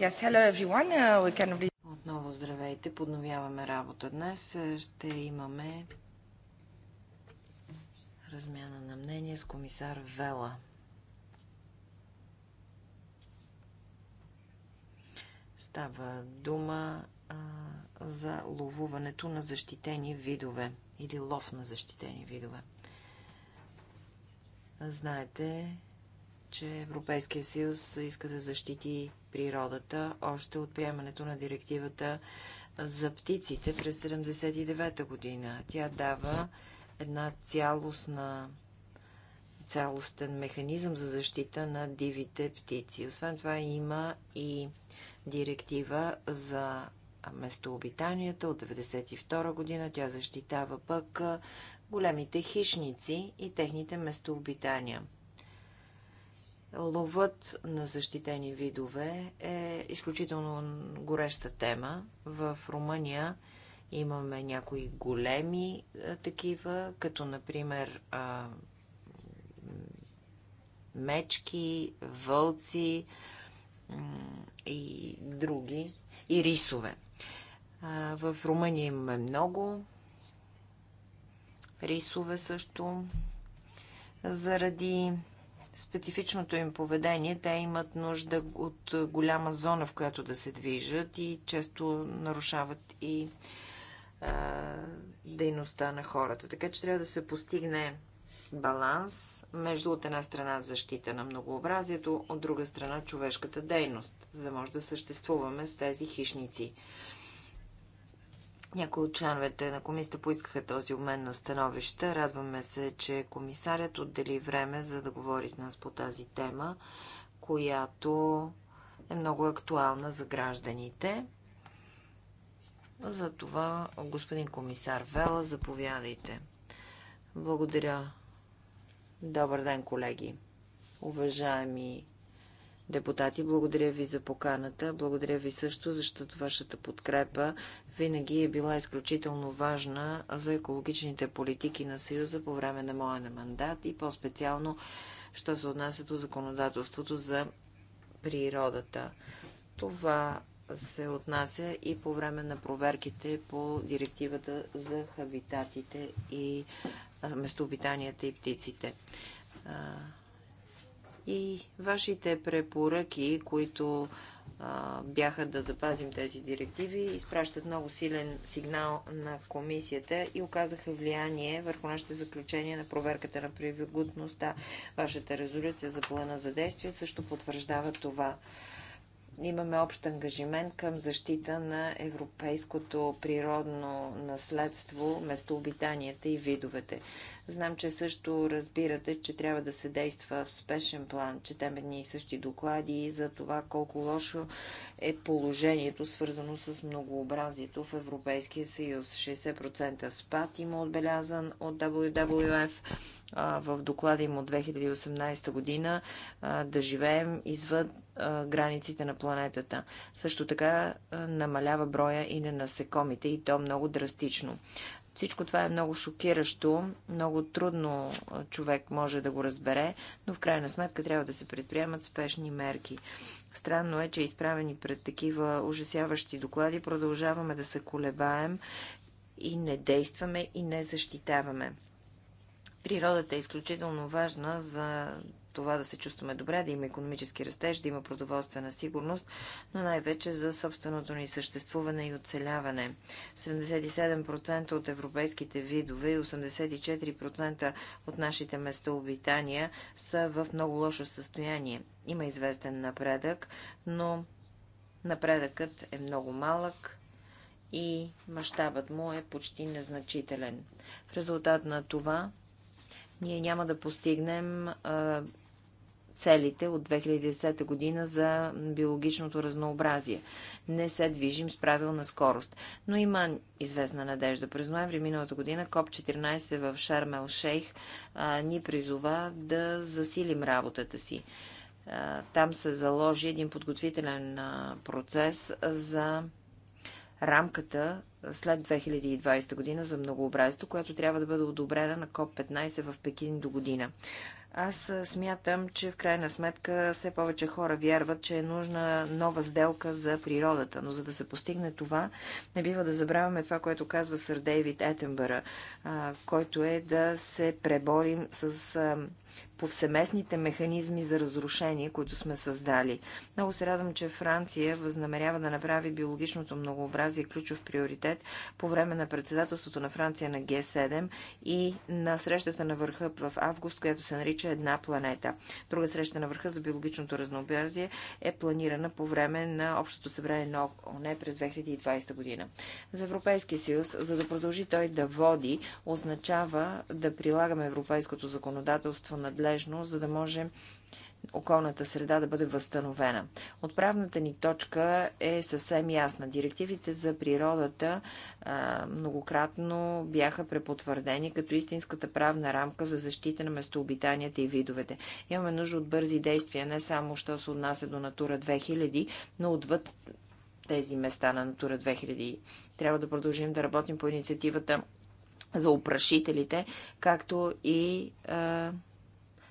Yes, hello everyone. Uh, we can... Отново здравейте, подновяваме работа днес. Е, ще имаме размяна на мнение с комисар Вела. Става дума а, за ловуването на защитени видове или лов на защитени видове. Знаете, че Европейския съюз иска да защити природата още от приемането на директивата за птиците през 79-та година. Тя дава една цялостна цялостен механизъм за защита на дивите птици. Освен това има и директива за местообитанията от 1992 година. Тя защитава пък големите хищници и техните местообитания. Ловът на защитени видове е изключително гореща тема. В Румъния имаме някои големи а, такива, като например а, мечки, вълци и други, и рисове. А, в Румъния имаме много рисове също, заради специфичното им поведение, те имат нужда от голяма зона, в която да се движат и често нарушават и а, дейността на хората. Така че трябва да се постигне баланс между от една страна защита на многообразието, от друга страна човешката дейност, за да може да съществуваме с тези хищници. Някои от членовете на комисията поискаха този обмен на становища. Радваме се, че комисарят отдели време за да говори с нас по тази тема, която е много актуална за гражданите. За това, господин комисар Вела, заповядайте. Благодаря. Добър ден, колеги. Уважаеми депутати. Благодаря ви за поканата. Благодаря ви също, защото вашата подкрепа винаги е била изключително важна за екологичните политики на Съюза по време на моя мандат и по-специално, що се отнася до законодателството за природата. Това се отнася и по време на проверките по директивата за хабитатите и местообитанията и птиците и вашите препоръки, които а, бяха да запазим тези директиви, изпращат много силен сигнал на комисията и оказаха влияние върху нашите заключения на проверката на привигодността. Вашата резолюция за плана за действие също потвърждава това имаме общ ангажимент към защита на европейското природно наследство, местообитанията и видовете. Знам, че също разбирате, че трябва да се действа в спешен план. Четем едни и същи доклади за това колко лошо е положението, свързано с многообразието в Европейския съюз. 60% спад има отбелязан от WWF в доклада им от 2018 година. Да живеем извън границите на планетата. Също така намалява броя и на насекомите и то много драстично. Всичко това е много шокиращо, много трудно човек може да го разбере, но в крайна сметка трябва да се предприемат спешни мерки. Странно е, че изправени пред такива ужасяващи доклади продължаваме да се колебаем и не действаме и не защитаваме. Природата е изключително важна за това да се чувстваме добре, да има економически растеж, да има продоволствена сигурност, но най-вече за собственото ни съществуване и оцеляване. 77% от европейските видове и 84% от нашите местообитания са в много лошо състояние. Има известен напредък, но напредъкът е много малък и мащабът му е почти незначителен. В резултат на това ние няма да постигнем а, целите от 2010 година за биологичното разнообразие. Не се движим с правилна скорост. Но има известна надежда. През ноември миналата година КОП-14 в Шармел Шейх а, ни призова да засилим работата си. А, там се заложи един подготвителен а, процес за рамката след 2020 година за многообразието, която трябва да бъде одобрена на КОП-15 в Пекин до година. Аз смятам, че в крайна сметка все повече хора вярват, че е нужна нова сделка за природата. Но за да се постигне това, не бива да забравяме това, което казва сър Дейвид Етенбъра, който е да се преборим с повсеместните механизми за разрушение, които сме създали. Много се радвам, че Франция възнамерява да направи биологичното многообразие ключов приоритет по време на председателството на Франция на Г7 и на срещата на върха в август, която се нарича обича една планета. Друга среща на върха за биологичното разнообразие е планирана по време на Общото събрание на ОНЕ през 2020 година. За Европейския съюз, за да продължи той да води, означава да прилагаме европейското законодателство надлежно, за да можем околната среда да бъде възстановена. Отправната ни точка е съвсем ясна. Директивите за природата а, многократно бяха препотвърдени като истинската правна рамка за защита на местообитанията и видовете. Имаме нужда от бързи действия, не само, що се отнася до Натура 2000, но отвъд тези места на Натура 2000. Трябва да продължим да работим по инициативата за опрашителите, както и а,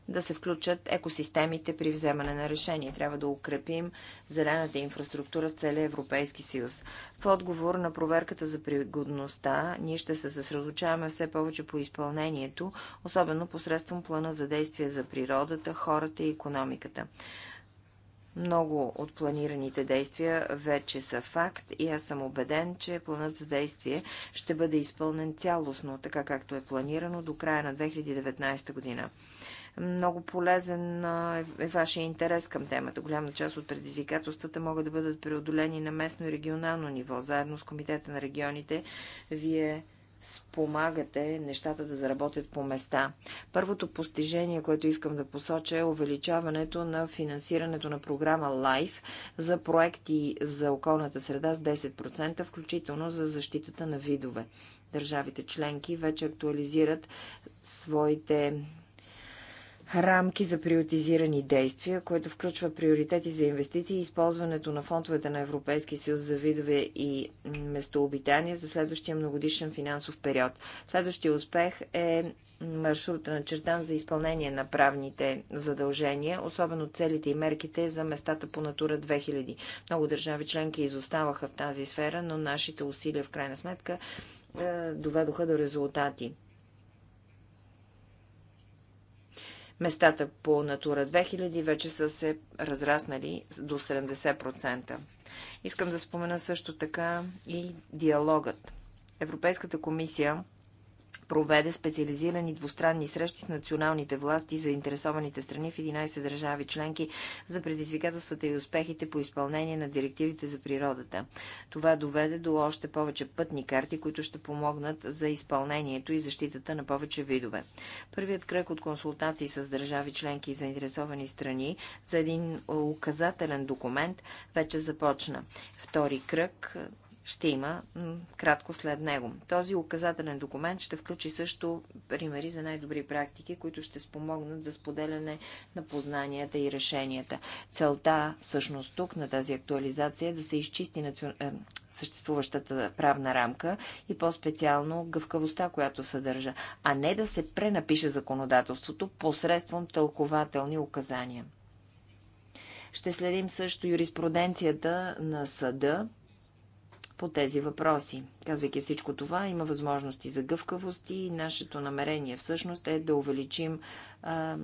да се включат екосистемите при вземане на решение. Трябва да укрепим зелената инфраструктура в целия Европейски съюз. В отговор на проверката за пригодността, ние ще се съсредоточаваме все повече по изпълнението, особено посредством плана за действие за природата, хората и економиката. Много от планираните действия вече са факт и аз съм убеден, че планът за действие ще бъде изпълнен цялостно, така както е планирано до края на 2019 година. Много полезен е, е вашия интерес към темата. Голяма част от предизвикателствата могат да бъдат преодолени на местно и регионално ниво. Заедно с Комитета на регионите, вие спомагате нещата да заработят по места. Първото постижение, което искам да посоча е увеличаването на финансирането на програма LIFE за проекти за околната среда с 10%, включително за защитата на видове. Държавите членки вече актуализират своите рамки за приоритизирани действия, което включва приоритети за инвестиции и използването на фондовете на Европейския съюз за видове и местообитания за следващия многодишен финансов период. Следващия успех е маршрута на чертан за изпълнение на правните задължения, особено целите и мерките за местата по Натура 2000. Много държави членки изоставаха в тази сфера, но нашите усилия в крайна сметка е, доведоха до резултати. Местата по Натура 2000 вече са се разраснали до 70%. Искам да спомена също така и диалогът. Европейската комисия проведе специализирани двустранни срещи с националните власти и заинтересованите страни в 11 държави членки за предизвикателствата и успехите по изпълнение на директивите за природата. Това доведе до още повече пътни карти, които ще помогнат за изпълнението и защитата на повече видове. Първият кръг от консултации с държави членки и заинтересовани страни за един указателен документ вече започна. Втори кръг ще има кратко след него. Този указателен документ ще включи също примери за най-добри практики, които ще спомогнат за споделяне на познанията и решенията. Целта всъщност тук на тази актуализация е да се изчисти национ... Е, съществуващата правна рамка и по-специално гъвкавостта, която съдържа, а не да се пренапише законодателството посредством тълкователни указания. Ще следим също юриспруденцията на съда по тези въпроси. Казвайки всичко това, има възможности за гъвкавост и нашето намерение всъщност е да увеличим а,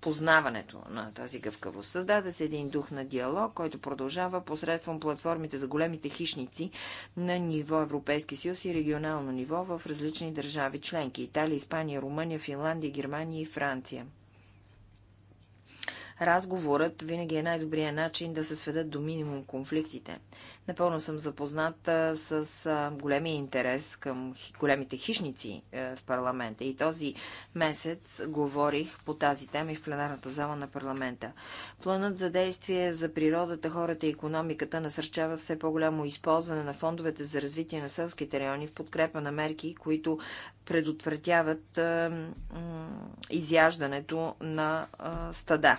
познаването на тази гъвкавост. Създаде се един дух на диалог, който продължава посредством платформите за големите хищници на ниво Европейски съюз и регионално ниво в различни държави членки Италия, Испания, Румъния, Финландия, Германия и Франция разговорът винаги е най-добрият начин да се сведат до минимум конфликтите. Напълно съм запозната с големия интерес към големите хищници е, в парламента и този месец говорих по тази тема и в пленарната зала на парламента. Планът за действие за природата, хората и економиката насърчава все по-голямо използване на фондовете за развитие на селските райони в подкрепа на мерки, които предотвратяват изяждането на стада.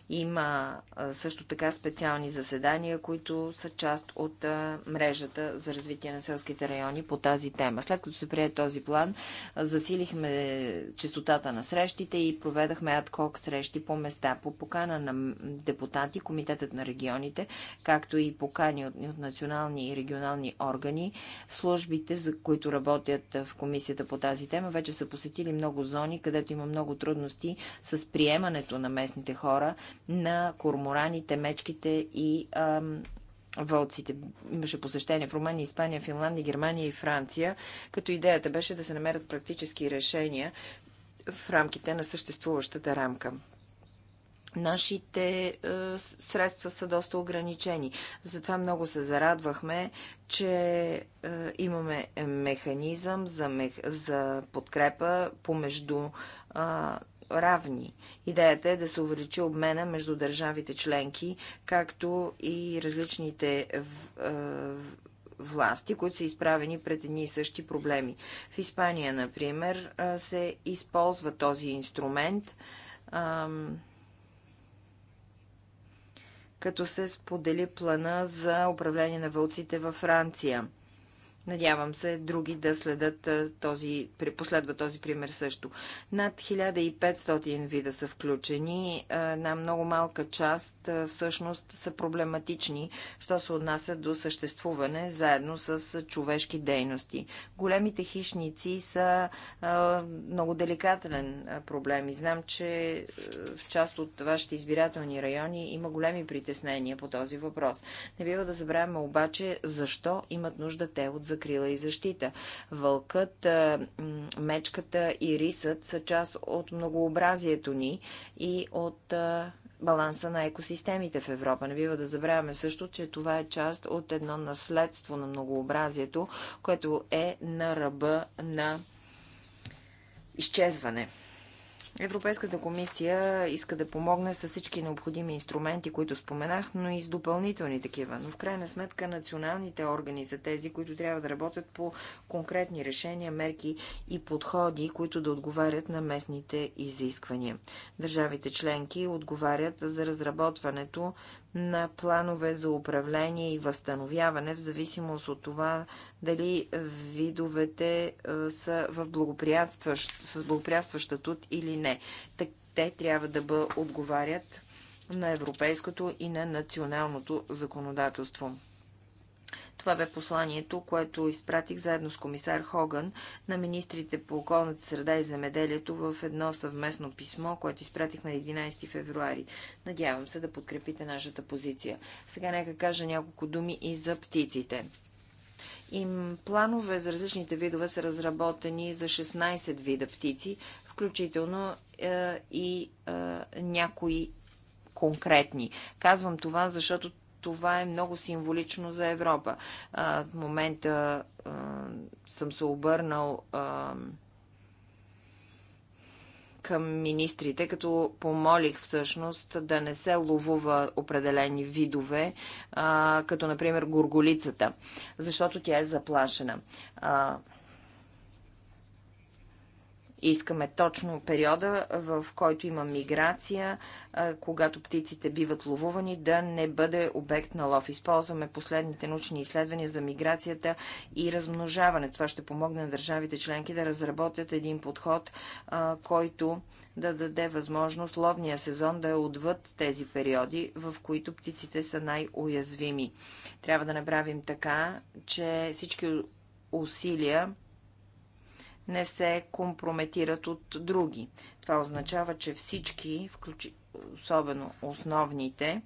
Има също така специални заседания, които са част от мрежата за развитие на селските райони по тази тема. След като се прие този план, засилихме частотата на срещите и проведахме адхок срещи по места. По покана на депутати, Комитетът на регионите, както и покани от, от национални и регионални органи, службите, за които работят в комисията по тази тема, вече са посетили много зони, където има много трудности с приемането на местните хора на кормораните, мечките и ам, вълците. Имаше посещение в Румъния, Испания, Финландия, Германия и Франция, като идеята беше да се намерят практически решения в рамките на съществуващата рамка. Нашите е, средства са доста ограничени. Затова много се зарадвахме, че е, имаме механизъм за, мех... за подкрепа помежду е, равни. Идеята е да се увеличи обмена между държавите членки, както и различните власти, които са изправени пред едни и същи проблеми. В Испания, например, се използва този инструмент като се сподели плана за управление на вълците във Франция – Надявам се други да следят този, последва този пример също. Над 1500 вида са включени. Една много малка част всъщност са проблематични, що се отнася до съществуване заедно с човешки дейности. Големите хищници са много деликатен проблем и знам, че в част от вашите избирателни райони има големи притеснения по този въпрос. Не бива да забравяме обаче защо имат нужда те от закрила и защита. Вълкът, мечката и рисът са част от многообразието ни и от баланса на екосистемите в Европа. Не бива да забравяме също, че това е част от едно наследство на многообразието, което е на ръба на изчезване. Европейската комисия иска да помогне с всички необходими инструменти, които споменах, но и с допълнителни такива. Но в крайна сметка националните органи са тези, които трябва да работят по конкретни решения, мерки и подходи, които да отговарят на местните изисквания. Държавите членки отговарят за разработването на планове за управление и възстановяване, в зависимост от това дали видовете е, са в благоприятстващ, с благоприятстващ статут или не. Те трябва да отговарят на европейското и на националното законодателство. Това бе посланието, което изпратих заедно с комисар Хоган на министрите по околната среда и земеделието в едно съвместно писмо, което изпратих на 11 февруари. Надявам се да подкрепите нашата позиция. Сега нека кажа няколко думи и за птиците. Им планове за различните видове са разработени за 16 вида птици, включително е, и е, някои конкретни. Казвам това, защото това е много символично за Европа. А, в момента а, съм се обърнал а, към министрите, като помолих всъщност да не се ловува определени видове, а, като например горголицата, защото тя е заплашена. А, Искаме точно периода, в който има миграция, когато птиците биват ловувани, да не бъде обект на лов. Използваме последните научни изследвания за миграцията и размножаване. Това ще помогне на държавите членки да разработят един подход, който да даде възможност ловния сезон да е отвъд тези периоди, в които птиците са най-уязвими. Трябва да направим така, че всички усилия не се компрометират от други. Това означава, че всички, включи, особено основните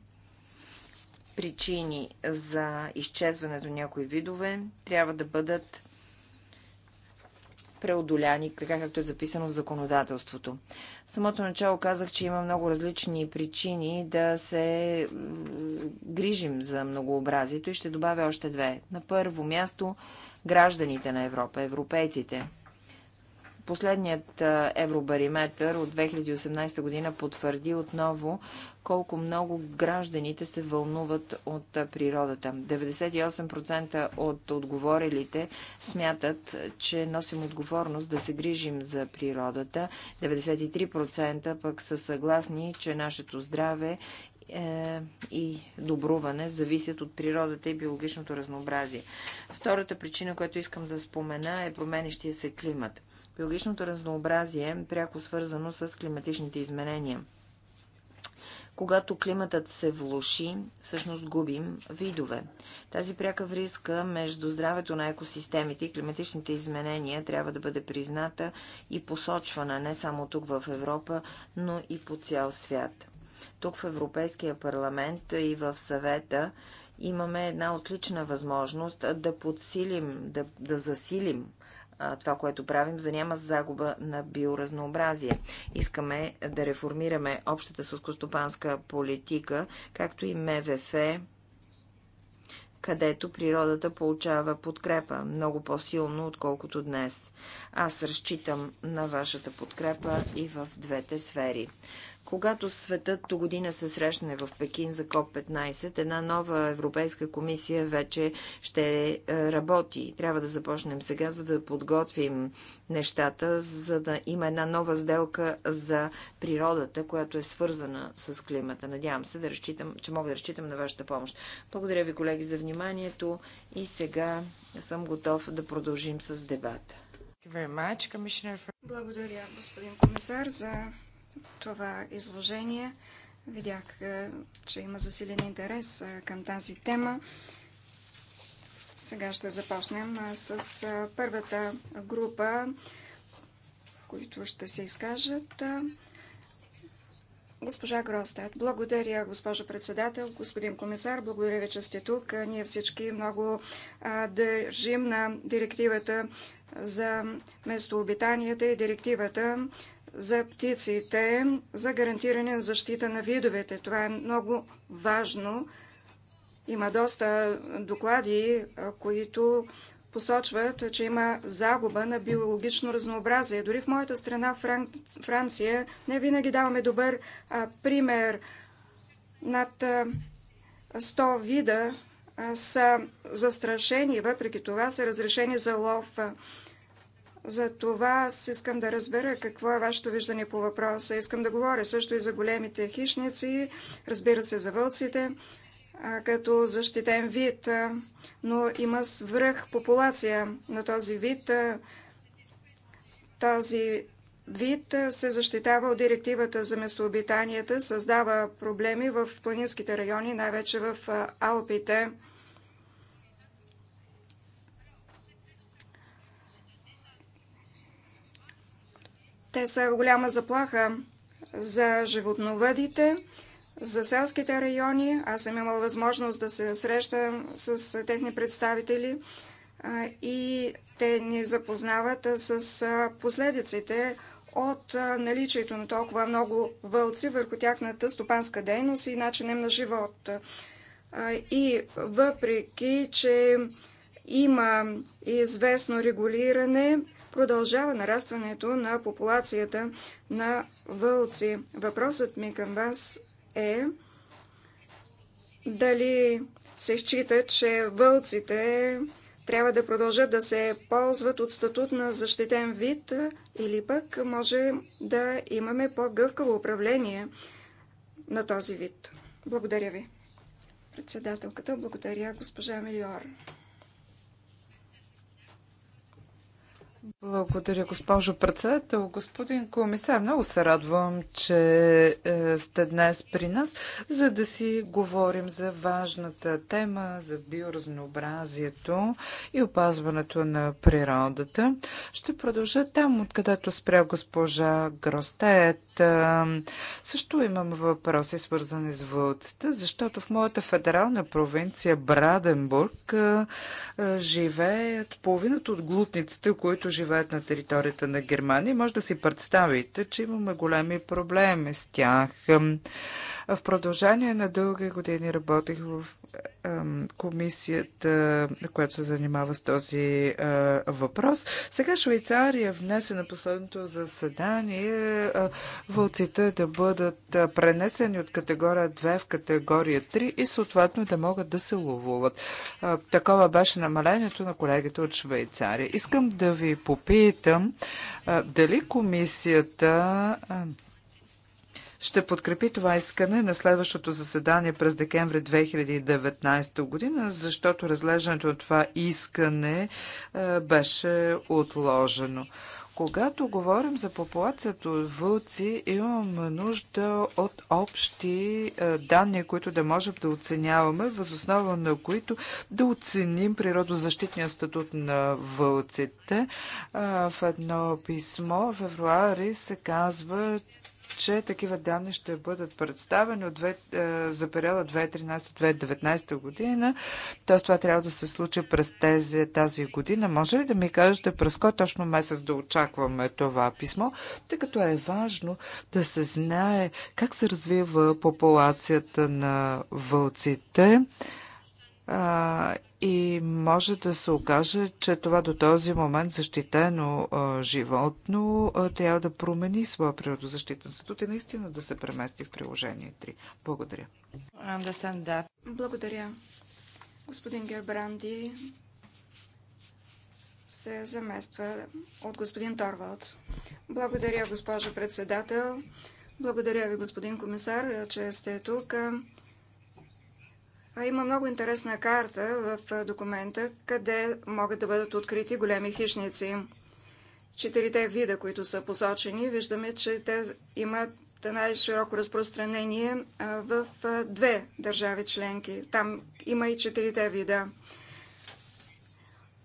причини за изчезването на някои видове, трябва да бъдат преодоляни, така както е записано в законодателството. В самото начало казах, че има много различни причини да се грижим за многообразието и ще добавя още две. На първо място гражданите на Европа, европейците – Последният евробариметър от 2018 година потвърди отново колко много гражданите се вълнуват от природата. 98% от отговорилите смятат, че носим отговорност да се грижим за природата. 93% пък са съгласни, че нашето здраве е, и добруване зависят от природата и биологичното разнообразие. Втората причина, която искам да спомена е променещия се климат. Биологичното разнообразие е пряко свързано с климатичните изменения. Когато климатът се влуши, всъщност губим видове. Тази пряка връзка между здравето на екосистемите и климатичните изменения трябва да бъде призната и посочвана не само тук в Европа, но и по цял свят. Тук в Европейския парламент и в съвета имаме една отлична възможност да подсилим, да, да засилим това, което правим, за няма загуба на биоразнообразие. Искаме да реформираме общата сълскостопанска политика, както и МВФ, където природата получава подкрепа много по-силно, отколкото днес. Аз разчитам на вашата подкрепа и в двете сфери. Когато светът до година се срещне в Пекин за КОП-15, една нова Европейска комисия вече ще е, работи. Трябва да започнем сега, за да подготвим нещата, за да има една нова сделка за природата, която е свързана с климата. Надявам се да разчитам, че мога да разчитам на вашата помощ. Благодаря ви, колеги, за вниманието и сега съм готов да продължим с дебата. Благодаря, господин комисар, за това изложение. Видях, е, че има засилен интерес е, към тази тема. Сега ще започнем е, с първата група, които ще се изкажат. Госпожа Гростат, благодаря, госпожа председател, господин комисар, благодаря ви, че сте тук. Ние всички много държим на директивата за местообитанията и директивата за птиците, за гарантиране на защита на видовете. Това е много важно. Има доста доклади, които посочват, че има загуба на биологично разнообразие. Дори в моята страна, Франция, не винаги даваме добър пример. Над 100 вида са застрашени, въпреки това са разрешени за лов. За това аз искам да разбера какво е вашето виждане по въпроса. Искам да говоря също и за големите хищници, разбира се за вълците, като защитен вид, но има свръх популация на този вид. Този вид се защитава от директивата за местообитанията, създава проблеми в планинските райони, най-вече в Алпите. Те са голяма заплаха за животновъдите, за селските райони. Аз съм имала възможност да се срещам с техни представители и те ни запознават с последиците от наличието на толкова много вълци върху тяхната стопанска дейност и начинем на живот. И въпреки, че има известно регулиране, продължава нарастването на популацията на вълци. Въпросът ми към вас е дали се счита, че вълците трябва да продължат да се ползват от статут на защитен вид или пък може да имаме по-гъвкаво управление на този вид. Благодаря ви. Председателката, благодаря госпожа Милиор. Благодаря, госпожо председател. Господин комисар, много се радвам, че е, сте днес при нас, за да си говорим за важната тема за биоразнообразието и опазването на природата. Ще продължа там, откъдето спря госпожа Гростет. Е, също имам въпроси, свързани с вълците, защото в моята федерална провинция Браденбург е, живеят половината от глутниците, които живеят живеят на територията на Германия. Може да си представите, че имаме големи проблеми с тях. В продължение на дълги години работих в комисията, която се занимава с този въпрос. Сега Швейцария внесе на последното заседание вълците да бъдат пренесени от категория 2 в категория 3 и съответно да могат да се ловуват. Такова беше намалението на колегите от Швейцария. Искам да ви попитам дали комисията ще подкрепи това искане на следващото заседание през декември 2019 година, защото разглеждането на това искане е, беше отложено. Когато говорим за популацията от вълци, имаме нужда от общи е, данни, които да можем да оценяваме, възоснова на които да оценим природозащитния статут на вълците. Е, в едно писмо в февруари се казва, че такива данни ще бъдат представени от, е, за периода 2013-2019 година. Т.е. това трябва да се случи през тези, тази година. Може ли да ми кажете през кой точно месец да очакваме това писмо, тъй като е важно да се знае как се развива популацията на вълците? а, и може да се окаже, че това до този момент защитено а, животно а, трябва да промени своя природозащитен статут и наистина да се премести в приложение 3. Благодаря. Благодаря. Господин Гербранди се замества от господин Торвалц. Благодаря, госпожо председател. Благодаря ви, господин комисар, че сте тук. Има много интересна карта в документа, къде могат да бъдат открити големи хищници. Четирите вида, които са посочени, виждаме, че те имат най-широко разпространение в две държави членки. Там има и четирите вида.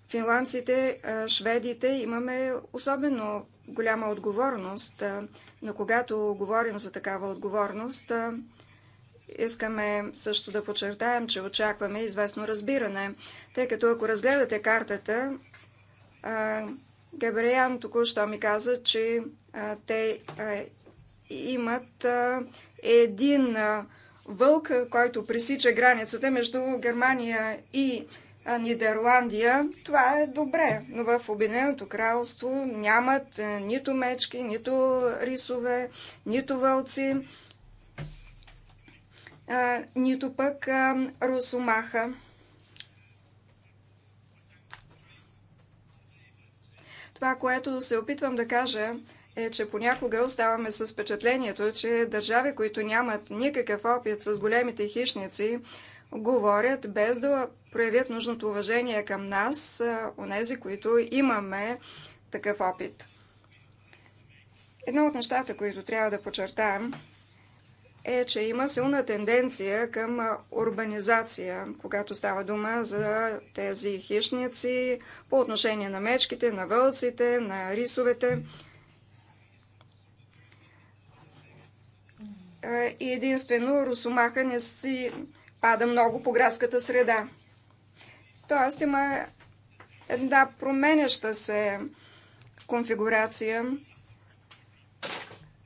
Финландците, шведите имаме особено голяма отговорност, но когато говорим за такава отговорност, Искаме също да подчертаем, че очакваме известно разбиране, тъй като ако разгледате картата, Габриан току-що ми каза, че те имат един вълк, който пресича границата между Германия и Нидерландия. Това е добре, но в Обединеното кралство нямат нито мечки, нито рисове, нито вълци нито пък Росомаха. Това, което се опитвам да кажа, е, че понякога оставаме с впечатлението, че държави, които нямат никакъв опит с големите хищници, говорят без да проявят нужното уважение към нас, онези, които имаме такъв опит. Едно от нещата, които трябва да подчертаем, е, че има силна тенденция към урбанизация, когато става дума за тези хищници по отношение на мечките, на вълците, на рисовете. И единствено русомаха не си пада много по градската среда. Тоест има една променяща се конфигурация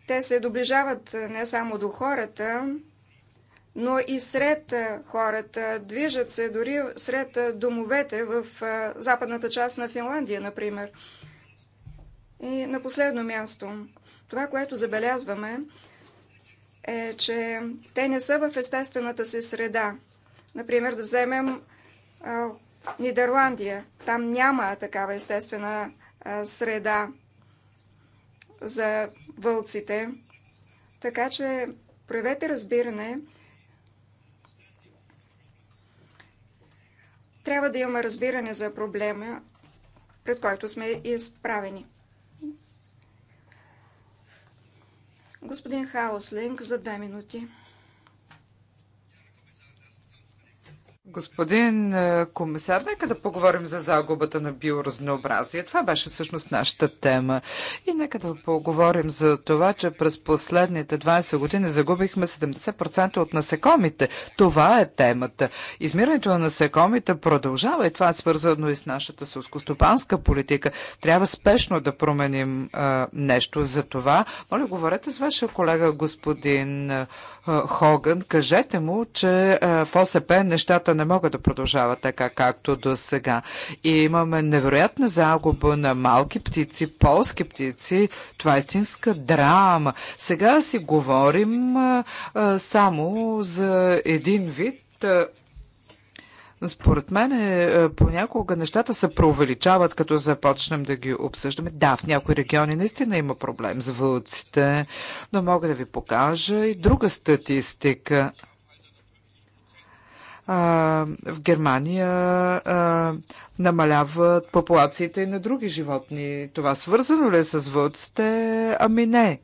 те се доближават не само до хората, но и сред хората. Движат се дори сред домовете в западната част на Финландия, например. И на последно място, това, което забелязваме, е, че те не са в естествената си среда. Например, да вземем а, Нидерландия. Там няма такава естествена а, среда за вълците. Така че проявете разбиране. Трябва да имаме разбиране за проблема, пред който сме изправени. Господин Хауслинг за две минути. Господин е, комисар, нека да поговорим за загубата на биоразнообразие. Това беше всъщност нашата тема. И нека да поговорим за това, че през последните 20 години загубихме 70% от насекомите. Това е темата. Измирането на насекомите продължава и това е свързано и с нашата сълскостопанска политика. Трябва спешно да променим а, е, нещо за това. Моля, говорете с вашия колега господин а, е, е, Хоган, кажете му, че е, в ОСП нещата не могат да продължават така, както до сега. И имаме невероятна загуба на малки птици, полски птици. Това е истинска драма. Сега си говорим е, само за един вид според мен е, е, понякога нещата се преувеличават, като започнем да ги обсъждаме. Да, в някои региони наистина има проблем с вълците, но мога да ви покажа и друга статистика. А, в Германия а, намаляват популациите и на други животни. Това свързано ли е с вълците? Ами не.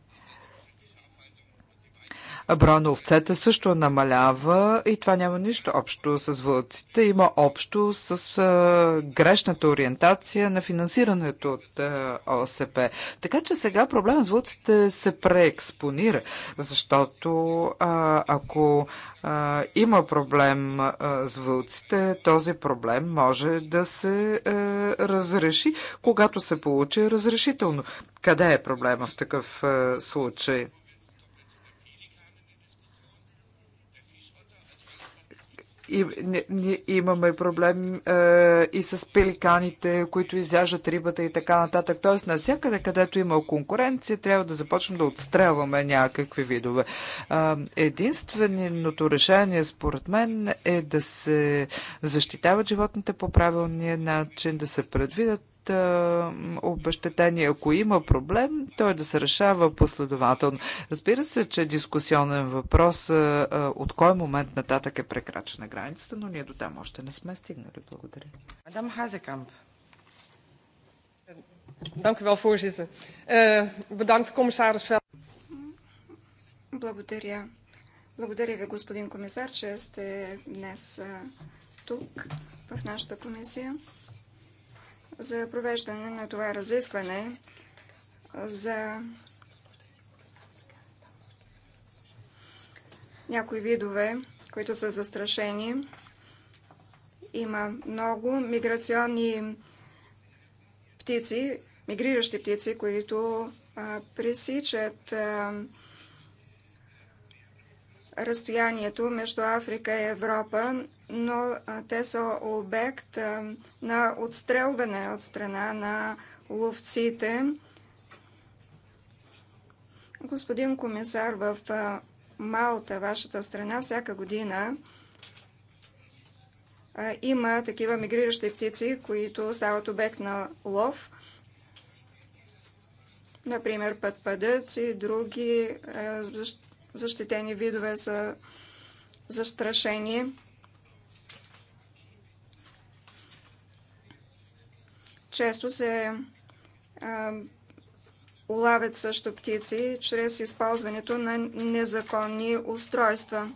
Броя на овцете също намалява и това няма нищо общо с вълците. Има общо с грешната ориентация на финансирането от ОСП. Така че сега проблема с вълците се преекспонира, защото ако а, има проблем а, с вълците, този проблем може да се а, разреши, когато се получи разрешително. Къде е проблема в такъв а, случай? Ние имаме проблем е, и с пеликаните, които изяжат рибата и така нататък. Тоест, навсякъде, където има конкуренция, трябва да започнем да отстрелваме някакви видове. Е, единственото решение, според мен, е да се защитават животните по правилния начин, да се предвидят обещетение. Ако има проблем, той да се решава последователно. Разбира се, че е дискусионен въпрос от кой момент нататък е прекрачена границата, но ние до там още не сме стигнали. Благодаря. Адам Хазекамп. Eh, Благодаря. Благодаря ви, господин комисар, че сте днес тук в нашата комисия за провеждане на това разискване за някои видове, които са застрашени. Има много миграционни птици, мигриращи птици, които пресичат разстоянието между Африка и Европа, но те са обект на отстрелване от страна на ловците. Господин комисар, в Малта, вашата страна, всяка година има такива мигриращи птици, които стават обект на лов. Например, пътпадъци, други, защитени видове са застрашени. Често се а, улавят също птици чрез използването на незаконни устройства.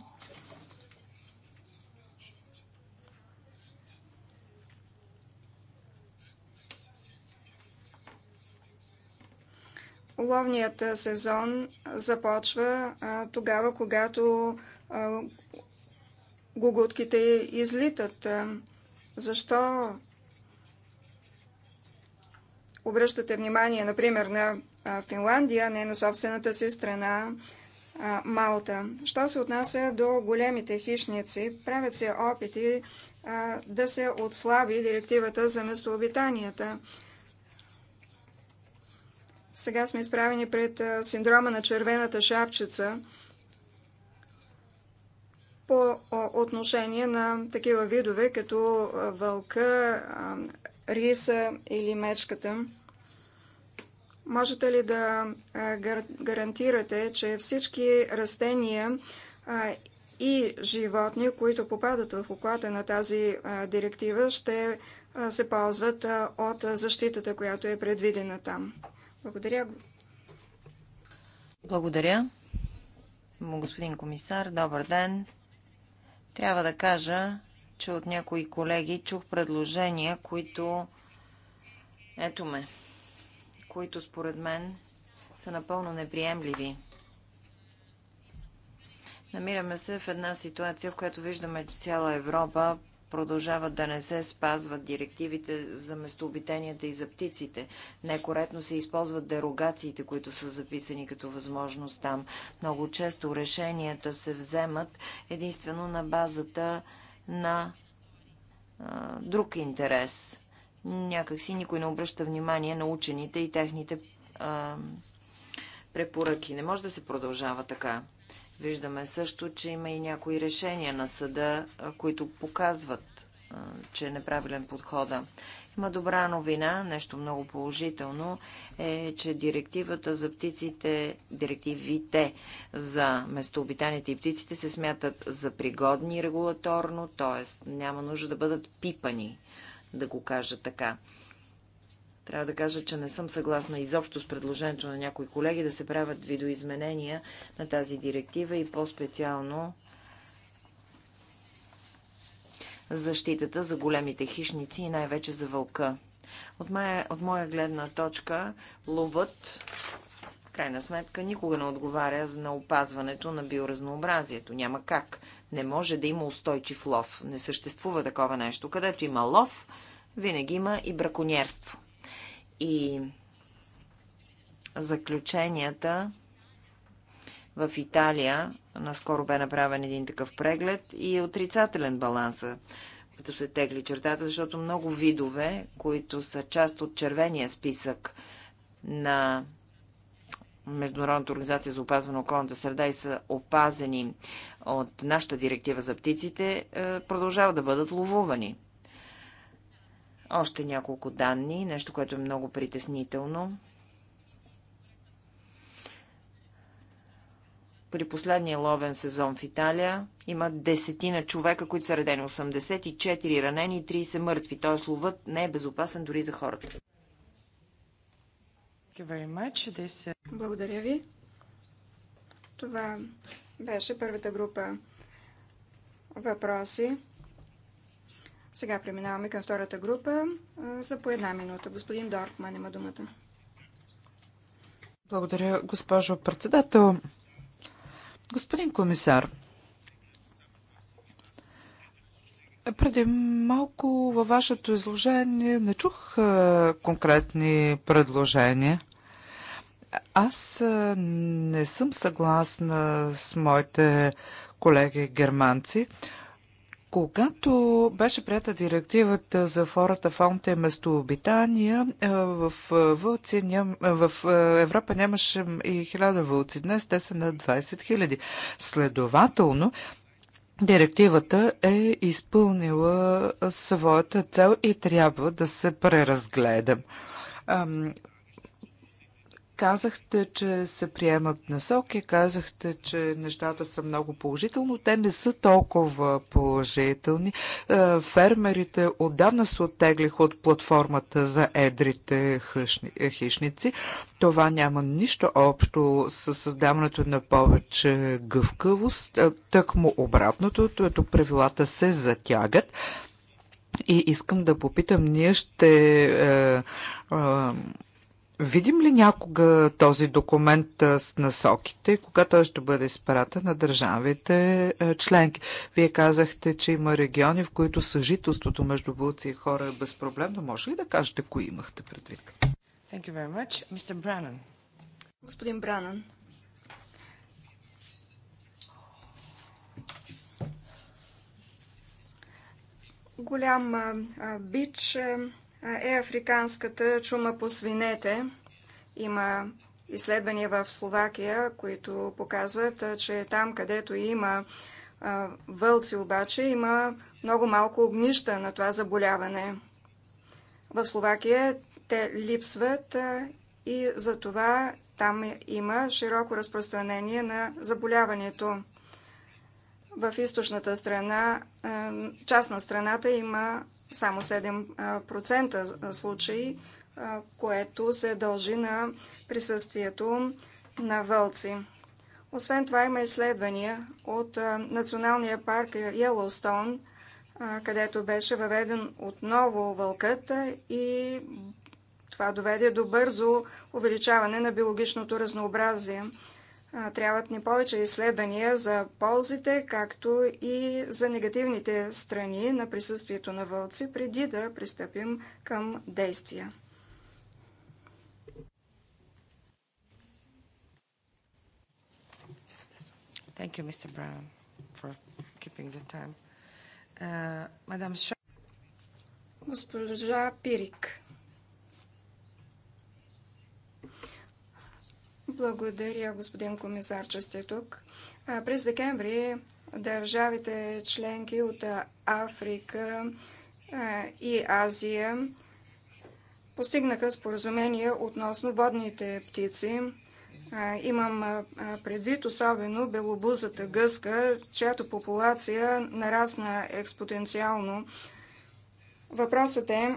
Ловният сезон започва тогава, когато гугутките излитат. Защо обръщате внимание, например, на Финландия, не на собствената си страна Малта? Що се отнася до големите хищници, правят се опити да се отслаби директивата за местообитанията – сега сме изправени пред синдрома на червената шапчица по отношение на такива видове, като вълка, риса или мечката. Можете ли да гарантирате, че всички растения и животни, които попадат в оклада на тази директива, ще се ползват от защитата, която е предвидена там? Благодаря. Благодаря. Господин комисар, добър ден. Трябва да кажа, че от някои колеги чух предложения, които ето ме, които според мен са напълно неприемливи. Намираме се в една ситуация, в която виждаме, че цяла Европа продължават да не се спазват директивите за местообитенията и за птиците. Некоретно се използват дерогациите, които са записани като възможност там. Много често решенията се вземат единствено на базата на а, друг интерес. Някакси никой не обръща внимание на учените и техните а, препоръки. Не може да се продължава така. Виждаме също, че има и някои решения на съда, които показват, че е неправилен подхода. Има добра новина, нещо много положително е, че директивата за птиците, директивите за местообитаните и птиците се смятат за пригодни регулаторно, т.е. няма нужда да бъдат пипани, да го кажа така. Трябва да кажа, че не съм съгласна изобщо с предложението на някои колеги да се правят видоизменения на тази директива и по-специално защитата за големите хищници и най-вече за вълка. От моя, от моя гледна точка, ловът, крайна сметка, никога не отговаря на опазването на биоразнообразието. Няма как. Не може да има устойчив лов. Не съществува такова нещо. Където има лов, винаги има и браконьерство и заключенията в Италия. Наскоро бе направен един такъв преглед и е отрицателен баланса, като се тегли чертата, защото много видове, които са част от червения списък на Международната организация за опазване на околната среда и са опазени от нашата директива за птиците, е, продължават да бъдат ловувани. Още няколко данни, нещо, което е много притеснително. При последния ловен сезон в Италия има десетина човека, които са редени 84 ранени и 30 мъртви. Т.е. ловът не е безопасен дори за хората. Uh, Благодаря ви. Това беше първата група въпроси. Сега преминаваме към втората група за по една минута. Господин Дорфман има думата. Благодаря, госпожо председател. Господин комисар, преди малко във вашето изложение не чух конкретни предложения. Аз не съм съгласна с моите колеги германци. Когато беше прията директивата за хората фауната и местообитания, е, в, е, вълци ням, е, в Европа нямаше и хиляда вълци. Днес те са на 20 хиляди. Следователно, Директивата е изпълнила своята цел и трябва да се преразгледа. Казахте, че се приемат насоки, казахте, че нещата са много положително. Те не са толкова положителни. Е, фермерите отдавна се оттеглиха от платформата за едрите е, хищници. Това няма нищо общо с създаването на повече гъвкавост. Е, тък му обратното, ето правилата се затягат. И искам да попитам, ние ще Видим ли някога този документ с насоките, кога той ще бъде изпратен на държавите членки? Вие казахте, че има региони, в които съжителството между вълци и хора е безпроблемно. Може ли да кажете кои имахте предвид? Thank you very much. Mr. Brannan. Господин Бранан. Голям бич е африканската чума по свинете. Има изследвания в Словакия, които показват, че там, където има вълци обаче, има много малко огнища на това заболяване. В Словакия те липсват и затова там има широко разпространение на заболяването. В източната страна, е, част на страната има само 7% е, е, случаи, което се дължи на присъствието на вълци. Освен това има изследвания от Националния парк Йеллоустон, където беше въведен отново вълкът и това доведе до бързо увеличаване на биологичното разнообразие. Трябват ни повече изследвания за ползите, както и за негативните страни на присъствието на вълци, преди да пристъпим към действия. Thank you, Mr. Brown, for keeping the time. Uh, Madam Госпожа Пирик. Благодаря, господин комисар, че сте тук. През декември държавите членки от Африка и Азия постигнаха споразумение относно водните птици. Имам предвид особено белобузата гъска, чиято популация нарасна експотенциално. Въпросът е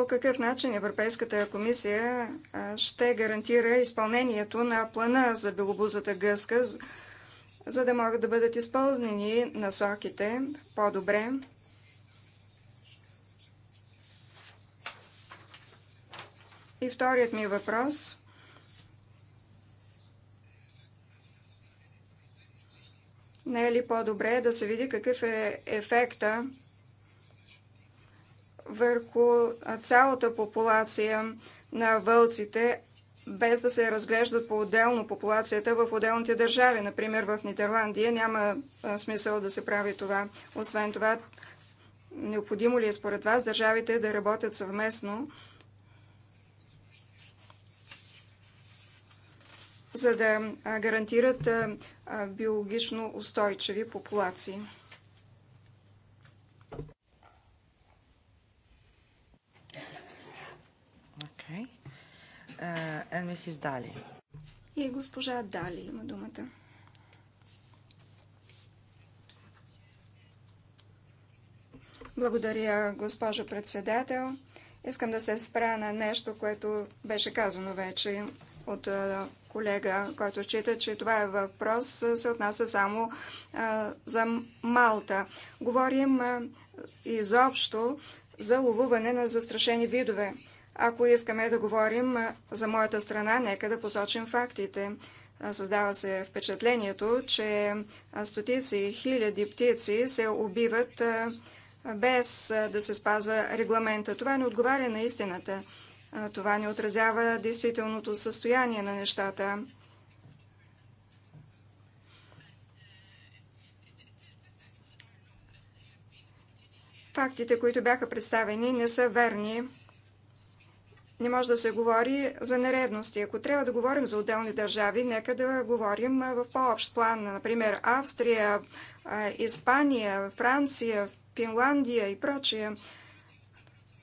по какъв начин Европейската комисия ще гарантира изпълнението на плана за белобузата гъска, за да могат да бъдат изпълнени насоките по-добре. И вторият ми въпрос – Не е ли по-добре да се види какъв е ефекта върху цялата популация на вълците, без да се разглеждат по-отделно популацията в отделните държави. Например, в Нидерландия няма смисъл да се прави това. Освен това, необходимо ли е според вас държавите да работят съвместно, за да гарантират биологично устойчиви популации? and Mrs. Dali. И госпожа Дали има думата. Благодаря, госпожо председател. Искам да се спра на нещо, което беше казано вече от е, колега, който чита, че това е въпрос, е, се отнася само а, е, за Малта. Говорим а, изобщо за ловуване на застрашени видове. Ако искаме да говорим за моята страна, нека да посочим фактите. Създава се впечатлението, че стотици хиляди птици се убиват без да се спазва регламента. Това не отговаря на истината. Това не отразява действителното състояние на нещата. Фактите, които бяха представени, не са верни не може да се говори за нередности. Ако трябва да говорим за отделни държави, нека да говорим в по-общ план. Например, Австрия, Испания, Франция, Финландия и прочие.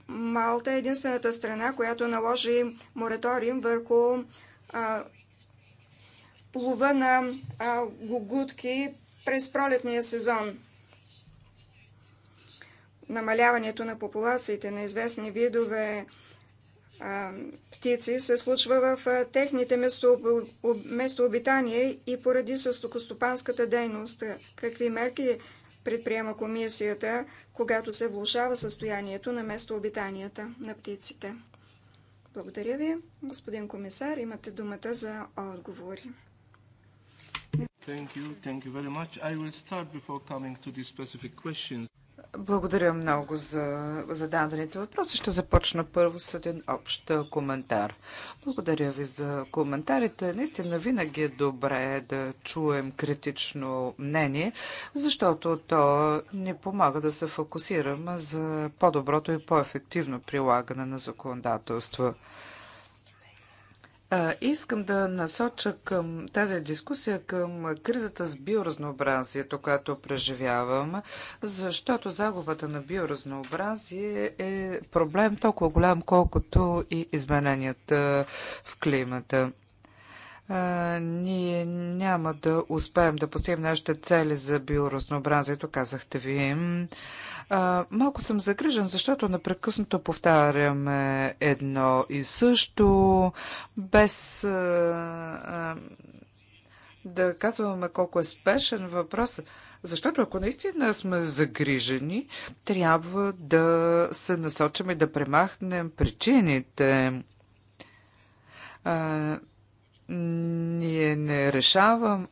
Малта е единствената страна, която наложи мораториум върху а, лова на гугутки през пролетния сезон. Намаляването на популациите на известни видове птици се случва в техните местообитания и поради състокостопанската дейност. Какви мерки предприема комисията, когато се влушава състоянието на местообитанията на птиците? Благодаря ви. Господин комисар, имате думата за отговори. Thank you. Thank you very much. I will start before coming to the specific questions. Благодаря много за зададените въпроси. Ще започна първо с един общ коментар. Благодаря ви за коментарите. Наистина винаги е добре да чуем критично мнение, защото то ни помага да се фокусираме за по-доброто и по-ефективно прилагане на законодателство. А, искам да насоча към тази дискусия към кризата с биоразнообразието, която преживявам, защото загубата на биоразнообразие е проблем толкова голям, колкото и измененията в климата ние няма да успеем да постигнем нашите цели за биоразнообразието, казахте ви. А, малко съм загрижен, защото напрекъснато повтаряме едно и също, без а, а, да казваме колко е спешен въпрос. Защото ако наистина сме загрижени, трябва да се насочим и да премахнем причините. А, ние не решавам,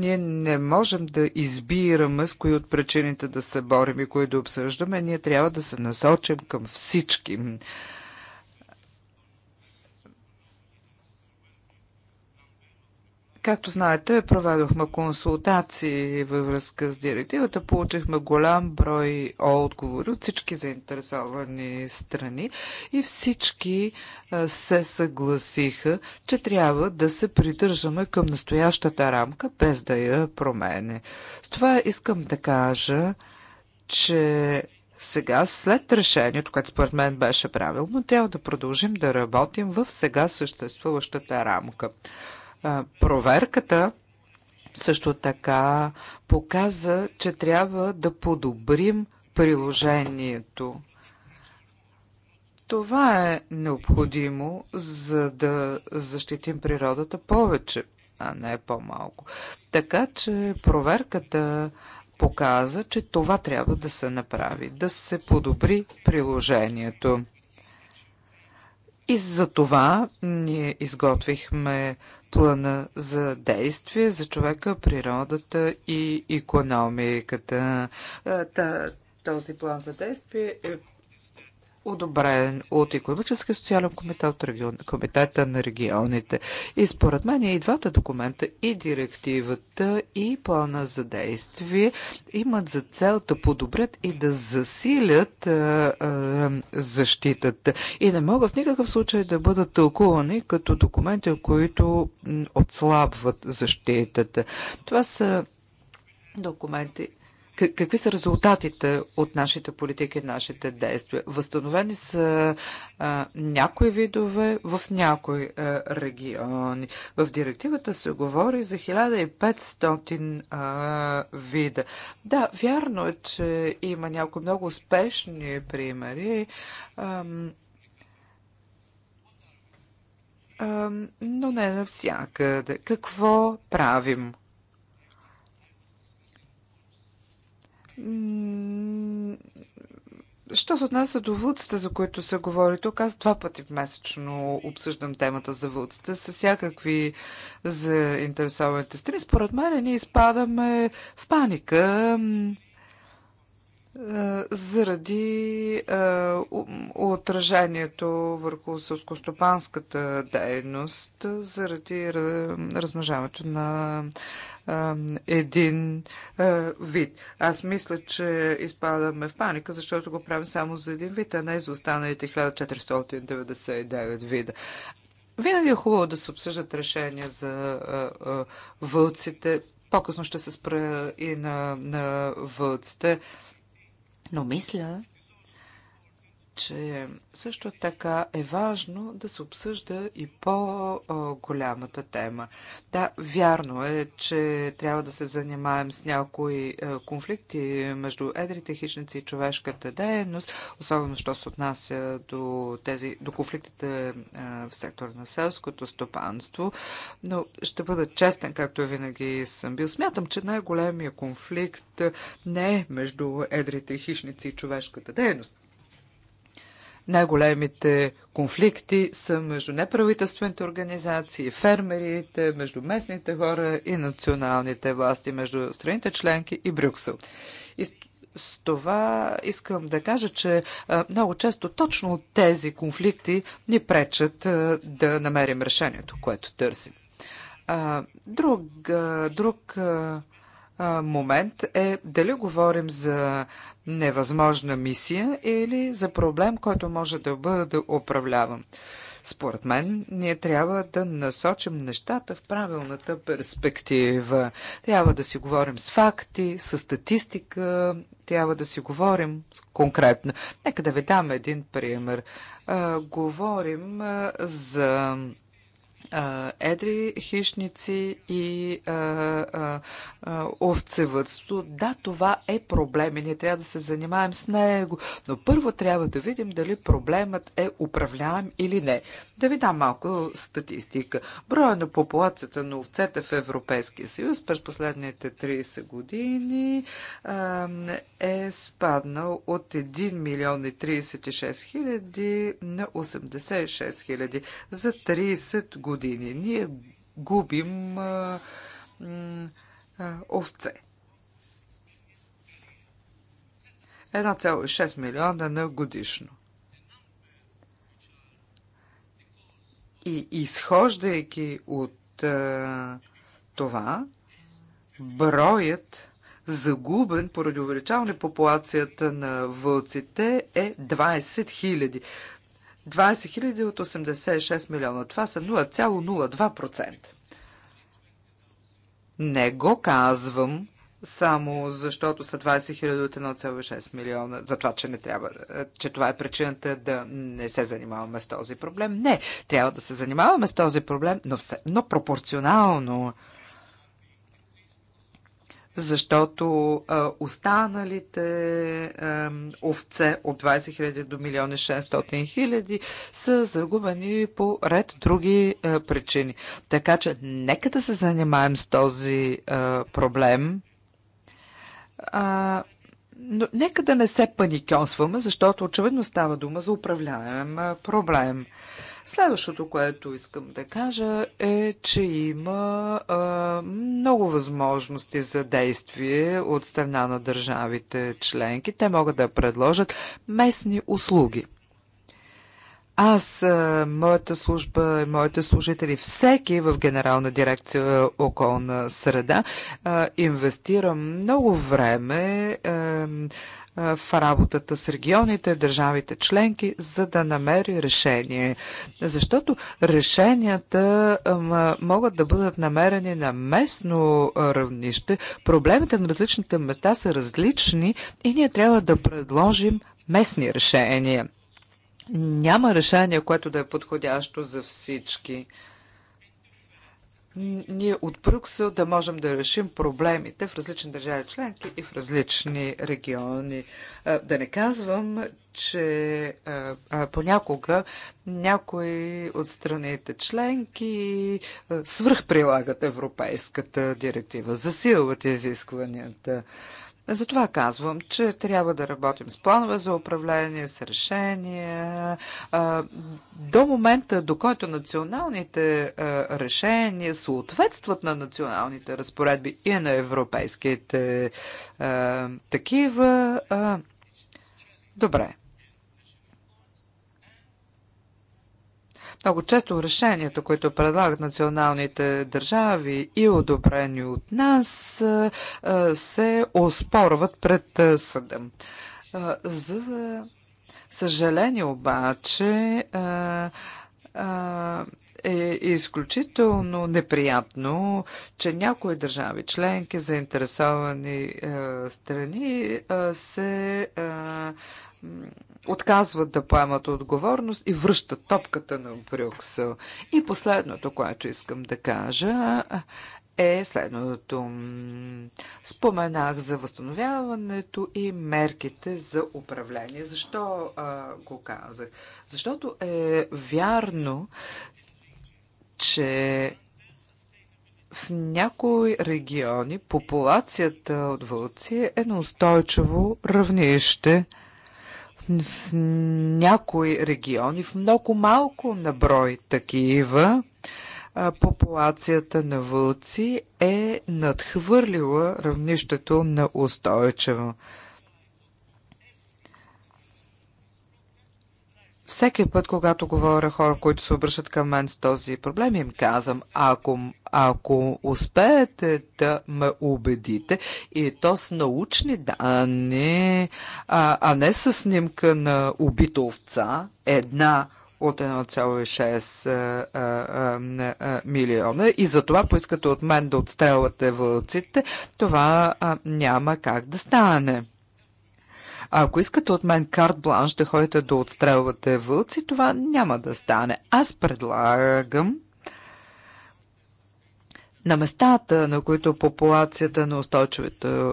ние не можем да избираме с кои от причините да се борим и кои да обсъждаме. Ние трябва да се насочим към всички. Както знаете, проведохме консултации във връзка с директивата, получихме голям брой отговори от всички заинтересовани страни и всички се съгласиха, че трябва да се придържаме към настоящата рамка, без да я промене. С това искам да кажа, че сега, след решението, което според мен беше правилно, трябва да продължим да работим в сега съществуващата рамка. Проверката също така показа, че трябва да подобрим приложението. Това е необходимо, за да защитим природата повече, а не по-малко. Така че проверката показа, че това трябва да се направи, да се подобри приложението. И за това ние изготвихме плана за действие за човека, природата и економиката. Е, този план за действие е одобрен от економически социален комитет, от регион, комитета на регионите. И според мен и двата документа, и директивата, и плана за действие имат за цел да подобрят и да засилят а, а, защитата. И не могат в никакъв случай да бъдат тълкувани като документи, които отслабват защитата. Това са документи какви са резултатите от нашите политики, нашите действия. Възстановени са а, някои видове в някои а, региони. В директивата се говори за 1500 а, вида. Да, вярно е, че има някои много успешни примери. А, но не навсякъде. Какво правим? Що се отнася до вълците, за които се говори тук, аз два пъти месечно обсъждам темата за вълците с всякакви заинтересованите страни. Според мен ние изпадаме в паника заради отражението върху сълскостопанската дейност, заради размножаването на един вид. Аз мисля, че изпадаме в паника, защото го правим само за един вид, а не за останалите 1499 вида. Винаги е хубаво да се обсъждат решения за вълците. По-късно ще се спра и на, на вълците. Но мисля, че също така е важно да се обсъжда и по-голямата тема. Да, вярно е, че трябва да се занимаем с някои е, конфликти между едрите хищници и човешката дейност, особено що се отнася до, тези, до конфликтите е, в сектора на селското стопанство. Но ще бъда честен, както винаги съм бил. Смятам, че най-големия конфликт не е между едрите хищници и човешката дейност най-големите конфликти са между неправителствените организации, фермерите, между местните хора и националните власти, между страните членки и Брюксел. И с това искам да кажа, че много често точно тези конфликти ни пречат да намерим решението, което търсим. Друг, друг момент е дали говорим за невъзможна мисия или за проблем, който може да бъде управлявам. Според мен, ние трябва да насочим нещата в правилната перспектива. Трябва да си говорим с факти, с статистика, трябва да си говорим конкретно. Нека да ви дам един пример. А, говорим а, за едри хищници и овцевътство. Да, това е проблем и ние трябва да се занимаем с него, но първо трябва да видим дали проблемът е управляем или не. Да ви дам малко статистика. Броя на популацията на овцете в Европейския съюз през последните 30 години е спаднал от 1 милион и 36 хиляди на 86 хиляди за 30 години години. Ние губим а, а, овце. 1,6 милиона на годишно. И изхождайки от а, това, броят загубен поради увеличаване популацията на вълците е 20 000. 20 000 от 86 милиона. Това са 0,02%. Не го казвам само защото са 20 000 от 1,6 милиона, за това, че не трябва, че това е причината да не се занимаваме с този проблем. Не, трябва да се занимаваме с този проблем, но, все, но пропорционално защото а, останалите а, овце от 20 000 до 1 600 хиляди са загубени по ред други а, причини. Така че нека да се занимаем с този а, проблем. А, но нека да не се паникьонстваме, защото очевидно става дума за управляем проблем. Следващото, което искам да кажа е, че има а, много възможности за действие от страна на държавите членки. Те могат да предложат местни услуги. Аз, моята служба и моите служители, всеки в Генерална дирекция околна среда, инвестирам много време в работата с регионите, държавите членки, за да намери решение. Защото решенията могат да бъдат намерени на местно равнище. Проблемите на различните места са различни и ние трябва да предложим местни решения. Няма решение, което да е подходящо за всички ние от Брюксел да можем да решим проблемите в различни държави членки и в различни региони. Да не казвам, че понякога някои от страните членки свръхприлагат европейската директива, засилват изискванията. Затова казвам, че трябва да работим с планове за управление, с решения. До момента, до който националните решения съответстват на националните разпоредби и на европейските такива, добре. Много често решенията, които предлагат националните държави и одобрени от нас, се оспорват пред съда. За съжаление обаче, е изключително неприятно, че някои държави, членки, заинтересовани страни се отказват да поемат отговорност и връщат топката на Брюксел. И последното, което искам да кажа, е следното. Споменах за възстановяването и мерките за управление. Защо а, го казах? Защото е вярно, че в някои региони популацията от вълци е на устойчиво равнище в някои региони, в много малко наброй такива, популацията на вълци е надхвърлила равнището на устойчиво Всеки път, когато говоря хора, които се обръщат към мен с този проблем, им казвам, ако, ако успеете да ме убедите, и то с научни данни, а, а не с снимка на убита овца, една от 1,6 милиона и за това поискате от мен да отстрелвате вълците, това а, няма как да стане. А ако искате от мен карт бланш да ходите да отстрелвате вълци, това няма да стане. Аз предлагам на местата, на които популацията на устойчивите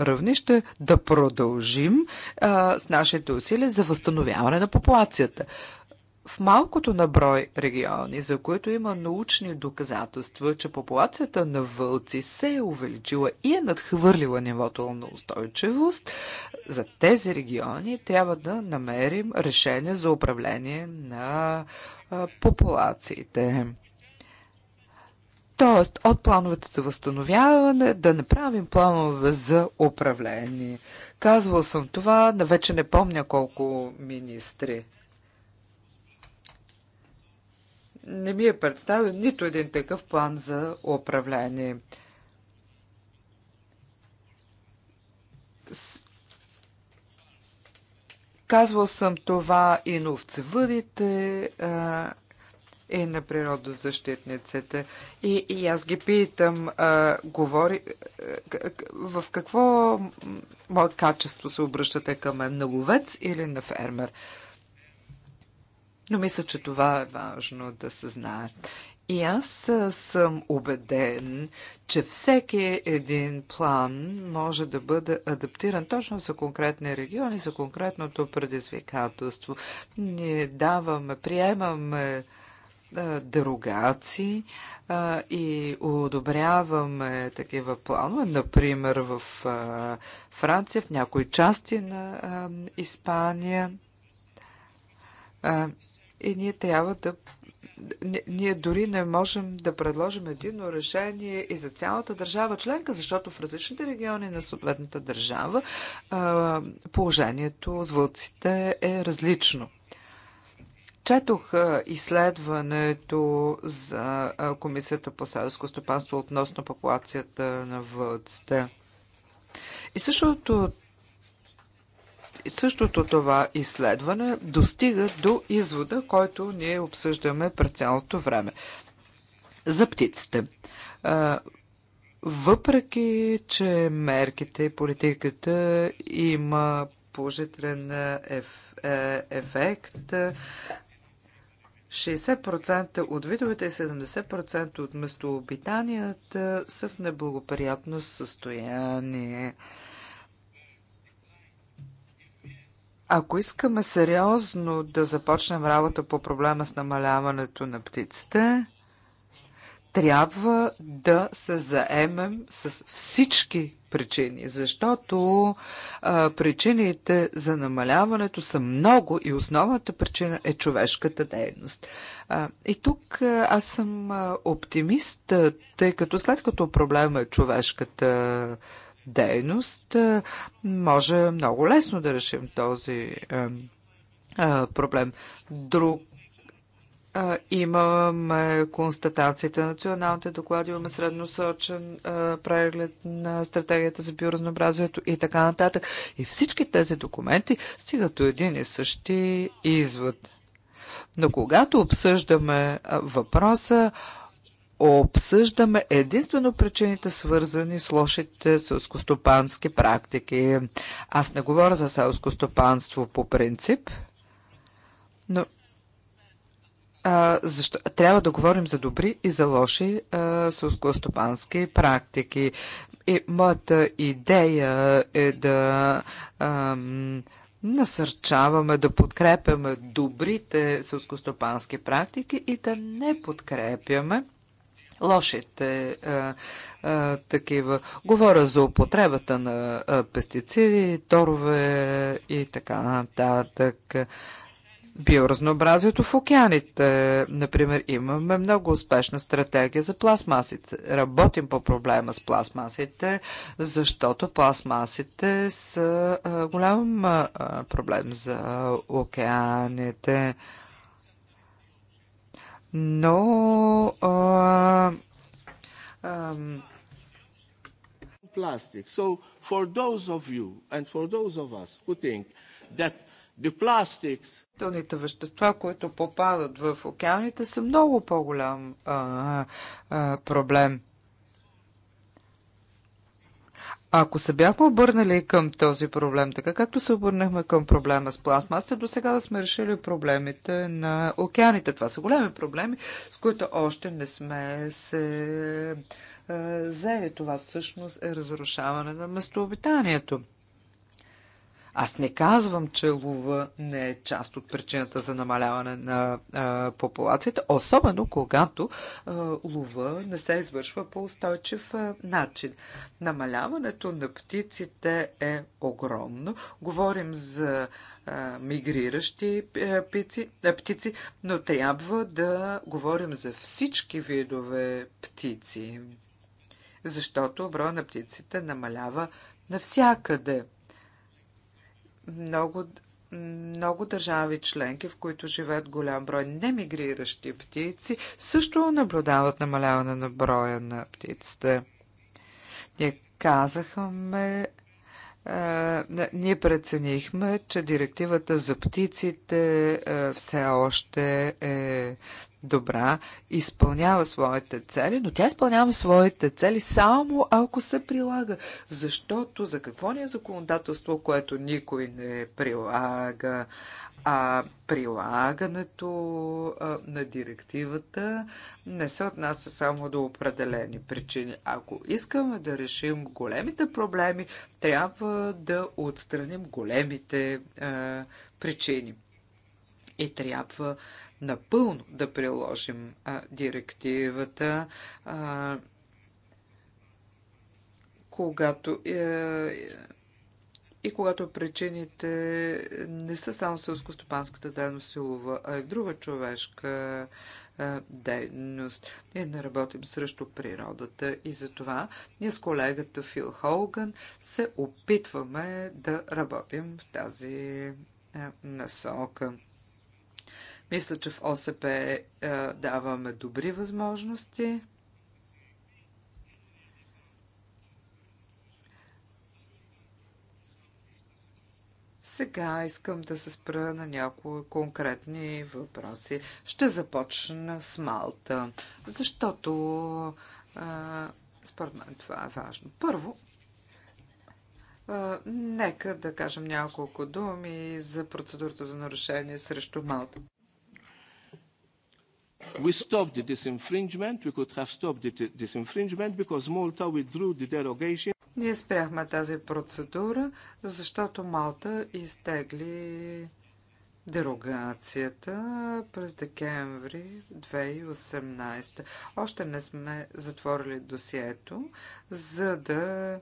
равнище, да продължим а, с нашите усилия за възстановяване на популацията в малкото наброй региони, за които има научни доказателства, че популацията на вълци се е увеличила и е надхвърлила нивото на устойчивост, за тези региони трябва да намерим решение за управление на популациите. Тоест, от плановете за възстановяване да направим планове за управление. Казвал съм това на вече не помня колко министри. не ми е представен нито един такъв план за управление. Казвал съм това и на овцевъдите, и на природозащитниците. И, и аз ги питам, а, говори, а, в какво мое качество се обръщате към мен, на ловец или на фермер? А, но мисля, че това е важно да се знае. И аз съм убеден, че всеки един план може да бъде адаптиран точно за конкретни региони, за конкретното предизвикателство. Ние даваме, приемаме дерогации и одобряваме такива планове, например в Франция, в някои части на Испания. И ние трябва да ние дори не можем да предложим едино решение и за цялата държава членка, защото в различните региони на съответната държава положението с вълците е различно. Четох изследването за Комисията по селско стопанство относно популацията на вълците. И същото същото това изследване достига до извода, който ние обсъждаме през цялото време. За птиците. Въпреки, че мерките и политиката има положителен е, ефект, 60% от видовете и 70% от местообитанията са в неблагоприятно състояние. Ако искаме сериозно да започнем работа по проблема с намаляването на птиците, трябва да се заемем с всички причини, защото а, причините за намаляването са много и основната причина е човешката дейност. А, и тук а, аз съм оптимист, тъй като след като проблема е човешката дейност, може много лесно да решим този проблем. Друг имаме констатациите на националните доклади, имаме средносочен преглед на стратегията за биоразнообразието и така нататък. И всички тези документи стигат до един и същи извод. Но когато обсъждаме въпроса, обсъждаме единствено причините, свързани с лошите селскостопански практики. Аз не говоря за селско стопанство по принцип, но а, защо, трябва да говорим за добри и за лоши селскостопански практики. И моята идея е да ам, насърчаваме да подкрепяме добрите селскостопански практики и да не подкрепяме лошите а, е, а, е, такива. Говоря за употребата на а, е, пестициди, торове и така нататък. Биоразнообразието в океаните, например, имаме много успешна стратегия за пластмасите. Работим по проблема с пластмасите, защото пластмасите са голям проблем за океаните но пластик. а, plastic. So for those of you and for those of us who think that the plastics... Тълните вещества, които попадат в океаните, са много по-голям проблем. Ако се бяхме обърнали към този проблем, така както се обърнахме към проблема с пластмасата, до сега да сме решили проблемите на океаните. Това са големи проблеми, с които още не сме се е, заели. Това всъщност е разрушаване на местообитанието. Аз не казвам, че лова не е част от причината за намаляване на а, популацията, особено когато а, лова не се извършва по устойчив а, начин. Намаляването на птиците е огромно. Говорим за а, мигриращи а, пици, а, птици, но трябва да говорим за всички видове птици, защото броя на птиците намалява навсякъде много, много държави членки, в които живеят голям брой немигриращи птици, също наблюдават намаляване на броя на птиците. Ние казахме, е, ние преценихме, че директивата за птиците е, все още е добра, изпълнява своите цели, но тя изпълнява своите цели само ако се прилага. Защото за какво ни е законодателство, което никой не прилага? А прилагането а, на директивата не се отнася само до определени причини. Ако искаме да решим големите проблеми, трябва да отстраним големите а, причини. И трябва напълно да приложим а, директивата. А, когато е, и когато причините не са само селско-стопанската дейност лова, а и друга човешка е, дейност. Ние не работим срещу природата и затова ние с колегата Фил Холган се опитваме да работим в тази е, насока. Мисля, че в ОСП е, даваме добри възможности. Сега искам да се спра на някои конкретни въпроси. Ще започна с Малта, защото е, според мен това е важно. Първо, е, нека да кажем няколко думи за процедурата за нарушение срещу Малта. We stopped this infringement. We could have stopped this infringement because Malta withdrew the derogation. Ние спряхме тази процедура, защото Малта изтегли дерогацията през декември 2018. Още не сме затворили досието, за да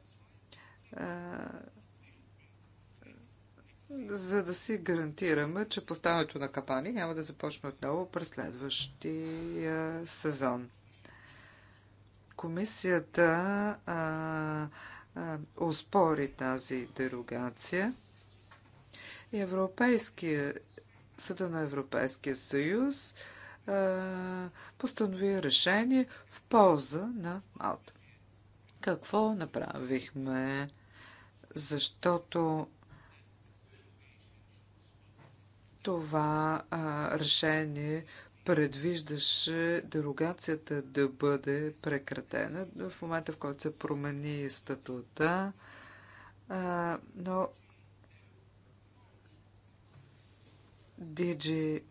за да си гарантираме, че поставянето на капани няма да започне отново през следващия сезон. Комисията а, а, успори тази дерогация и Европейския съда на Европейския съюз а, постанови решение в полза на Малта. Какво направихме? Защото Това а, решение предвиждаше дерогацията да бъде прекратена в момента, в който се промени статута, а, но DG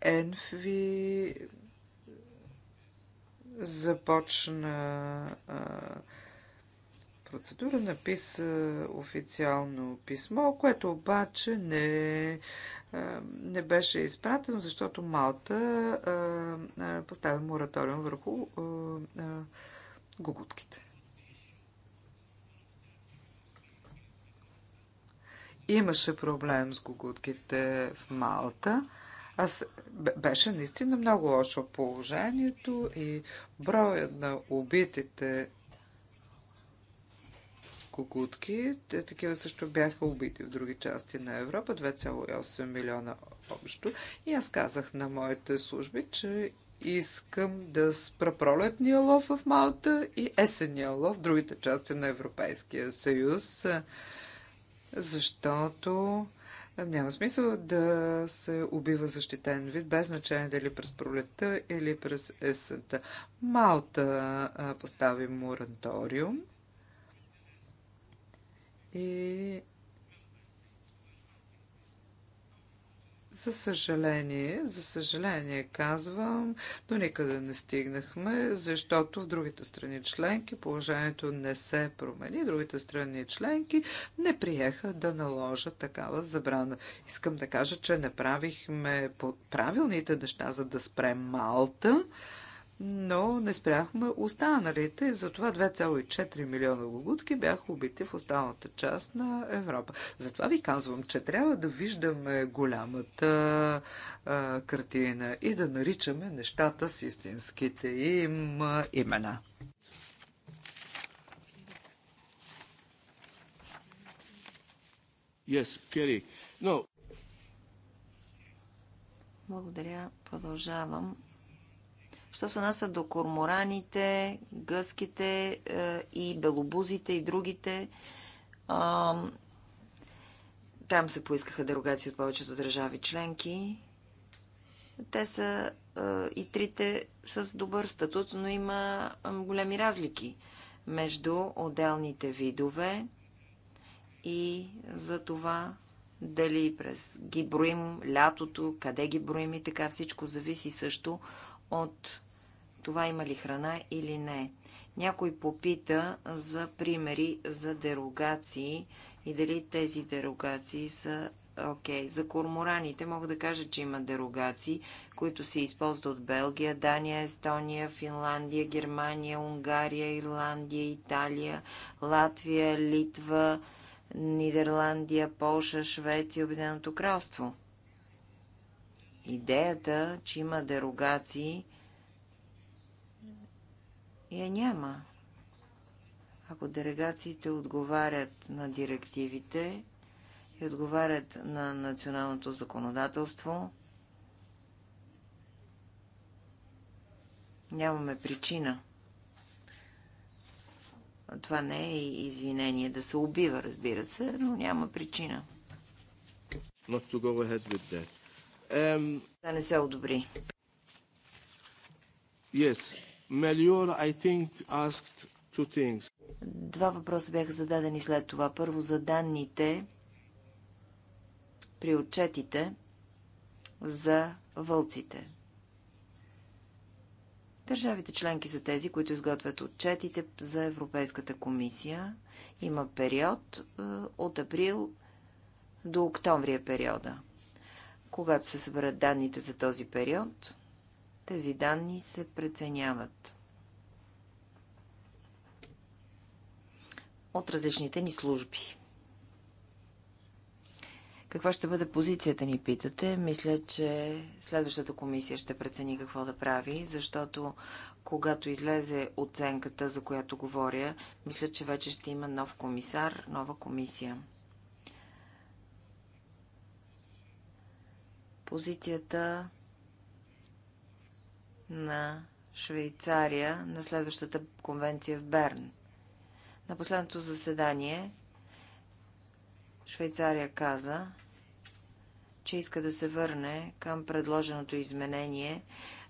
NV започна а, процедура, написа официално писмо, което обаче не е е, не беше изпратено, защото Малта е, е, поставя мораториум върху гугутките. Имаше проблем с гугутките в Малта. Аз беше наистина много лошо положението и броят на убитите кукутки. Те такива също бяха убити в други части на Европа, 2,8 милиона общо. И аз казах на моите служби, че искам да спра пролетния лов в Малта и есенния лов в другите части на Европейския съюз, защото няма смисъл да се убива защитен вид, без значение дали през пролетта или през есента. Малта постави мораториум и За съжаление, за съжаление казвам, до никъде не стигнахме, защото в другите страни членки положението не се промени. Другите страни членки не приеха да наложат такава забрана. Искам да кажа, че направихме правилните неща, за да спрем Малта но не спряхме останалите и затова 2,4 милиона лугутки бяха убити в останалата част на Европа. Затова ви казвам, че трябва да виждаме голямата а, картина и да наричаме нещата с истинските им имена. Yes, No. Благодаря. Продължавам. Що се наса до кормораните, гъските е, и белобузите и другите, там се поискаха дерогации от повечето държави членки. Те са е, и трите с добър статут, но има големи разлики между отделните видове и за това дали през ги броим лятото, къде ги броим и така всичко зависи също от това има ли храна или не. Някой попита за примери за дерогации и дали тези дерогации са окей. Okay. За кормораните мога да кажа, че има дерогации, които се използват от Белгия, Дания, Естония, Финландия, Германия, Унгария, Ирландия, Италия, Латвия, Литва, Нидерландия, Полша, Швеция, Обединеното кралство. Идеята, че има дерогации, я няма. Ако делегациите отговарят на директивите и отговарят на националното законодателство, нямаме причина. Това не е извинение да се убива, разбира се, но няма причина. Not to go ahead with that да не се одобри. Yes. Melior, I think, asked two things. Два въпроса бяха зададени след това. Първо за данните при отчетите за вълците. Държавите членки са тези, които изготвят отчетите за Европейската комисия. Има период е, от април до октомври е периода. Когато се съберат данните за този период, тези данни се преценяват от различните ни служби. Каква ще бъде позицията ни, питате? Мисля, че следващата комисия ще прецени какво да прави, защото когато излезе оценката, за която говоря, мисля, че вече ще има нов комисар, нова комисия. позицията на Швейцария на следващата конвенция в Берн. На последното заседание Швейцария каза, че иска да се върне към предложеното изменение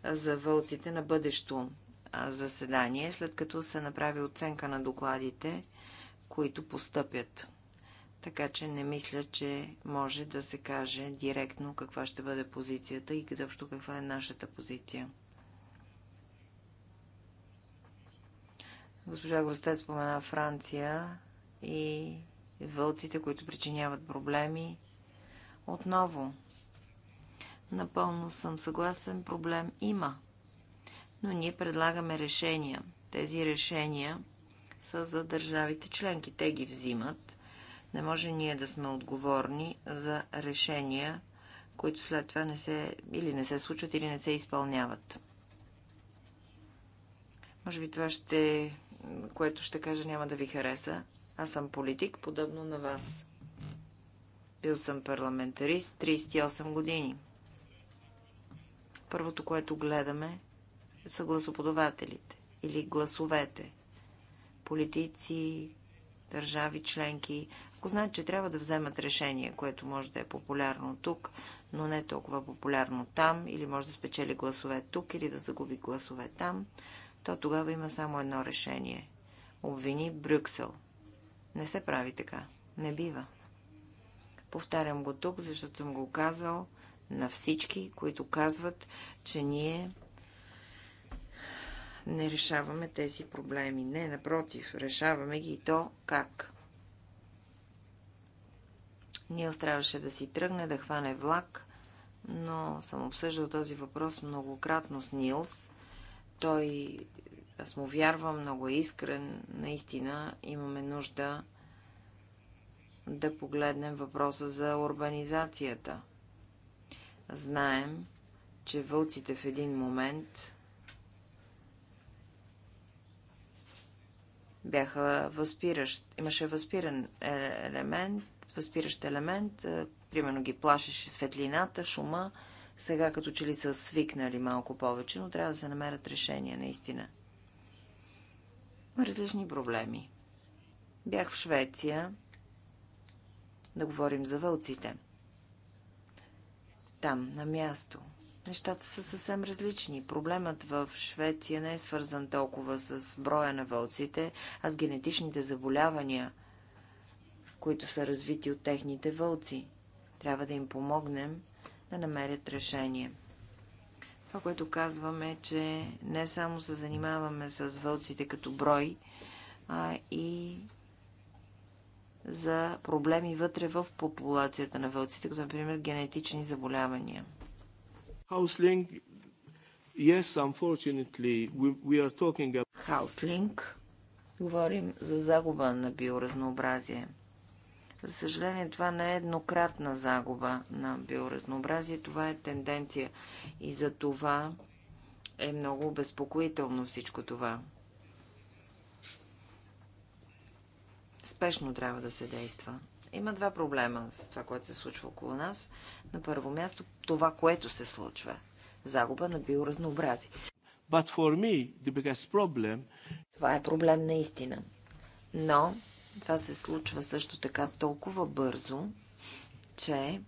за вълците на бъдещо заседание, след като се направи оценка на докладите, които постъпят така че не мисля, че може да се каже директно каква ще бъде позицията и заобщо каква е нашата позиция. Госпожа Гростет спомена Франция и вълците, които причиняват проблеми. Отново, напълно съм съгласен, проблем има. Но ние предлагаме решения. Тези решения са за държавите членки. Те ги взимат не може ние да сме отговорни за решения, които след това не се, или не се случват, или не се изпълняват. Може би това ще, което ще кажа, няма да ви хареса. Аз съм политик, подобно на вас. Бил съм парламентарист 38 години. Първото, което гледаме, са гласоподавателите или гласовете. Политици, държави членки, знаят, че трябва да вземат решение, което може да е популярно тук, но не толкова популярно там, или може да спечели гласове тук, или да загуби гласове там, то тогава има само едно решение. Обвини Брюксел. Не се прави така. Не бива. Повтарям го тук, защото съм го казал на всички, които казват, че ние не решаваме тези проблеми. Не, напротив, решаваме ги и то как. Нил трябваше да си тръгне, да хване влак, но съм обсъждал този въпрос многократно с Нилс. Той, аз му вярвам, много е искрен. Наистина имаме нужда да погледнем въпроса за урбанизацията. Знаем, че вълците в един момент бяха възпиращ, имаше възпиран е, елемент, възпиращ елемент, е, примерно ги плашеше светлината, шума. Сега като че ли са свикнали малко повече, но трябва да се намерят решения, наистина. Различни проблеми. Бях в Швеция, да говорим за вълците. Там, на място, нещата са съвсем различни. Проблемът в Швеция не е свързан толкова с броя на вълците, а с генетичните заболявания, които са развити от техните вълци. Трябва да им помогнем да намерят решение. Това, което казваме, е, че не само се занимаваме с вълците като брой, а и за проблеми вътре в популацията на вълците, като например генетични заболявания – Housing, yes, unfortunately, we, we are talking about... Housing, говорим за загуба на биоразнообразие. За съжаление, това не е еднократна загуба на биоразнообразие, това е тенденция. И за това е много обезпокоително всичко това. Спешно трябва да се действа. Има два проблема с това, което се случва около нас. На първо място, това, което се случва. Загуба на биоразнообразие. But for me, the biggest problem... Това е проблем наистина. Но това се случва също така толкова бързо, че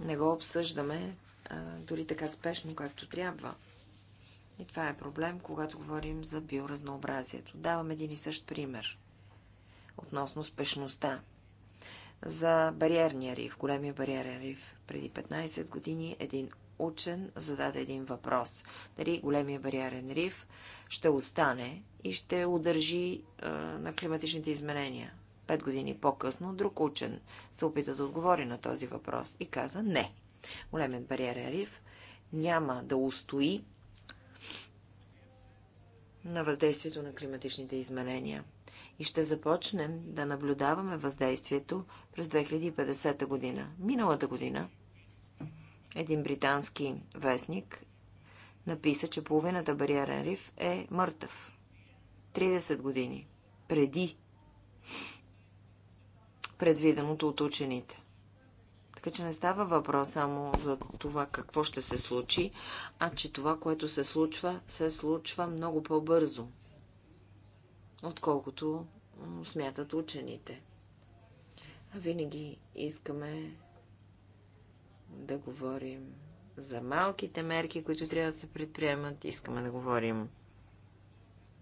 не го обсъждаме а, дори така спешно, както трябва. И това е проблем, когато говорим за биоразнообразието. Давам един и същ пример относно спешността за бариерния риф, големия бариерен риф. Преди 15 години един учен зададе един въпрос. Дали големия бариерен риф ще остане и ще удържи е, на климатичните изменения? Пет години по-късно друг учен се опита да отговори на този въпрос и каза не. Големият бариерен риф няма да устои на въздействието на климатичните изменения – и ще започнем да наблюдаваме въздействието през 2050 година. Миналата година един британски вестник написа, че половината бариерен риф е мъртъв. 30 години преди предвиденото от учените. Така че не става въпрос само за това какво ще се случи, а че това, което се случва, се случва много по-бързо отколкото смятат учените. А винаги искаме да говорим за малките мерки, които трябва да се предприемат. Искаме да говорим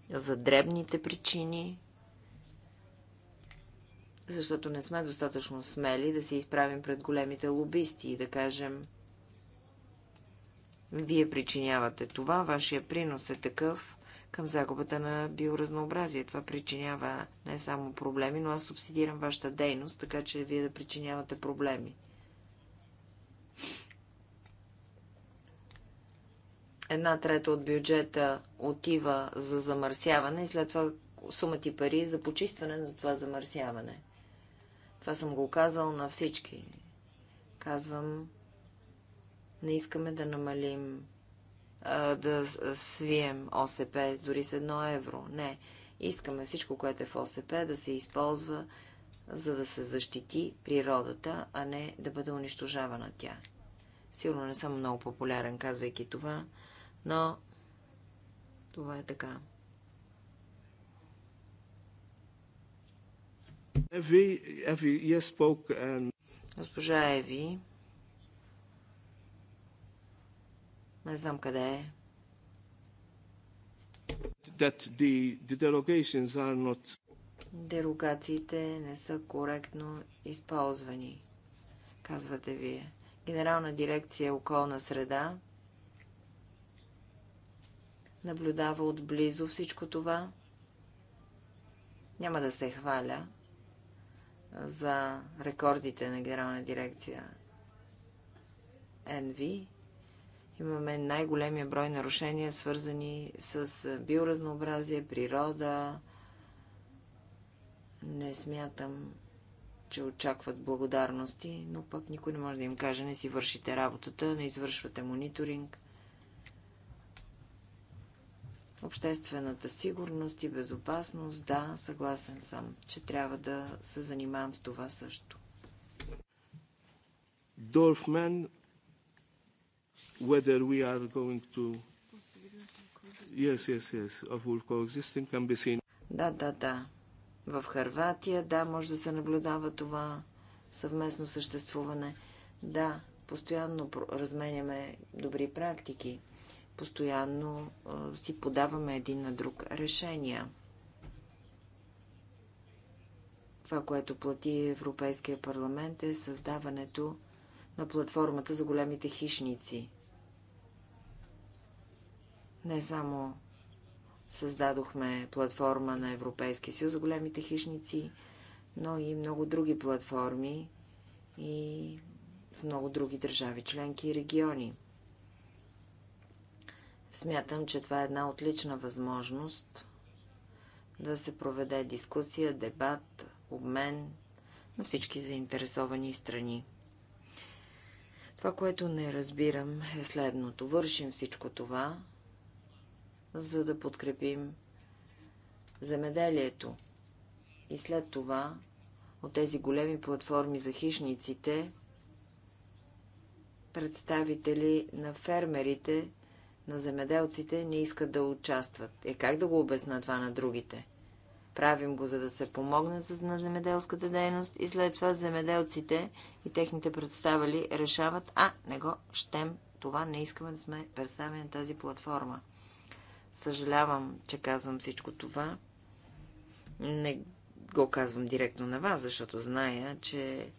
за дребните причини, защото не сме достатъчно смели да се изправим пред големите лобисти и да кажем вие причинявате това, вашия принос е такъв, към загубата на биоразнообразие. Това причинява не само проблеми, но аз субсидирам вашата дейност, така че вие да причинявате проблеми. Една трета от бюджета отива за замърсяване и след това сума ти пари за почистване на това замърсяване. Това съм го казал на всички. Казвам, не искаме да намалим да свием ОСП дори с едно евро. Не. Искаме всичко, което е в ОСП, да се използва, за да се защити природата, а не да бъде унищожавана тя. Сигурно не съм много популярен, казвайки това, но това е така. Еви, Еви, я спок... Госпожа Еви Не знам къде е. That the, the derogations are not... Дерогациите не са коректно използвани, казвате вие. Генерална дирекция околна среда наблюдава отблизо всичко това. Няма да се хваля за рекордите на генерална дирекция НВ, Имаме най-големия брой нарушения, свързани с е, биоразнообразие, природа. Не смятам, че очакват благодарности, но пък никой не може да им каже, не си вършите работата, не извършвате мониторинг. Обществената сигурност и безопасност, да, съгласен съм, че трябва да се занимавам с това също. Дорфмен whether we are going to Yes, yes, yes. Of all coexisting can be seen. Да, да, да. В Харватия, да, може да се наблюдава това съвместно съществуване. Да, постоянно разменяме добри практики. Постоянно а, си подаваме един на друг решения. Това, което плати Европейския парламент е създаването на платформата за големите хищници – не само създадохме платформа на Европейския съюз за големите хищници, но и много други платформи и в много други държави, членки и региони. Смятам, че това е една отлична възможност да се проведе дискусия, дебат, обмен на всички заинтересовани страни. Това, което не разбирам е следното. Вършим всичко това, за да подкрепим земеделието. И след това от тези големи платформи за хищниците, представители на фермерите, на земеделците не искат да участват. Е как да го обясна това на другите? Правим го, за да се помогне на земеделската дейност и след това земеделците и техните представители решават, а, не го щем, това не искаме да сме представени на тази платформа. Съжалявам, че казвам всичко това. Не го казвам директно на вас, защото зная, че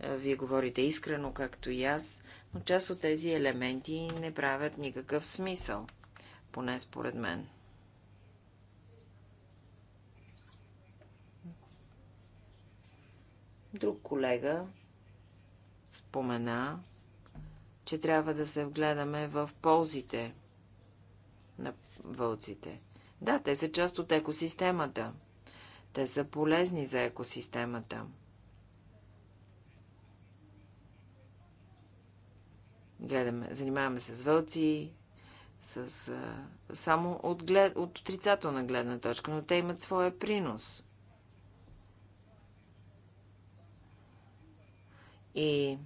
е, вие говорите искрено, както и аз, но част от тези елементи не правят никакъв смисъл, поне според мен. Друг колега спомена, че трябва да се вгледаме в ползите на вълците. Да, те са част от екосистемата. Те са полезни за екосистемата. Гледаме, занимаваме се с вълци, с, а, само от, глед, от отрицателна гледна точка, но те имат своя принос. И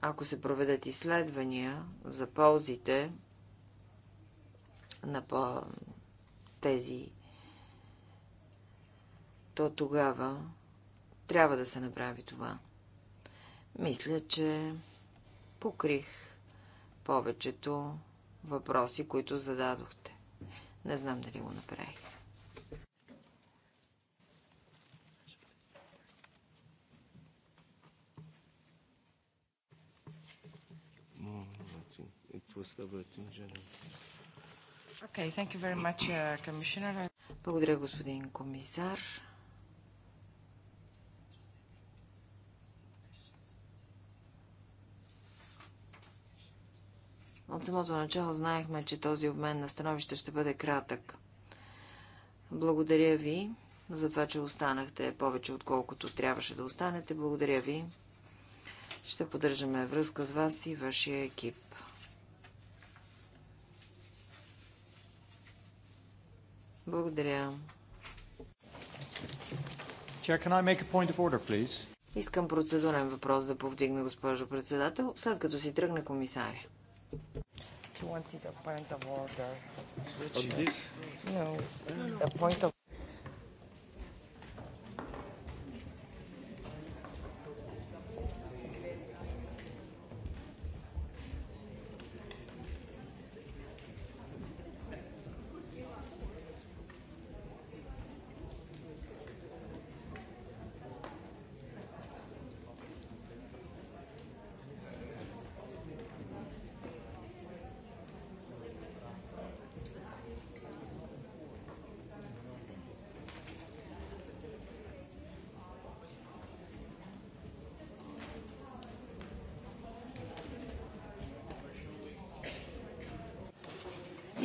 ако се проведат изследвания за ползите, на по тези, то тогава трябва да се направи това. Мисля, че покрих повечето въпроси, които зададохте. Не знам дали го направих. It was about in general. Uh, Благодаря, господин комисар. От самото начало знаехме, че този обмен на становище ще бъде кратък. Благодаря ви за това, че останахте повече, отколкото трябваше да останете. Благодаря ви. Ще поддържаме връзка с вас и вашия екип. Благодаря. Искам процедурен въпрос да повдигна, госпожо председател, след като си тръгне комисаря. No. Of...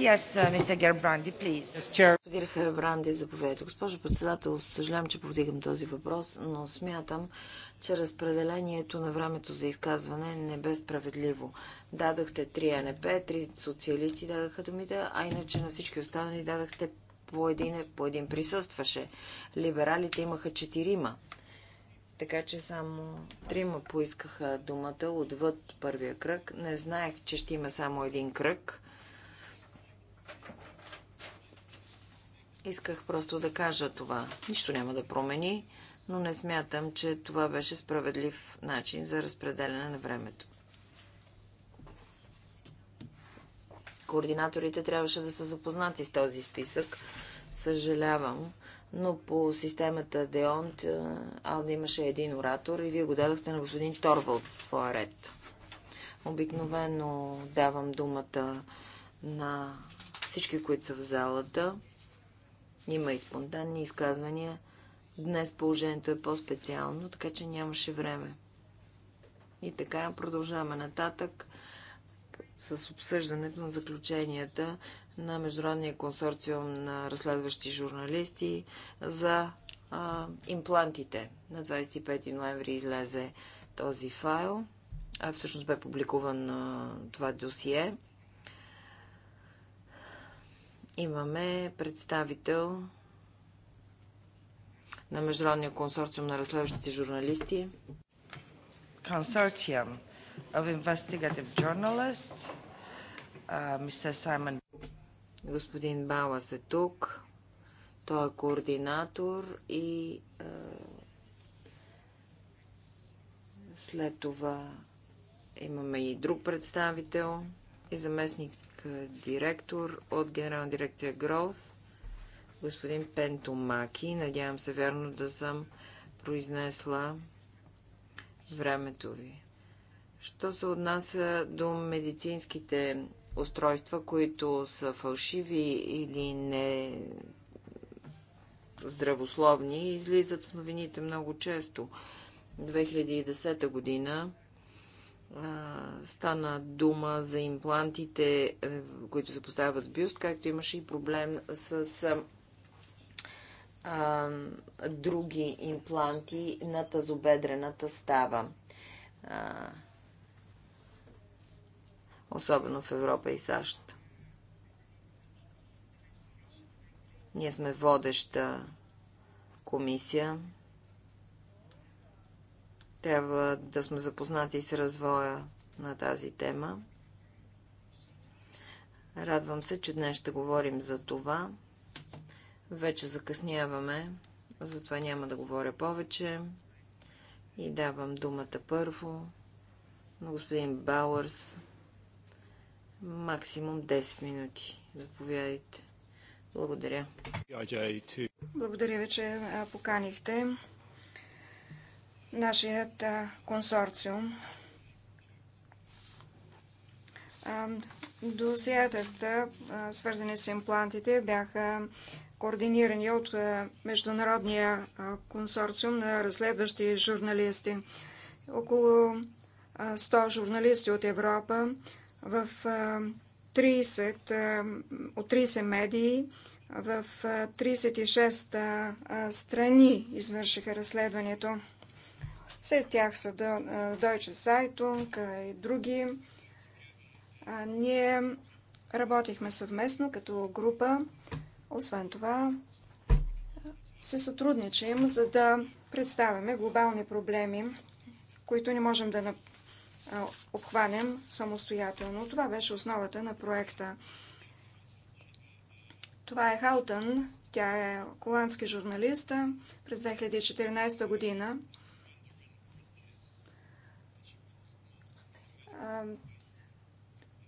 Yes, uh, Mr. Gerbrandi, please. Господин Хербранди, заповядайте. Госпожо председател, съжалявам, че повдигам този въпрос, но смятам, че разпределението на времето за изказване не бе справедливо. Дадахте три НП, три социалисти дадаха думите, а иначе на всички останали дадахте по един, по един присъстваше. Либералите имаха четирима. Така че само трима поискаха думата отвъд първия кръг. Не знаех, че ще има само един кръг. Исках просто да кажа това. Нищо няма да промени, но не смятам, че това беше справедлив начин за разпределяне на времето. Координаторите трябваше да са запознати с този списък. Съжалявам, но по системата Деонт Алда имаше един оратор и вие го дадохте на господин Торвалд своя ред. Обикновено давам думата на всички, които са в залата. Има и спонтанни изказвания. Днес положението е по-специално, така че нямаше време. И така продължаваме нататък с обсъждането на заключенията на Международния консорциум на разследващи журналисти за а, имплантите. На 25 ноември излезе този файл, а всъщност бе публикуван а, това досие. Имаме представител на Международния консорциум на разследващите журналисти. Консорциум of Investigative Journalists, мистер uh, Саймон. Господин Балас е тук. Той е координатор и uh, след това имаме и друг представител и заместник е, директор от Генерална дирекция Growth, господин Пенто Маки. Надявам се верно да съм произнесла времето ви. Що се отнася до медицинските устройства, които са фалшиви или не здравословни, излизат в новините много често. 2010 година стана дума за имплантите, е, които се поставят в бюст, както имаше и проблем с а, други импланти на тазобедрената става. А, особено в Европа и САЩ. Ние сме водеща комисия трябва да сме запознати с развоя на тази тема. Радвам се, че днес ще говорим за това. Вече закъсняваме, затова няма да говоря повече. И давам думата първо на господин Бауърс. Максимум 10 минути. Заповядайте. Благодаря. Благодаря ви, че поканихте нашият консорциум. Досиятата, свързани с имплантите, бяха координирани от Международния консорциум на разследващи журналисти. Около 100 журналисти от Европа в 30, от 30 медии в 36 страни извършиха разследването. Сред тях са Deutsche Zeitung и други. Ние работихме съвместно като група. Освен това, се сътрудничим, за да представяме глобални проблеми, които не можем да обхванем самостоятелно. Това беше основата на проекта. Това е Халтън. Тя е холандски журналист. През 2014 година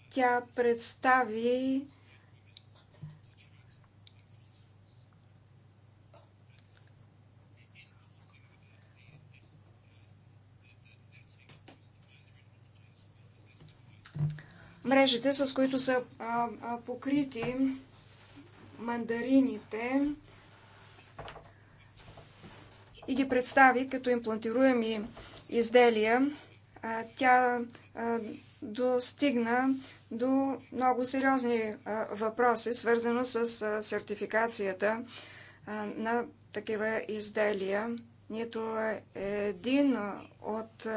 Тя представи мрежите, с които са покрити мандарините и ги представи като имплантируеми изделия тя достигна до много сериозни въпроси, свързано с сертификацията на такива изделия. Нито един от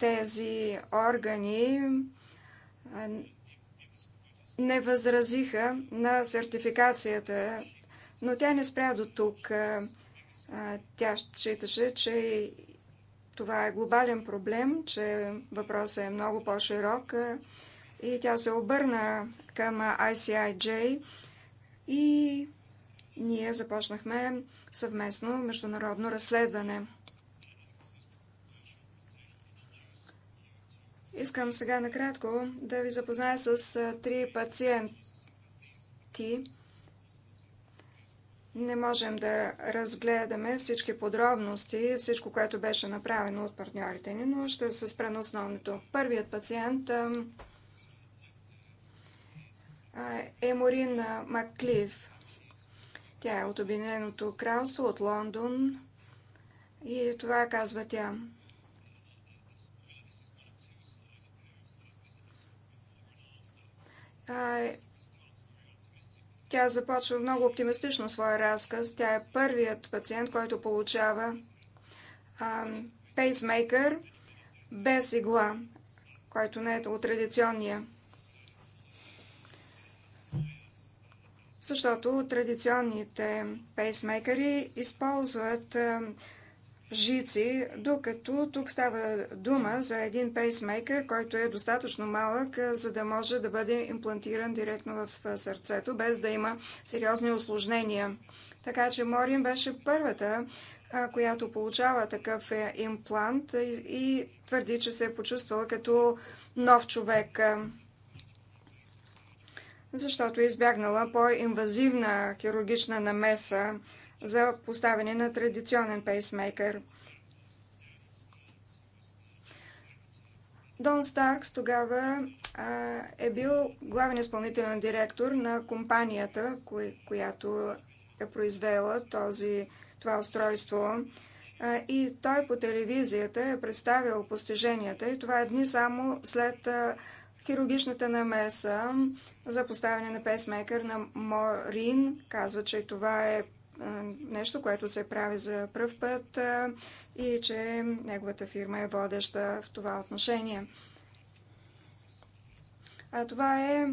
тези органи не възразиха на сертификацията, но тя не спря до тук. Тя считаше, че това е глобален проблем, че въпросът е много по-широк и тя се обърна към ICIJ и ние започнахме съвместно международно разследване. Искам сега накратко да ви запозная с три пациенти, не можем да разгледаме всички подробности, всичко, което беше направено от партньорите ни, но ще се спра на основното. Първият пациент е Морин Маклив. Тя е от Обединеното кралство, от Лондон. И това казва тя. Тя започва много оптимистично своя разказ. Тя е първият пациент, който получава пейсмейкър без игла, който не е от традиционния. Защото традиционните пейсмейкъри използват а, жици, докато тук става дума за един пейсмейкър, който е достатъчно малък, за да може да бъде имплантиран директно в сърцето, без да има сериозни осложнения. Така че Морин беше първата, която получава такъв е, имплант и твърди, че се е почувствала като нов човек, защото е избягнала по-инвазивна хирургична намеса за поставяне на традиционен пейсмейкър. Дон Старкс тогава а, е бил главен изпълнителен директор на компанията, кои, която е произвела този, това устройство. А, и той по телевизията е представил постиженията и това е дни само след а, хирургичната намеса за поставяне на песмейкър на Морин. Казва, че това е нещо, което се прави за пръв път и че неговата фирма е водеща в това отношение. А това е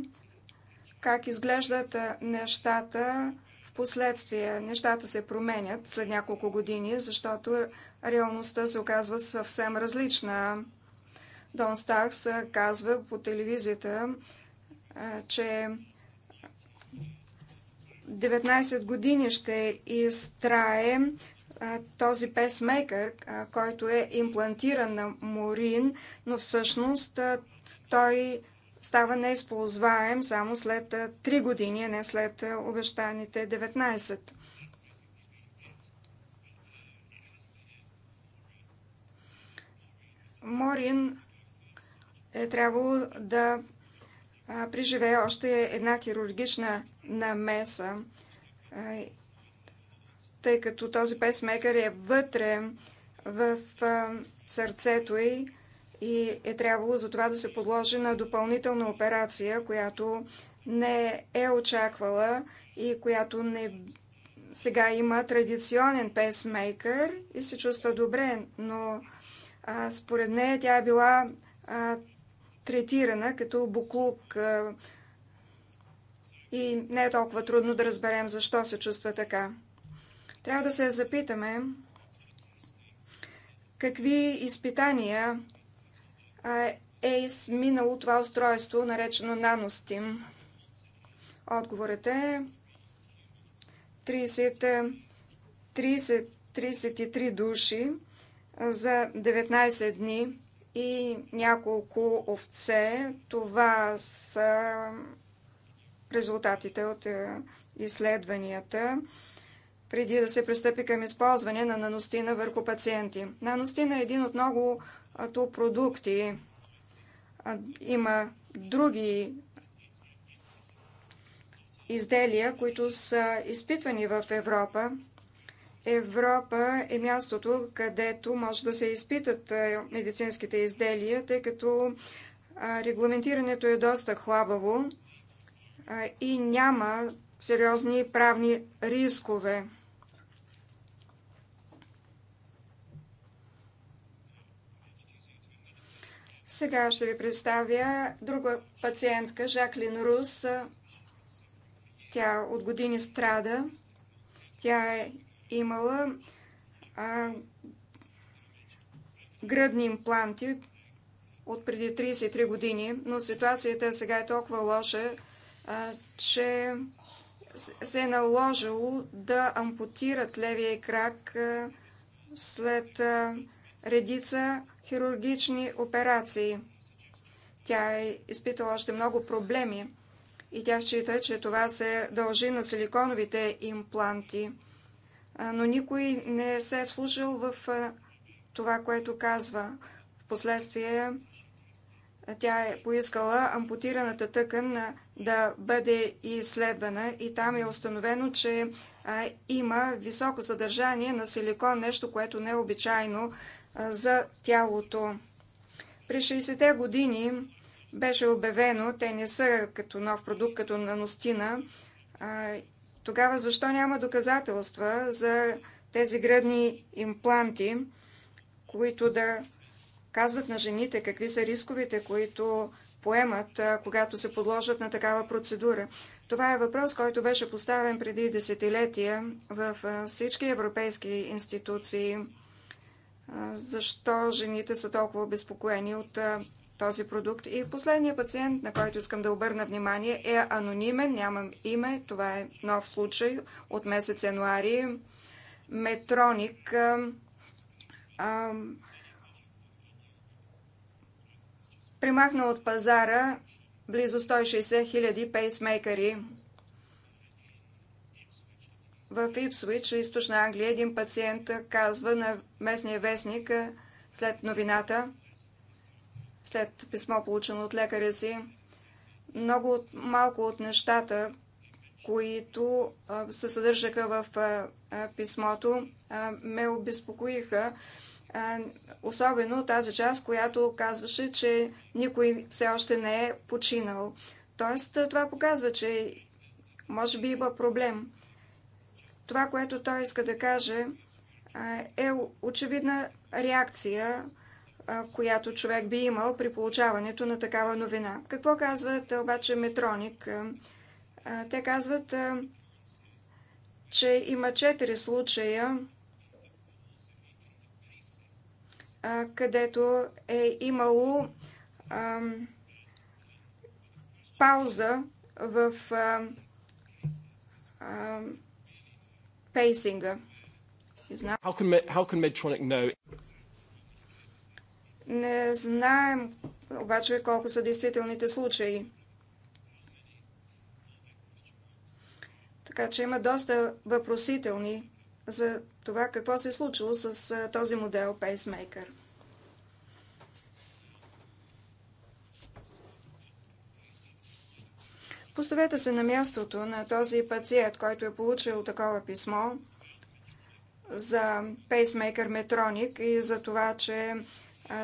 как изглеждат нещата в последствие. Нещата се променят след няколко години, защото реалността се оказва съвсем различна. Дон Старкс казва по телевизията, че 19 години ще изтрае този песмейкър, който е имплантиран на Морин, но всъщност той става неизползваем само след 3 години, а не след обещаните 19. Морин е трябвало да преживее още една хирургична намеса, тъй като този песмекър е вътре в сърцето й и е трябвало за това да се подложи на допълнителна операция, която не е очаквала и която не сега има традиционен песмейкър и се чувства добре, но а, според нея тя е била а, третирана като буклук, а, и не е толкова трудно да разберем защо се чувства така. Трябва да се запитаме какви изпитания е изминало това устройство, наречено наностим. Отговорът е 30, 33 души за 19 дни и няколко овце. Това са резултатите от е, изследванията преди да се пристъпи към използване на наностина върху пациенти. Наностина е един от многото продукти. Има други изделия, които са изпитвани в Европа. Европа е мястото, където може да се изпитат е, медицинските изделия, тъй като регламентирането е доста хлабаво и няма сериозни правни рискове. Сега ще ви представя друга пациентка, Жаклин Рус. Тя от години страда. Тя е имала а, гръдни импланти от преди 33 години, но ситуацията сега е толкова лоша, че се е наложило да ампутират левия крак след редица хирургични операции. Тя е изпитала още много проблеми и тя счита, че това се дължи на силиконовите импланти. Но никой не се е вслужил в това, което казва. Впоследствие тя е поискала ампутираната тъкан да бъде изследвана и там е установено, че има високо съдържание на силикон, нещо, което не е обичайно за тялото. При 60-те години беше обявено, те не са като нов продукт, като наностина. Тогава защо няма доказателства за тези гръдни импланти, които да казват на жените какви са рисковете, които поемат, когато се подложат на такава процедура. Това е въпрос, който беше поставен преди десетилетия в всички европейски институции. Защо жените са толкова обезпокоени от този продукт? И последният пациент, на който искам да обърна внимание, е анонимен, нямам име. Това е нов случай от месец януари. Метроник. Примахна от пазара близо 160 хиляди пейсмейкъри. В Ипсвич, източна Англия, един пациент казва на местния вестник след новината, след писмо получено от лекаря си, много от, малко от нещата, които се съдържаха в писмото, ме обезпокоиха особено тази част, която казваше, че никой все още не е починал. Тоест, това показва, че може би има проблем. Това, което той иска да каже, е очевидна реакция, която човек би имал при получаването на такава новина. Какво казват обаче Метроник? Те казват, че има четири случая където е имало пауза в пейсинга. Не знаем обаче колко са действителните случаи. Така че има доста въпросителни за това какво се е случило с този модел Pacemaker. Поставете се на мястото на този пациент, който е получил такова писмо за Pacemaker Метроник и за това, че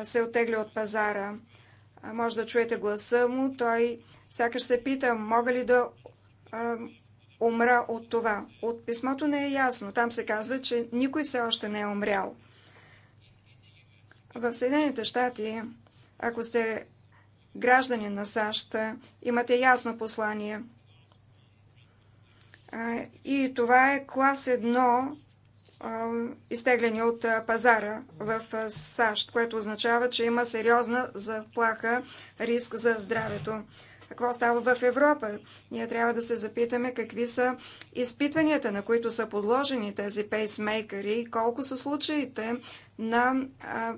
се отегли от пазара. Може да чуете гласа му. Той сякаш се пита, мога ли да умра от това. От писмото не е ясно. Там се казва, че никой все още не е умрял. В Съединените щати, ако сте граждани на САЩ, имате ясно послание. И това е клас 1 изтегляни от пазара в САЩ, което означава, че има сериозна заплаха, риск за здравето какво става в Европа. Ние трябва да се запитаме какви са изпитванията, на които са подложени тези пейсмейкъри и колко са случаите на а,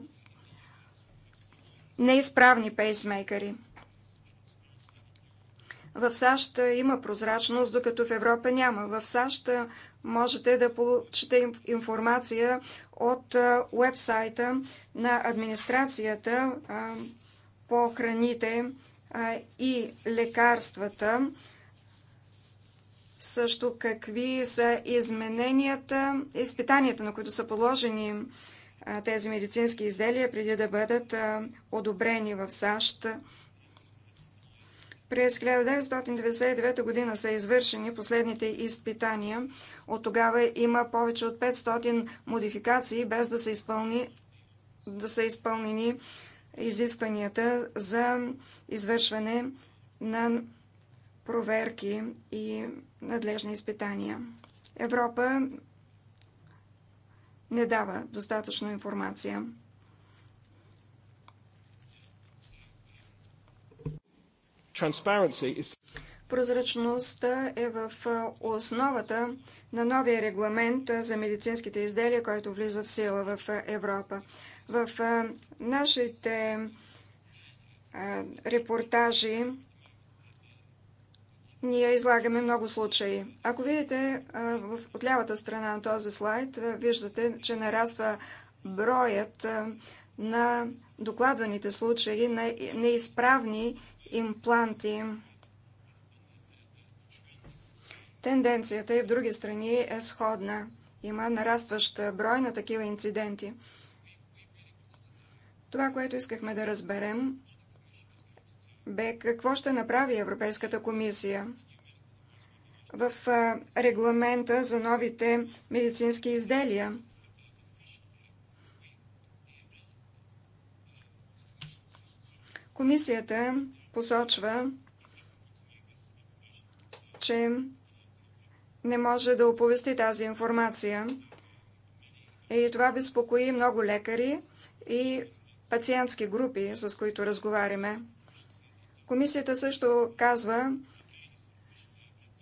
неизправни пейсмейкъри. В САЩ има прозрачност, докато в Европа няма. В САЩ можете да получите информация от уебсайта на администрацията по храните и лекарствата. Също какви са измененията, изпитанията, на които са положени тези медицински изделия преди да бъдат одобрени в САЩ. През 1999 година са извършени последните изпитания. От тогава има повече от 500 модификации, без да са, изпълни, да са изпълнени изискванията за извършване на проверки и надлежни изпитания. Европа не дава достатъчно информация. Прозрачността е в основата на новия регламент за медицинските изделия, който влиза в сила в Европа. В нашите репортажи ние излагаме много случаи. Ако видите от лявата страна на този слайд, виждате, че нараства броят на докладваните случаи на неизправни импланти. Тенденцията и в други страни е сходна. Има нарастващ брой на такива инциденти. Това, което искахме да разберем, бе какво ще направи Европейската комисия в регламента за новите медицински изделия. Комисията посочва, че не може да оповести тази информация. И това безпокои много лекари и пациентски групи, с които разговаряме. Комисията също казва,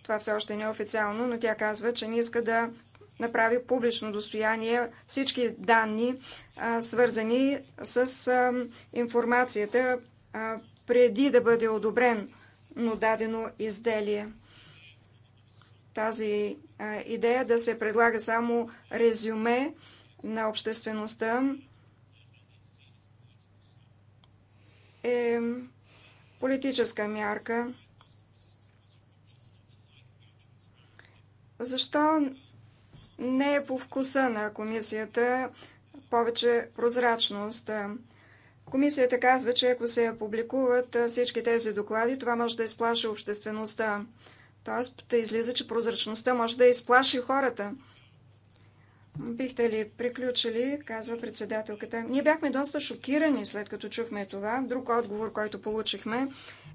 това все още не е официално, но тя казва, че не иска да направи публично достояние всички данни, свързани с информацията преди да бъде одобрен но дадено изделие. Тази идея да се предлага само резюме на обществеността е политическа мярка. Защо не е по вкуса на комисията повече прозрачност? Комисията казва, че ако се публикуват всички тези доклади, това може да изплаши обществеността. Тоест, да излиза, че прозрачността може да изплаши хората. Бихте ли приключили, казва председателката. Ние бяхме доста шокирани след като чухме това. Друг отговор, който получихме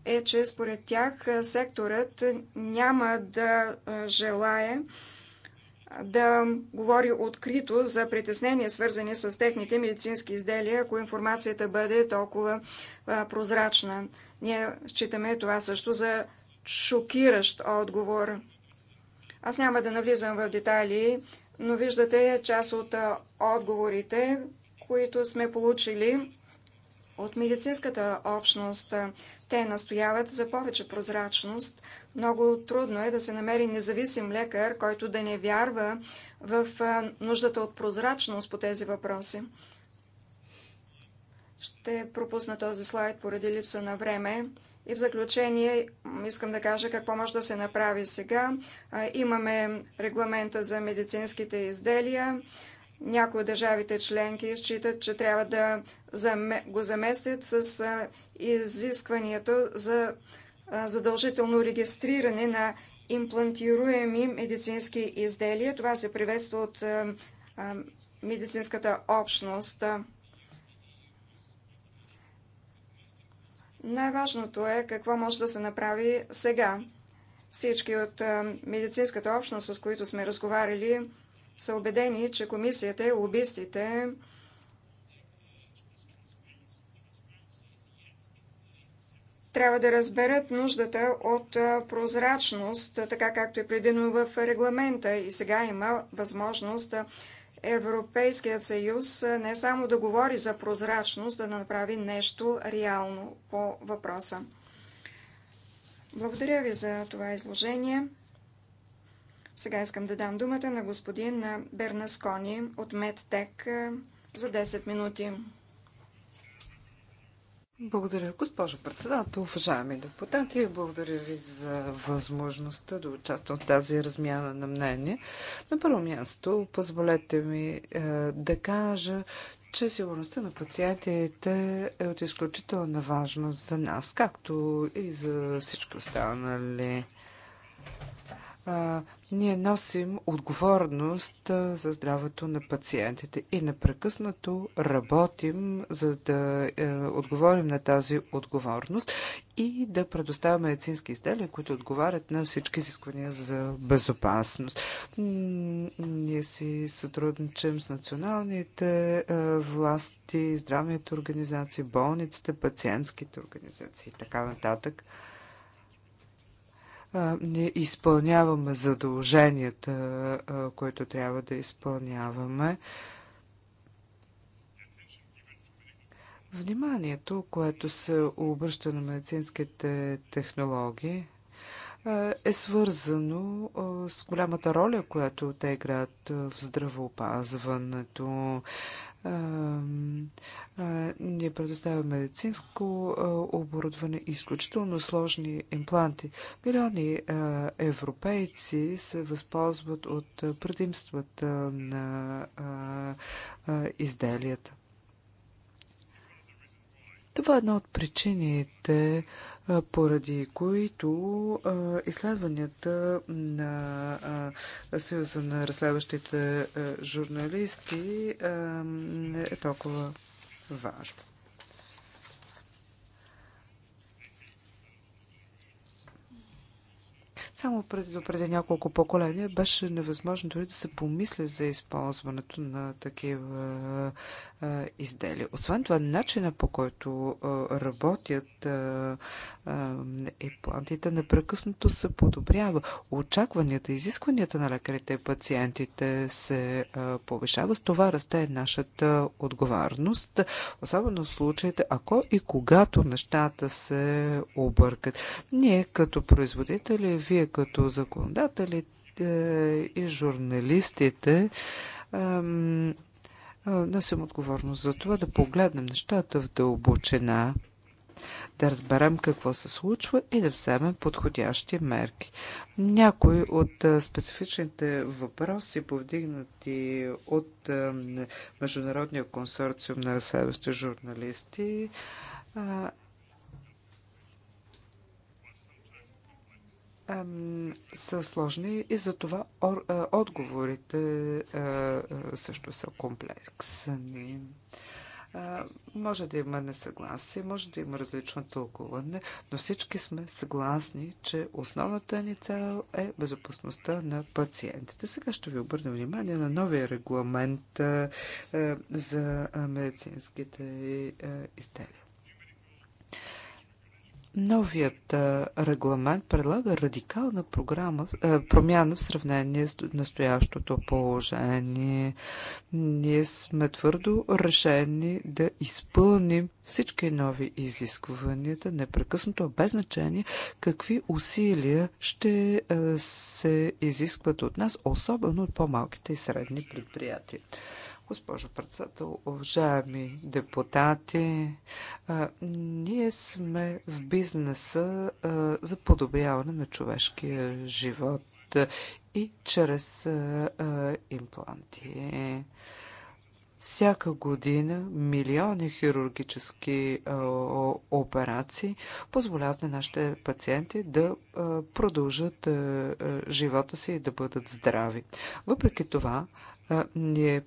е, че според тях секторът няма да желае да говори открито за притеснения, свързани с техните медицински изделия, ако информацията бъде толкова прозрачна. Ние считаме това също за шокиращ отговор. Аз няма да навлизам в детайли но виждате част от отговорите, които сме получили от медицинската общност. Те настояват за повече прозрачност. Много трудно е да се намери независим лекар, който да не вярва в нуждата от прозрачност по тези въпроси. Ще пропусна този слайд поради липса на време. И в заключение искам да кажа какво може да се направи сега. Имаме регламента за медицинските изделия. Някои от държавите членки считат, че трябва да го заместят с изискването за задължително регистриране на имплантируеми медицински изделия. Това се приветства от медицинската общност. Най-важното е какво може да се направи сега. Всички от е, медицинската общност, с които сме разговаряли, са убедени, че комисията и лобистите трябва да разберат нуждата от е, прозрачност, така както е предвидено в регламента. И сега има възможност да. Е, Европейският съюз не само да говори за прозрачност, да направи нещо реално по въпроса. Благодаря ви за това изложение. Сега искам да дам думата на господин Бернаскони от Медтек за 10 минути. Благодаря, госпожо председател, уважаеми депутати. Благодаря ви за възможността да участвам в тази размяна на мнение. На първо място, позволете ми е, да кажа, че сигурността на пациентите е от изключителна важност за нас, както и за всички останали а, ние носим отговорност а, за здравето на пациентите и непрекъснато работим, за да е, отговорим на тази отговорност и да предоставяме медицински изделия, които отговарят на всички изисквания за безопасност. Ние си сътрудничим с националните е, власти, здравните организации, болниците, пациентските организации и така нататък не изпълняваме задълженията, които трябва да изпълняваме. Вниманието, което се обръща на медицинските технологии, е свързано с голямата роля, която те играят в здравеопазването. Ние предоставяме медицинско оборудване, изключително сложни импланти. Милиони европейци се възползват от предимствата на изделията. Това е една от причините, поради които изследванията на Съюза на разследващите журналисти е толкова важно. Само преди, преди няколко поколения беше невъзможно дори да се помисли за използването на такива а, изделия. Освен това, начина по който а, работят а, и е, плантите непрекъснато се подобрява. Очакванията, изискванията на лекарите и пациентите се повишава. С това расте нашата отговорност, особено в случаите, ако и когато нещата се объркат. Ние като производители, вие като законодатели е, и журналистите носим отговорност за това да погледнем нещата в дълбочина да разберем какво се случва и да вземем подходящи мерки. Някои от специфичните въпроси, повдигнати от Международния консорциум на разследващи журналисти, са сложни и затова отговорите също са комплексни. Може да има несъгласие, може да има различно тълкуване, но всички сме съгласни, че основната ни цел е безопасността на пациентите. Сега ще ви обърна внимание на новия регламент за медицинските изделия. Новият регламент предлага радикална програма, промяна в сравнение с настоящото положение. Ние сме твърдо решени да изпълним всички нови изискванията, непрекъснато, без значение какви усилия ще се изискват от нас, особено от по-малките и средни предприятия. Госпожо председател, уважаеми депутати, а, ние сме в бизнеса а, за подобряване на човешкия живот а, и чрез импланти. Всяка година милиони хирургически а, операции позволяват на нашите пациенти да а, продължат а, живота си и да бъдат здрави. Въпреки това, ние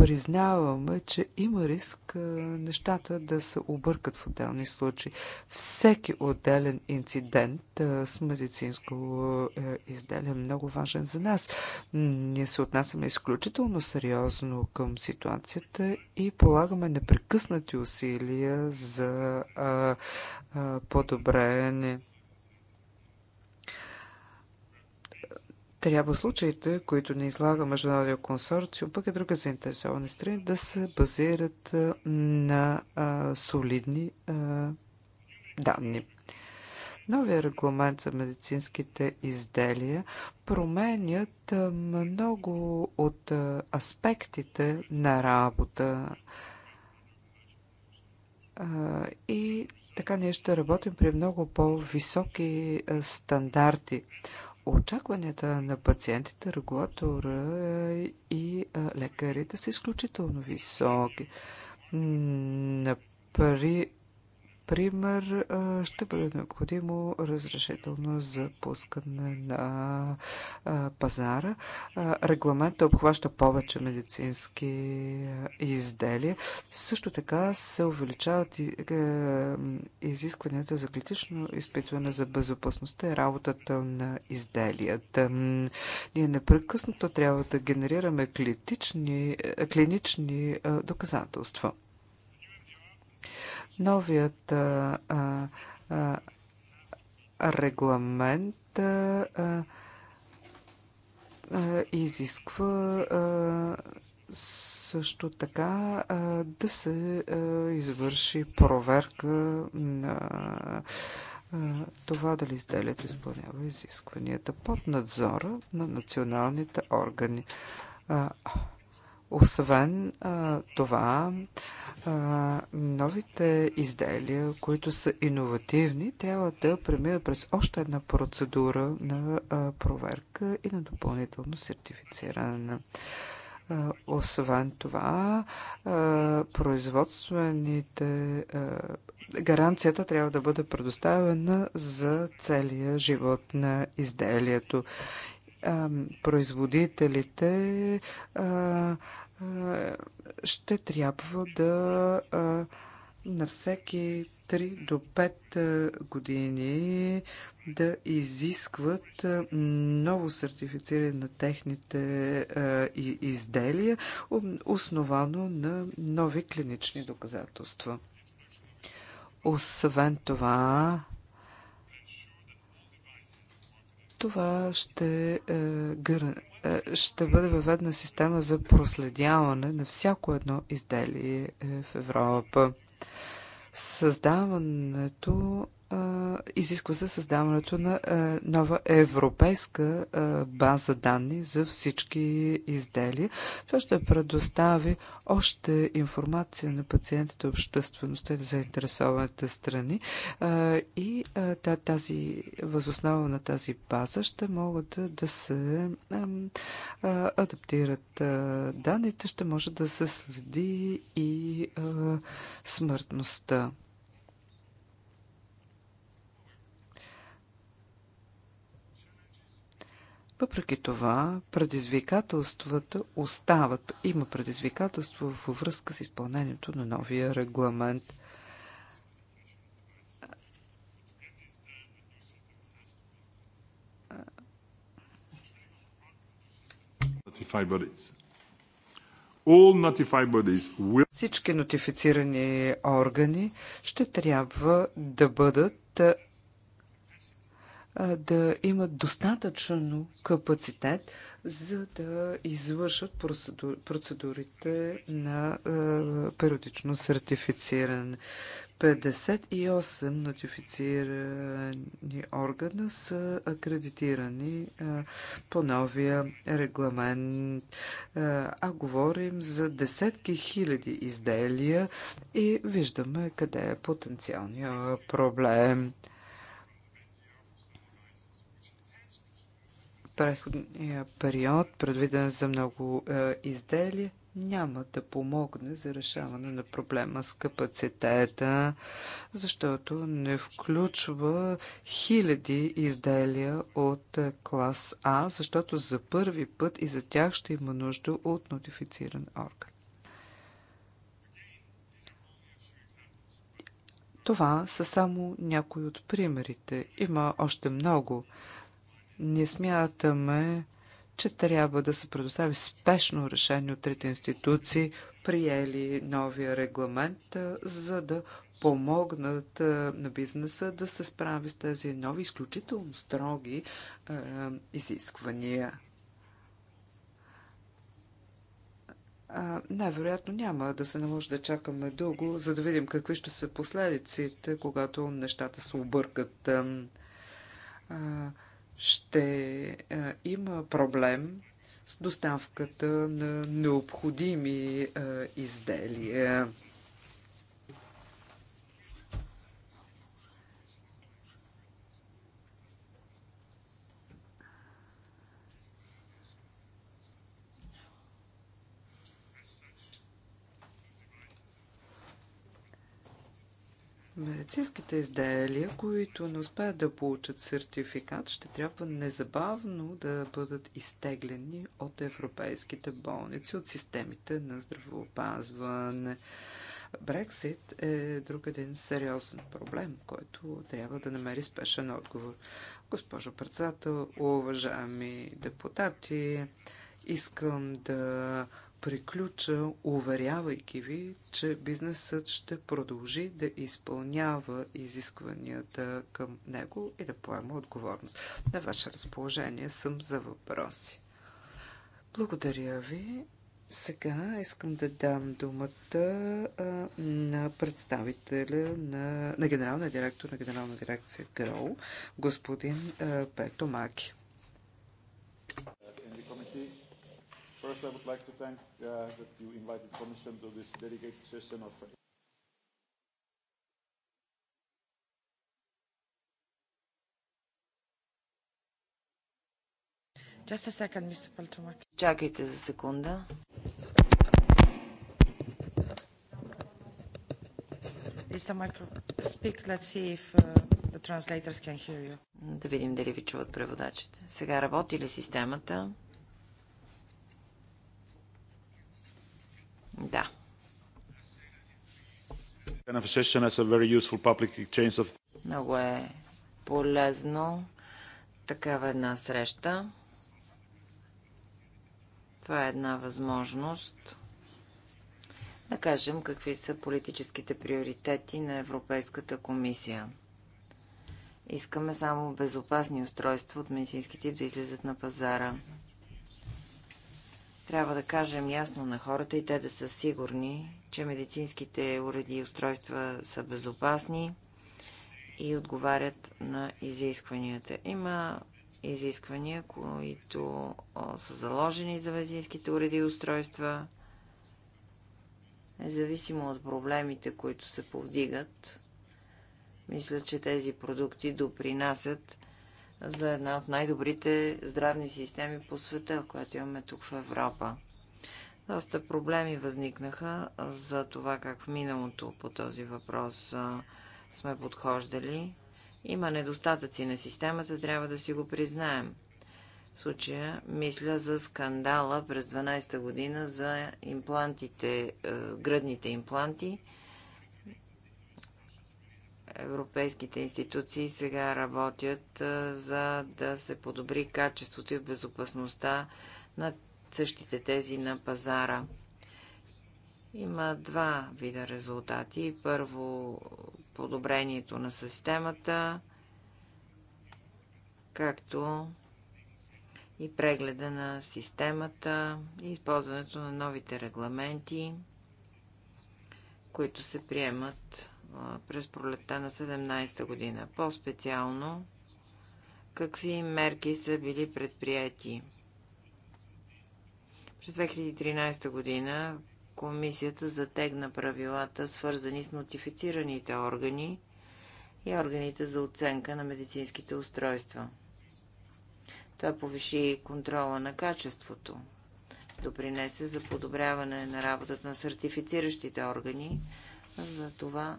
признаваме, че има риск нещата да се объркат в отделни случаи. Всеки отделен инцидент с медицинско изделие е много важен за нас. Ние се отнасяме изключително сериозно към ситуацията и полагаме непрекъснати усилия за по-добре Трябва случаите, които не излага Международния консорциум, пък и друга заинтересовани страни, да се базират на а, солидни а, данни. Новия регламент за медицинските изделия променят много от аспектите на работа. И така ние ще работим при много по-високи стандарти Очакванията на пациентите, регулатора и лекарите са изключително високи. Например, например, ще бъде необходимо разрешително за пускане на пазара. Регламентът обхваща повече медицински изделия. Също така се увеличават изискванията за критично изпитване за безопасността и работата на изделията. Ние непрекъснато трябва да генерираме клинични, клинични доказателства. Новият а, а, регламент а, а, изисква а, също така а, да се а, извърши проверка на а, това дали изделието изпълнява изискванията под надзора на националните органи. А, освен а, това, а, новите изделия, които са иновативни, трябва да преминат през още една процедура на а, проверка и на допълнително сертифициране. А, освен това, а, производствените а, гаранцията трябва да бъде предоставена за целия живот на изделието производителите ще трябва да на всеки 3 до 5 години да изискват ново сертифициране на техните изделия, основано на нови клинични доказателства. Освен това, Това ще, е, е, ще бъде въведена система за проследяване на всяко едно изделие е, в Европа. Създаването изисква се създаването на е, нова европейска е, база данни за всички изделия. Това ще предостави още информация на пациентите, обществеността и заинтересованите страни е, и тази, възоснова на тази база ще могат да се адаптират данните, ще може да се следи и смъртността. Въпреки това, предизвикателствата остават. Има предизвикателства във връзка с изпълнението на новия регламент. Всички нотифицирани органи ще трябва да бъдат да имат достатъчно капацитет, за да извършат процедурите на периодично сертифициране. 58 нотифицирани органа са акредитирани по новия регламент, а говорим за десетки хиляди изделия и виждаме къде е потенциалния проблем. преходния период, предвиден за много е, изделия, няма да помогне за решаване на проблема с капацитета, защото не включва хиляди изделия от е, клас А, защото за първи път и за тях ще има нужда от нотифициран орган. Това са само някои от примерите. Има още много. Не смятаме, че трябва да се предостави спешно решение от трите институции, приели новия регламент, за да помогнат на бизнеса да се справи с тези нови, изключително строги е, изисквания. най-вероятно няма да се наложи да чакаме дълго, за да видим какви ще са последиците, когато нещата се объркат. е, ще е, има проблем с доставката на необходими е, изделия. Медицинските изделия, които не успеят да получат сертификат, ще трябва незабавно да бъдат изтеглени от европейските болници, от системите на здравеопазване. Брексит е друг един сериозен проблем, който трябва да намери спешен отговор. Госпожо председател, уважаеми депутати, искам да приключа, уверявайки ви, че бизнесът ще продължи да изпълнява изискванията към него и да поема отговорност. На ваше разположение съм за въпроси. Благодаря ви. Сега искам да дам думата на представителя на, на генералния директор на генерална дирекция ГРОУ, господин Пето Маки. First, I would like to thank uh, that you invited Commission to this dedicated session of Just a second, Mr. Paltomak. Чакайте за секунда. Is the micro... Speak, let's see if uh, the translators can hear you. Да видим дали ви чуват преводачите. Сега работи ли системата? Да. Много е полезно такава една среща. Това е една възможност да кажем какви са политическите приоритети на Европейската комисия. Искаме само безопасни устройства от медицински тип да излизат на пазара. Трябва да кажем ясно на хората и те да са сигурни, че медицинските уреди и устройства са безопасни и отговарят на изискванията. Има изисквания, които са заложени за медицинските уреди и устройства. Независимо от проблемите, които се повдигат, мисля, че тези продукти допринасят за една от най-добрите здравни системи по света, която имаме тук в Европа. Доста проблеми възникнаха за това как в миналото по този въпрос сме подхождали. Има недостатъци на системата, трябва да си го признаем. В случая мисля за скандала през 12-та година за имплантите, е, гръдните импланти – европейските институции сега работят за да се подобри качеството и безопасността на същите тези на пазара. Има два вида резултати. Първо, подобрението на системата, както и прегледа на системата и използването на новите регламенти, които се приемат през пролетта на 17-та година. По-специално, какви мерки са били предприяти? През 2013 година комисията затегна правилата, свързани с нотифицираните органи и органите за оценка на медицинските устройства. Това повиши контрола на качеството, допринесе за подобряване на работата на сертифициращите органи, за това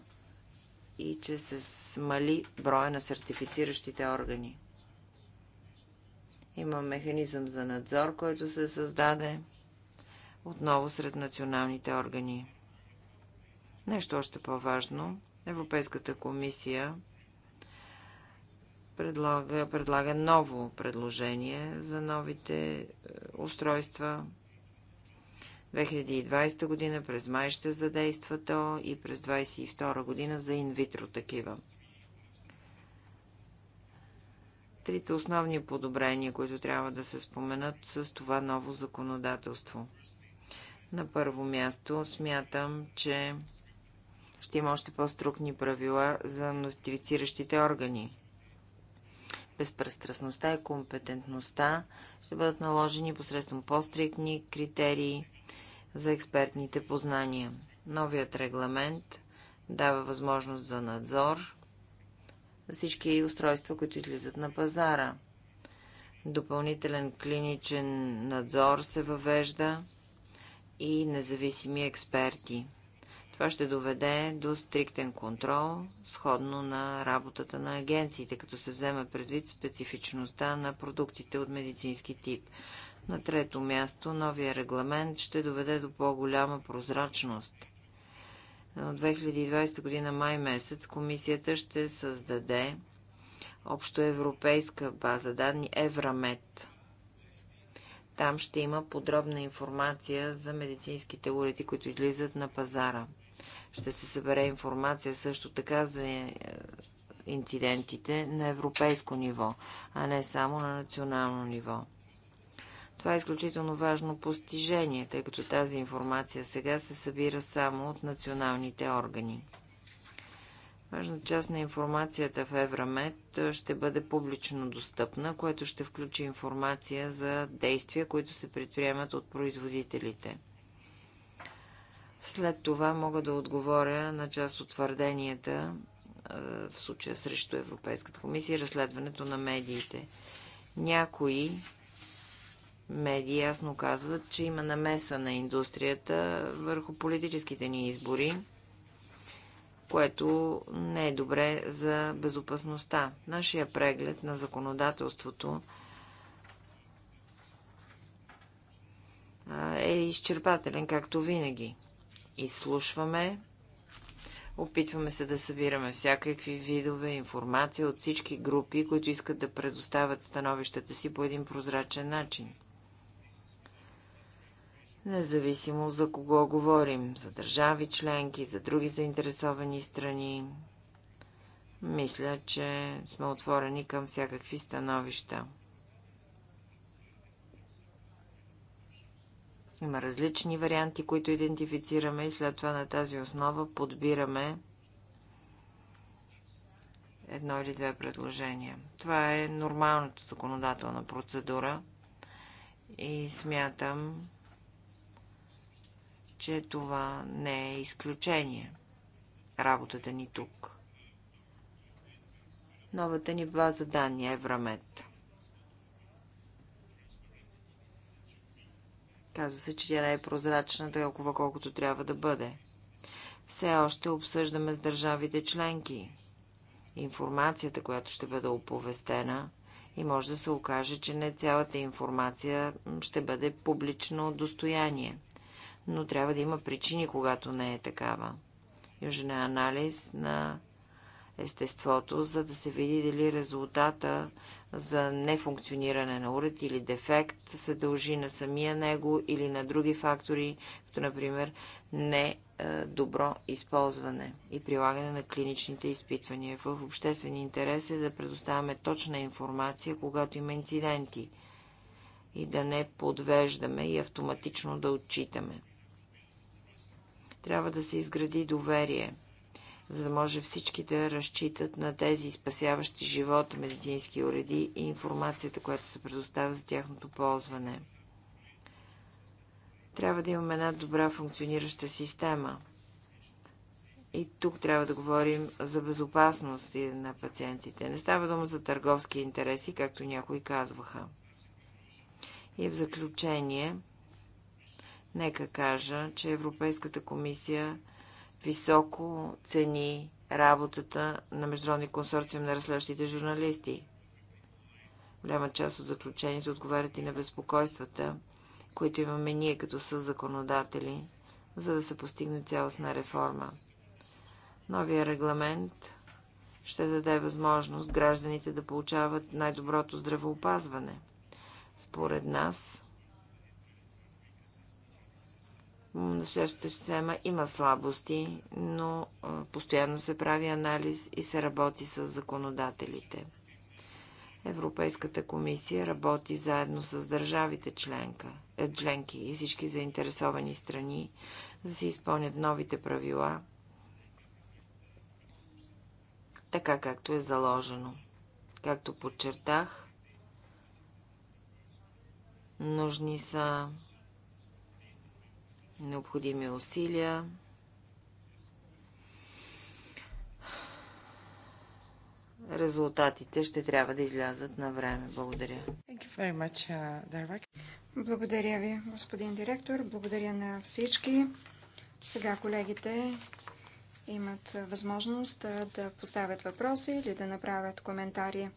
и че се смали броя на сертифициращите органи. Има механизъм за надзор, който се създаде отново сред националните органи. Нещо още по-важно. Европейската комисия предлага, предлага ново предложение за новите е, устройства 2020 година през май ще задейства то и през 2022 година за инвитро такива. Трите основни подобрения, които трябва да се споменат с това ново законодателство. На първо място смятам, че ще има още по-струкни правила за нотифициращите органи. Безпрестрастността и компетентността ще бъдат наложени посредством по-стрикни критерии – за експертните познания. Новият регламент дава възможност за надзор за всички устройства, които излизат на пазара. Допълнителен клиничен надзор се въвежда и независими експерти. Това ще доведе до стриктен контрол, сходно на работата на агенциите, като се вземе предвид специфичността на продуктите от медицински тип. На трето място, новия регламент ще доведе до по-голяма прозрачност. От 2020 година май месец комисията ще създаде общоевропейска база данни Еврамет. Там ще има подробна информация за медицинските уреди, които излизат на пазара. Ще се събере информация също така за е, инцидентите на европейско ниво, а не само на национално ниво. Това е изключително важно постижение, тъй като тази информация сега се събира само от националните органи. Важна част на информацията в Еврамет ще бъде публично достъпна, което ще включи информация за действия, които се предприемат от производителите. След това мога да отговоря на част от твърденията в случая срещу Европейската комисия и разследването на медиите. Някои медии ясно казват, че има намеса на индустрията върху политическите ни избори, което не е добре за безопасността. Нашия преглед на законодателството е изчерпателен, както винаги. Изслушваме, опитваме се да събираме всякакви видове информация от всички групи, които искат да предоставят становищата си по един прозрачен начин независимо за кого говорим, за държави членки, за други заинтересовани страни. Мисля, че сме отворени към всякакви становища. Има различни варианти, които идентифицираме и след това на тази основа подбираме едно или две предложения. Това е нормалната законодателна процедура и смятам, че това не е изключение. Работата ни тук. Новата ни база данни Врамет. Казва се, че тя не е прозрачна толкова колкото трябва да бъде. Все още обсъждаме с държавите членки информацията, която ще бъде оповестена и може да се окаже, че не цялата информация ще бъде публично достояние но трябва да има причини, когато не е такава. Южен е анализ на естеството, за да се види дали резултата за нефункциониране на уред или дефект се дължи на самия него или на други фактори, като например не е, добро използване и прилагане на клиничните изпитвания. В обществен интерес е да предоставяме точна информация, когато има инциденти и да не подвеждаме и автоматично да отчитаме. Трябва да се изгради доверие, за да може всички да разчитат на тези спасяващи живот медицински уреди и информацията, която се предоставя за тяхното ползване. Трябва да имаме една добра функционираща система. И тук трябва да говорим за безопасност на пациентите. Не става дума за търговски интереси, както някои казваха. И в заключение, Нека кажа, че Европейската комисия високо цени работата на Международния консорциум на разследващите журналисти. Голяма част от заключението отговарят и на безпокойствата, които имаме ние като законодатели, за да се постигне цялостна реформа. Новия регламент ще даде възможност гражданите да получават най-доброто здравеопазване. Според нас, настоящата система има слабости, но постоянно се прави анализ и се работи с законодателите. Европейската комисия работи заедно с държавите членка, е, членки и всички заинтересовани страни, за да се изпълнят новите правила, така както е заложено. Както подчертах, нужни са необходими усилия. Резултатите ще трябва да излязат на време. Благодаря. Uh, Благодаря ви, господин директор. Благодаря на всички. Сега колегите имат възможност да поставят въпроси или да направят коментари.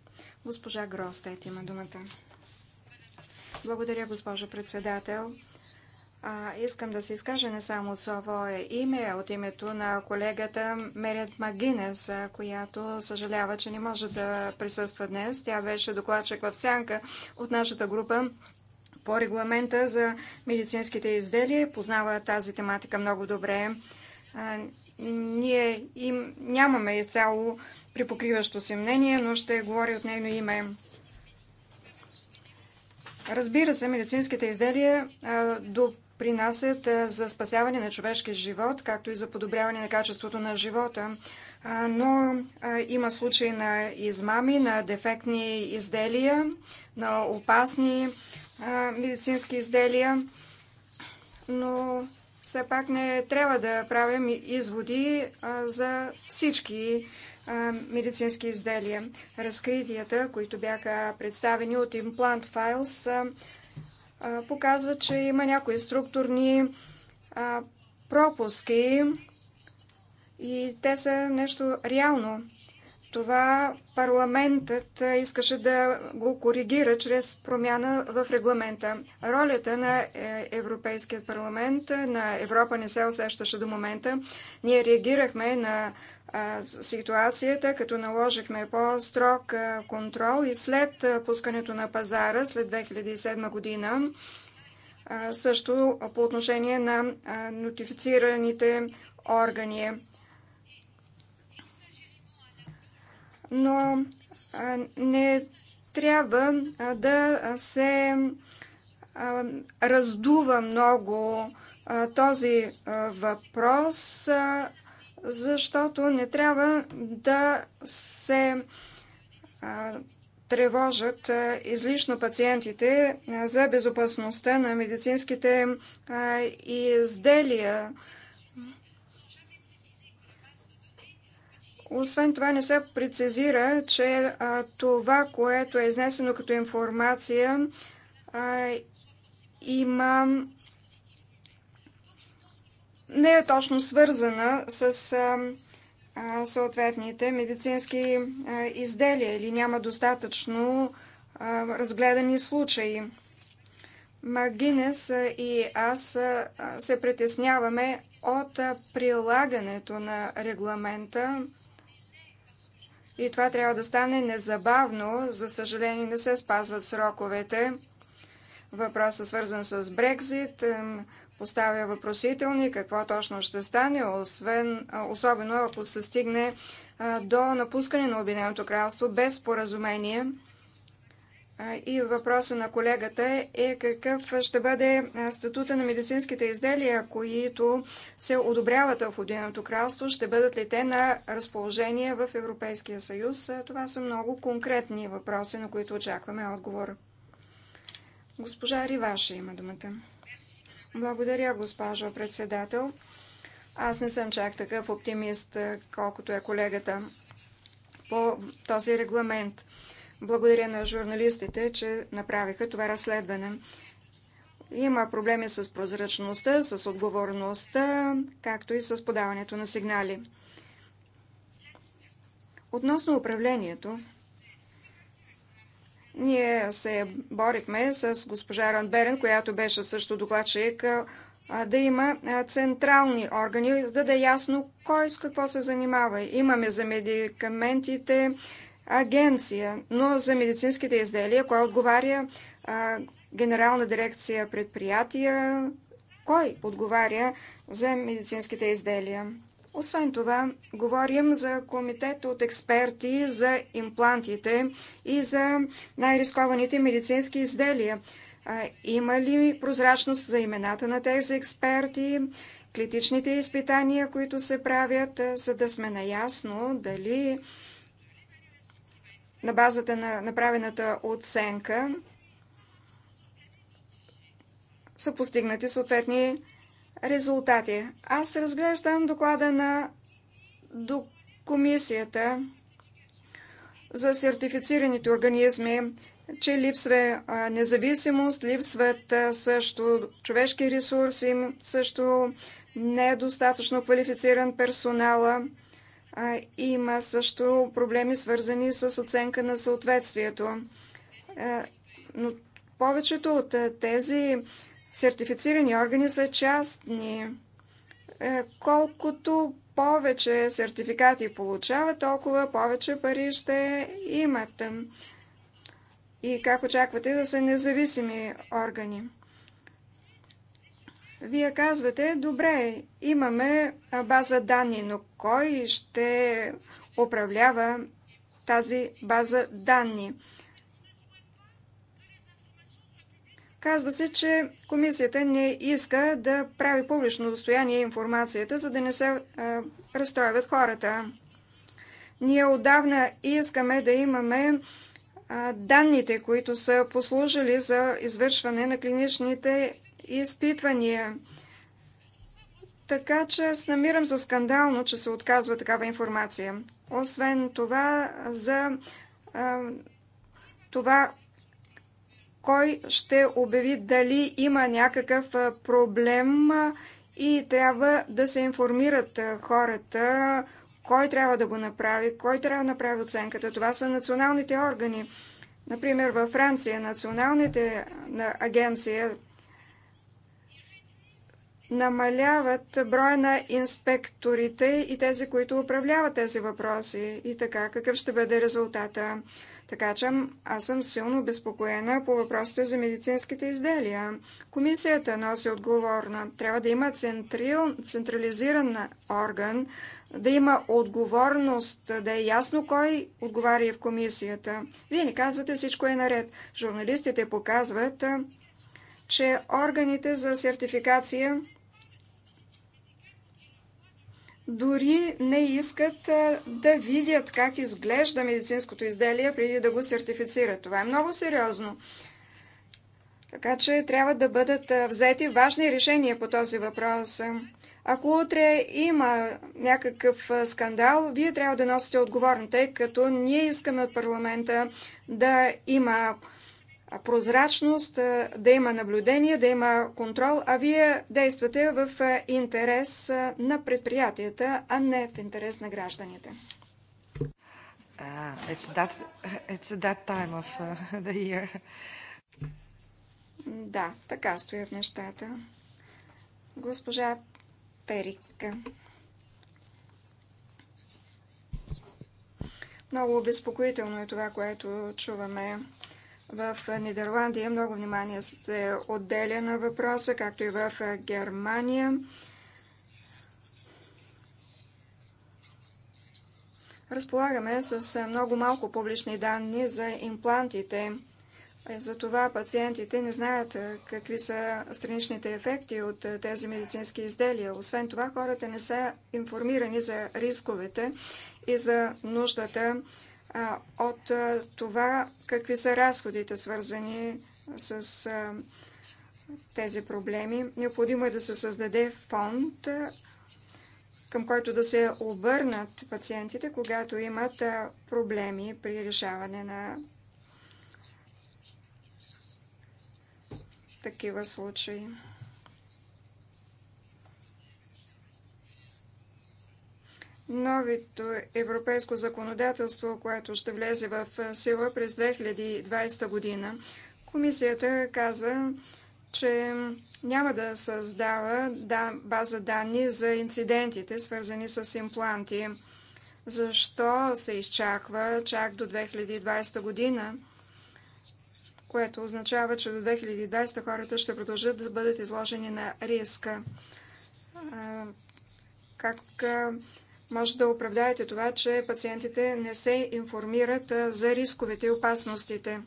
Госпожа Гростет има думата. Благодаря, госпожо председател искам да се изкажа не само от свое име, а от името на колегата Мерет Магинес, която съжалява, че не може да присъства днес. Тя беше докладчик в сянка от нашата група по регламента за медицинските изделия. Познава тази тематика много добре. ние им нямаме цяло припокриващо се мнение, но ще говори от нейно име. Разбира се, медицинските изделия до принасят за спасяване на човешки живот, както и за подобряване на качеството на живота. Но има случаи на измами, на дефектни изделия, на опасни медицински изделия, но все пак не трябва да правим изводи за всички медицински изделия. Разкритията, които бяха представени от Implant Files, показва, че има някои структурни пропуски и те са нещо реално. Това парламентът искаше да го коригира чрез промяна в регламента. Ролята на е, Европейският парламент на Европа не се усещаше до момента. Ние реагирахме на ситуацията, като наложихме по-строг контрол и след пускането на пазара, след 2007 година, също по отношение на нотифицираните органи. Но не трябва да се раздува много този въпрос защото не трябва да се тревожат излишно пациентите за безопасността на медицинските изделия. Освен това не се прецизира, че това, което е изнесено като информация, има не е точно свързана с съответните медицински изделия или няма достатъчно разгледани случаи. Магинес и аз се притесняваме от прилагането на регламента и това трябва да стане незабавно. За съжаление не се спазват сроковете. Въпросът е свързан с Брекзит, поставя въпросителни, какво точно ще стане, освен, особено ако се стигне до напускане на Обединеното кралство без споразумение. И въпроса на колегата е какъв ще бъде статута на медицинските изделия, които се одобряват в Обединеното кралство, ще бъдат ли те на разположение в Европейския съюз. Това са много конкретни въпроси, на които очакваме отговор. Госпожа Риваша има думата. Благодаря, госпожо председател. Аз не съм чак такъв оптимист, колкото е колегата по този регламент. Благодаря на журналистите, че направиха това разследване. Има проблеми с прозрачността, с отговорността, както и с подаването на сигнали. Относно управлението, ние се борихме с госпожа Ранберен, която беше също докладчик, да има централни органи, за да е ясно кой с какво се занимава. Имаме за медикаментите агенция, но за медицинските изделия, кой отговаря генерална дирекция предприятия, кой отговаря за медицинските изделия. Освен това, говорим за комитет от експерти за имплантите и за най-рискованите медицински изделия. Има ли прозрачност за имената на тези експерти, критичните изпитания, които се правят, за да сме наясно дали на базата на направената оценка са постигнати съответни Резултати. Аз разглеждам доклада на до комисията за сертифицираните организми, че липсва независимост, липсват също човешки ресурси, също не е достатъчно квалифициран персонала. Има също проблеми свързани с оценка на съответствието. Е, но повечето от тези сертифицирани органи са частни. Е, колкото повече сертификати получава, толкова повече пари ще имат. И как очаквате да са независими органи? Вие казвате, добре, имаме база данни, но кой ще управлява тази база данни? Казва се, че комисията не иска да прави публично достояние информацията, за да не се а, хората. Ние отдавна искаме да имаме а, данните, които са послужили за извършване на клиничните изпитвания. Така че аз намирам за скандално, че се отказва такава информация. Освен това, за а, това кой ще обяви дали има някакъв проблем и трябва да се информират хората, кой трябва да го направи, кой трябва да направи оценката. Това са националните органи. Например, във Франция националните агенции намаляват броя на инспекторите и тези, които управляват тези въпроси. И така, какъв ще бъде резултата? Така че аз съм силно безпокоена по въпросите за медицинските изделия. Комисията носи отговорна. Трябва да има централ, централизиран орган, да има отговорност, да е ясно кой отговаря в комисията. Вие не казвате всичко е наред. Журналистите показват, че органите за сертификация дори не искат да видят как изглежда медицинското изделие преди да го сертифицират. Това е много сериозно. Така че трябва да бъдат взети важни решения по този въпрос. Ако утре има някакъв скандал, вие трябва да носите отговорните, като ние искаме от парламента да има прозрачност, да има наблюдение, да има контрол, а вие действате в интерес на предприятията, а не в интерес на гражданите. Uh, it's that, it's that time of uh, the year. Да, така стоят нещата. Госпожа Перика. Много обезпокоително е това, което чуваме в Нидерландия много внимание се отделя на въпроса, както и в Германия. Разполагаме с много малко публични данни за имплантите. Затова пациентите не знаят какви са страничните ефекти от тези медицински изделия. Освен това, хората не са информирани за рисковете и за нуждата от това какви са разходите, свързани с тези проблеми. Необходимо е да се създаде фонд, към който да се обърнат пациентите, когато имат проблеми при решаване на такива случаи. Новото европейско законодателство, което ще влезе в е, сила през 2020 година, комисията каза, че няма да създава база данни за инцидентите, свързани с импланти. Защо се изчаква чак до 2020 година? което означава, че до 2020 хората ще продължат да бъдат изложени на риска. Как може да оправдаете това, че пациентите не се информират за рисковете и опасностите.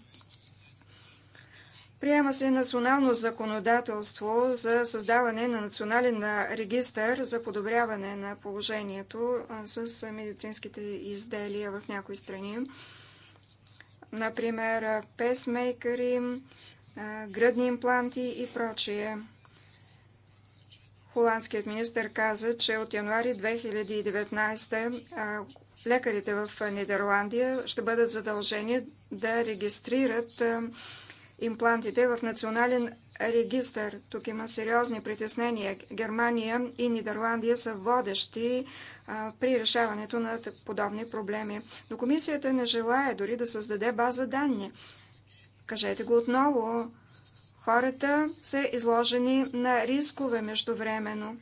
Приема се национално законодателство за създаване на национален регистър за подобряване на положението с медицинските изделия в някои страни. Например, песмейкъри, гръдни импланти и прочие. Холандският министр каза, че от януари 2019 лекарите в Нидерландия ще бъдат задължени да регистрират имплантите в национален регистр. Тук има сериозни притеснения. Германия и Нидерландия са водещи при решаването на подобни проблеми. Но комисията не желая дори да създаде база данни. Кажете го отново. Хората са изложени на рискове междувременно.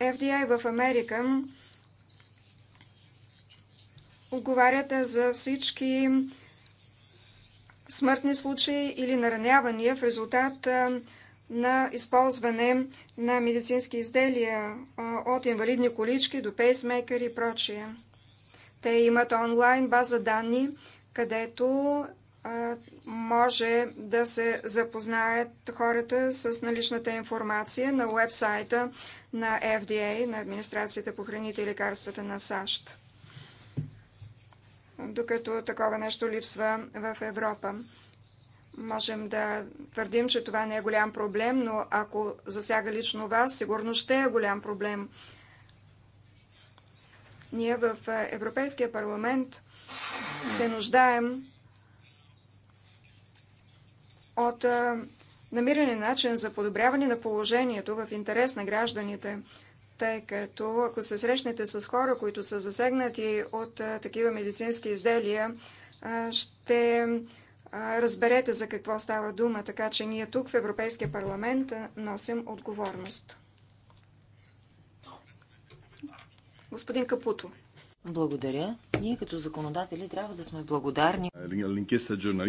FDI в Америка отговарят за всички смъртни случаи или наранявания в резултат на използване на медицински изделия от инвалидни колички до пейсмейкъри и прочие. Те имат онлайн база данни, където може да се запознаят хората с наличната информация на уебсайта на FDA, на Администрацията по храните и лекарствата на САЩ, докато такова нещо липсва в Европа. Можем да твърдим, че това не е голям проблем, но ако засяга лично вас, сигурно ще е голям проблем. Ние в Европейския парламент се нуждаем от намиране на начин за подобряване на положението в интерес на гражданите, тъй като ако се срещнете с хора, които са засегнати от такива медицински изделия, ще разберете за какво става дума, така че ние тук в Европейския парламент носим отговорност. Господин Капуто. Благодаря. Ние като законодатели трябва да сме благодарни е,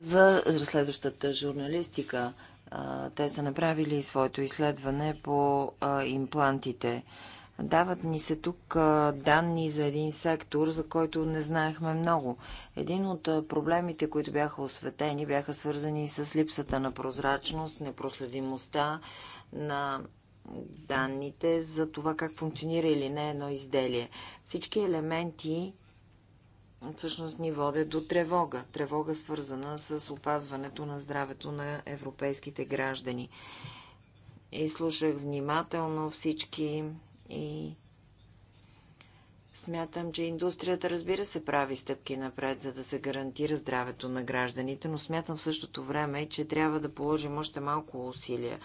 за разследващата журналистика. Те са направили своето изследване по имплантите. Дават ни се тук данни за един сектор, за който не знаехме много. Един от проблемите, които бяха осветени, бяха свързани с липсата на прозрачност, непроследимостта на данните за това как функционира или не едно изделие. Всички елементи всъщност ни водят до тревога. Тревога свързана с опазването на здравето на европейските граждани. И слушах внимателно всички и Смятам, че индустрията, разбира се, прави стъпки напред, за да се гарантира здравето на гражданите, но смятам в същото време, че трябва да положим още малко усилия.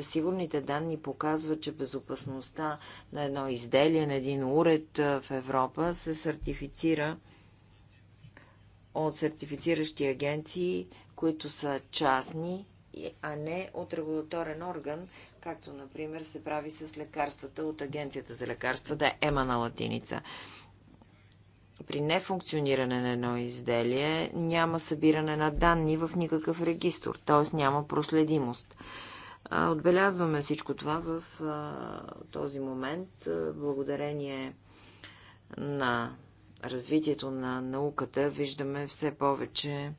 Сигурните данни показват, че безопасността на едно изделие, на един уред в Европа се сертифицира от сертифициращи агенции, които са частни а не от регулаторен орган, както, например, се прави с лекарствата от Агенцията за лекарства, да е ема на латиница. При нефункциониране на едно изделие няма събиране на данни в никакъв регистр, т.е. няма проследимост. Отбелязваме всичко това в този момент, благодарение на развитието на науката виждаме все повече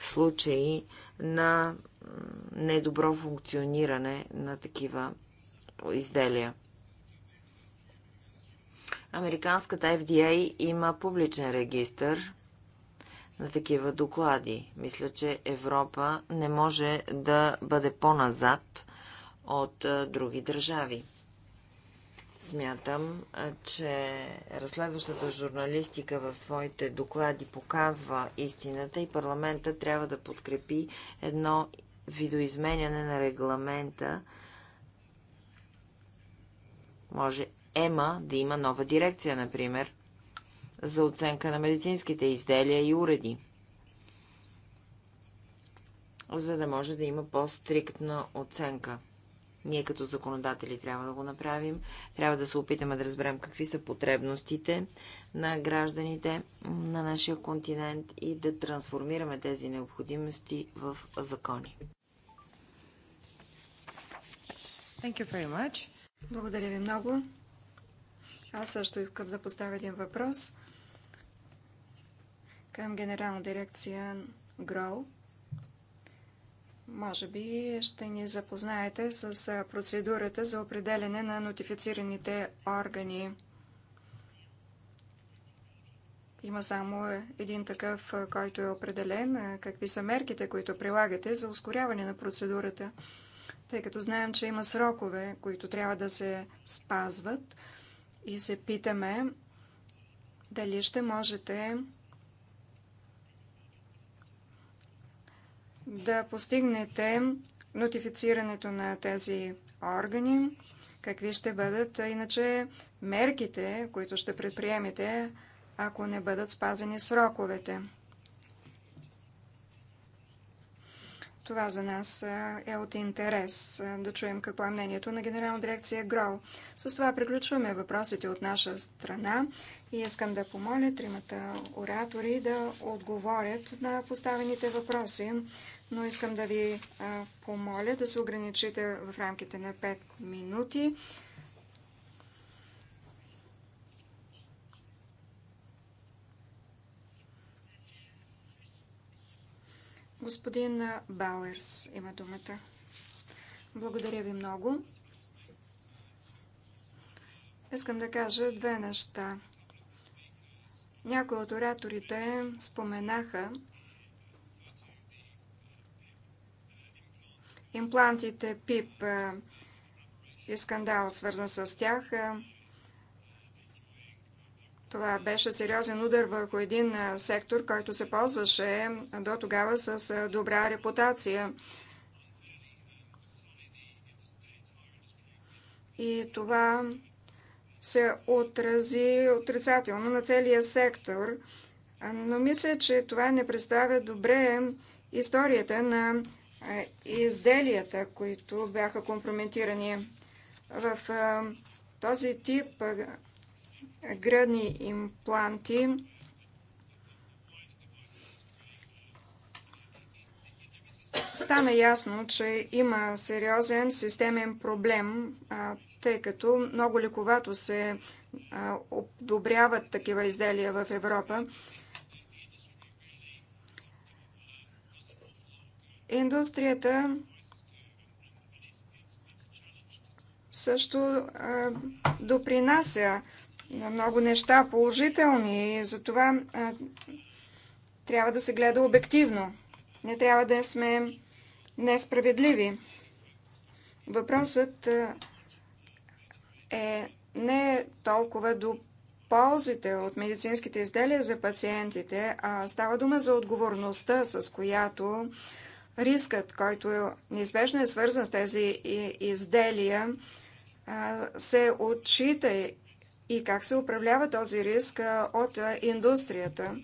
случаи на недобро функциониране на такива изделия. Американската FDA има публичен регистр на такива доклади. Мисля, че Европа не може да бъде по-назад от други държави. Смятам, че разследващата журналистика в своите доклади показва истината и парламента трябва да подкрепи едно видоизменяне на регламента може ЕМА да има нова дирекция, например, за оценка на медицинските изделия и уреди, за да може да има по-стриктна оценка. Ние като законодатели трябва да го направим. Трябва да се опитаме да разберем какви са потребностите на гражданите на нашия континент и да трансформираме тези необходимости в закони. Thank you very much. Благодаря ви много. Аз също искам да поставя един въпрос към генерална дирекция ГРОУ. Може би ще ни запознаете с процедурата за определене на нотифицираните органи. Има само е, един такъв, който е определен. Какви са мерките, които прилагате за ускоряване на процедурата? тъй като знаем, че има срокове, които трябва да се спазват и се питаме дали ще можете да постигнете нотифицирането на тези органи, какви ще бъдат иначе мерките, които ще предприемете, ако не бъдат спазени сроковете. Това за нас е от интерес да чуем какво е мнението на Генерална дирекция ГРОЛ. С това приключваме въпросите от наша страна и искам да помоля тримата оратори да отговорят на поставените въпроси, но искам да ви помоля да се ограничите в рамките на 5 минути. Господин Бауерс има думата. Благодаря ви много. Искам да кажа две неща. Някои от ораторите споменаха имплантите ПИП е, и скандал свързан с тях. Това беше сериозен удар върху един сектор, който се ползваше до тогава с добра репутация. И това се отрази отрицателно на целия сектор. Но мисля, че това не представя добре историята на изделията, които бяха компрометирани в този тип гръдни импланти. Стана ясно, че има сериозен системен проблем, тъй като много лековато се одобряват такива изделия в Европа. Индустрията също допринася на много неща положителни и затова а, трябва да се гледа обективно. Не трябва да сме несправедливи. Въпросът е не толкова до ползите от медицинските изделия за пациентите, а става дума за отговорността, с която рискът, който неизбежно е свързан с тези изделия, се отчита и как се управлява този риск от индустрията.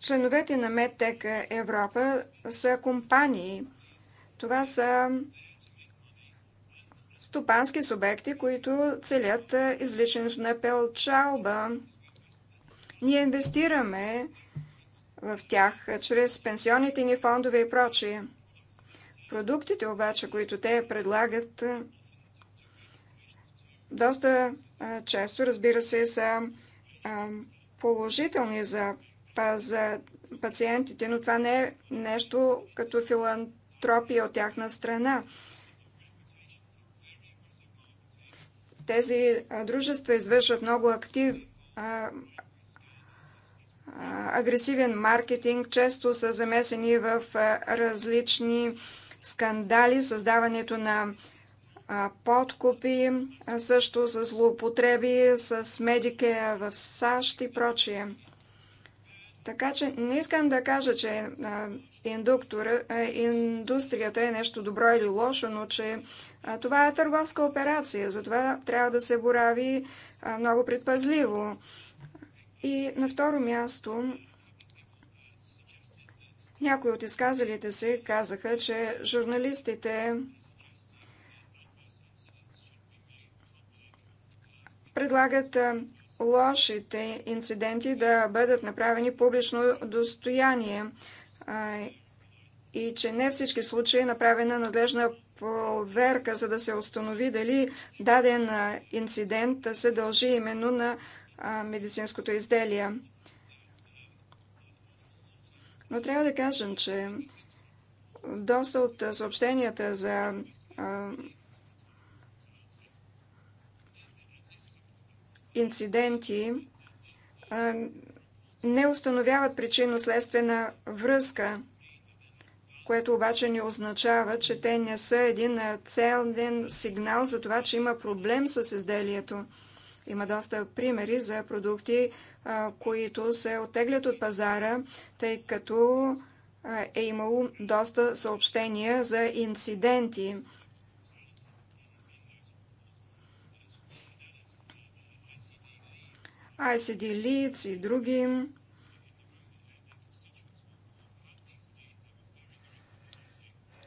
Членовете на Медтек Европа са компании. Това са стопански субекти, които целят извличането на пелчалба. Ние инвестираме в тях чрез пенсионните ни фондове и прочие. Продуктите обаче, които те предлагат, е, доста е, често, разбира се, са е, положителни за, пациентите, но това не е нещо като филантропия от тяхна страна. Тези дружества извършват много актив, агресивен маркетинг, често са замесени в различни скандали, създаването на подкупи, също с злоупотреби с медике в САЩ и прочие. Така че не искам да кажа, че индустрията е нещо добро или лошо, но че това е търговска операция. Затова трябва да се борави много предпазливо. И на второ място някои от изказалите се казаха, че журналистите предлагат лошите инциденти да бъдат направени публично достояние и че не всички случаи е направена надлежна проверка, за да се установи дали даден инцидент се дължи именно на медицинското изделие. Но трябва да кажем, че доста от съобщенията за инциденти не установяват причинно-следствена връзка, което обаче не означава, че те не са един целен сигнал за това, че има проблем с изделието. Има доста примери за продукти, които се оттеглят от пазара, тъй като е имало доста съобщения за инциденти. ICD Leads и други.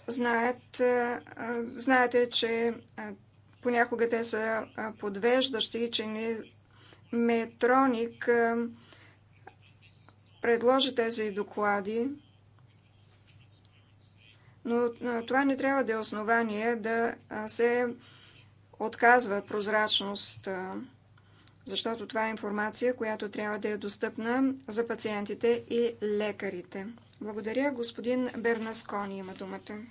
Знаят, знаете, че Понякога те са подвеждащи, че не Метроник предложи тези доклади, но това не трябва да е основание да се отказва прозрачност, защото това е информация, която трябва да е достъпна за пациентите и лекарите. Благодаря. Господин Бернаскони има думата.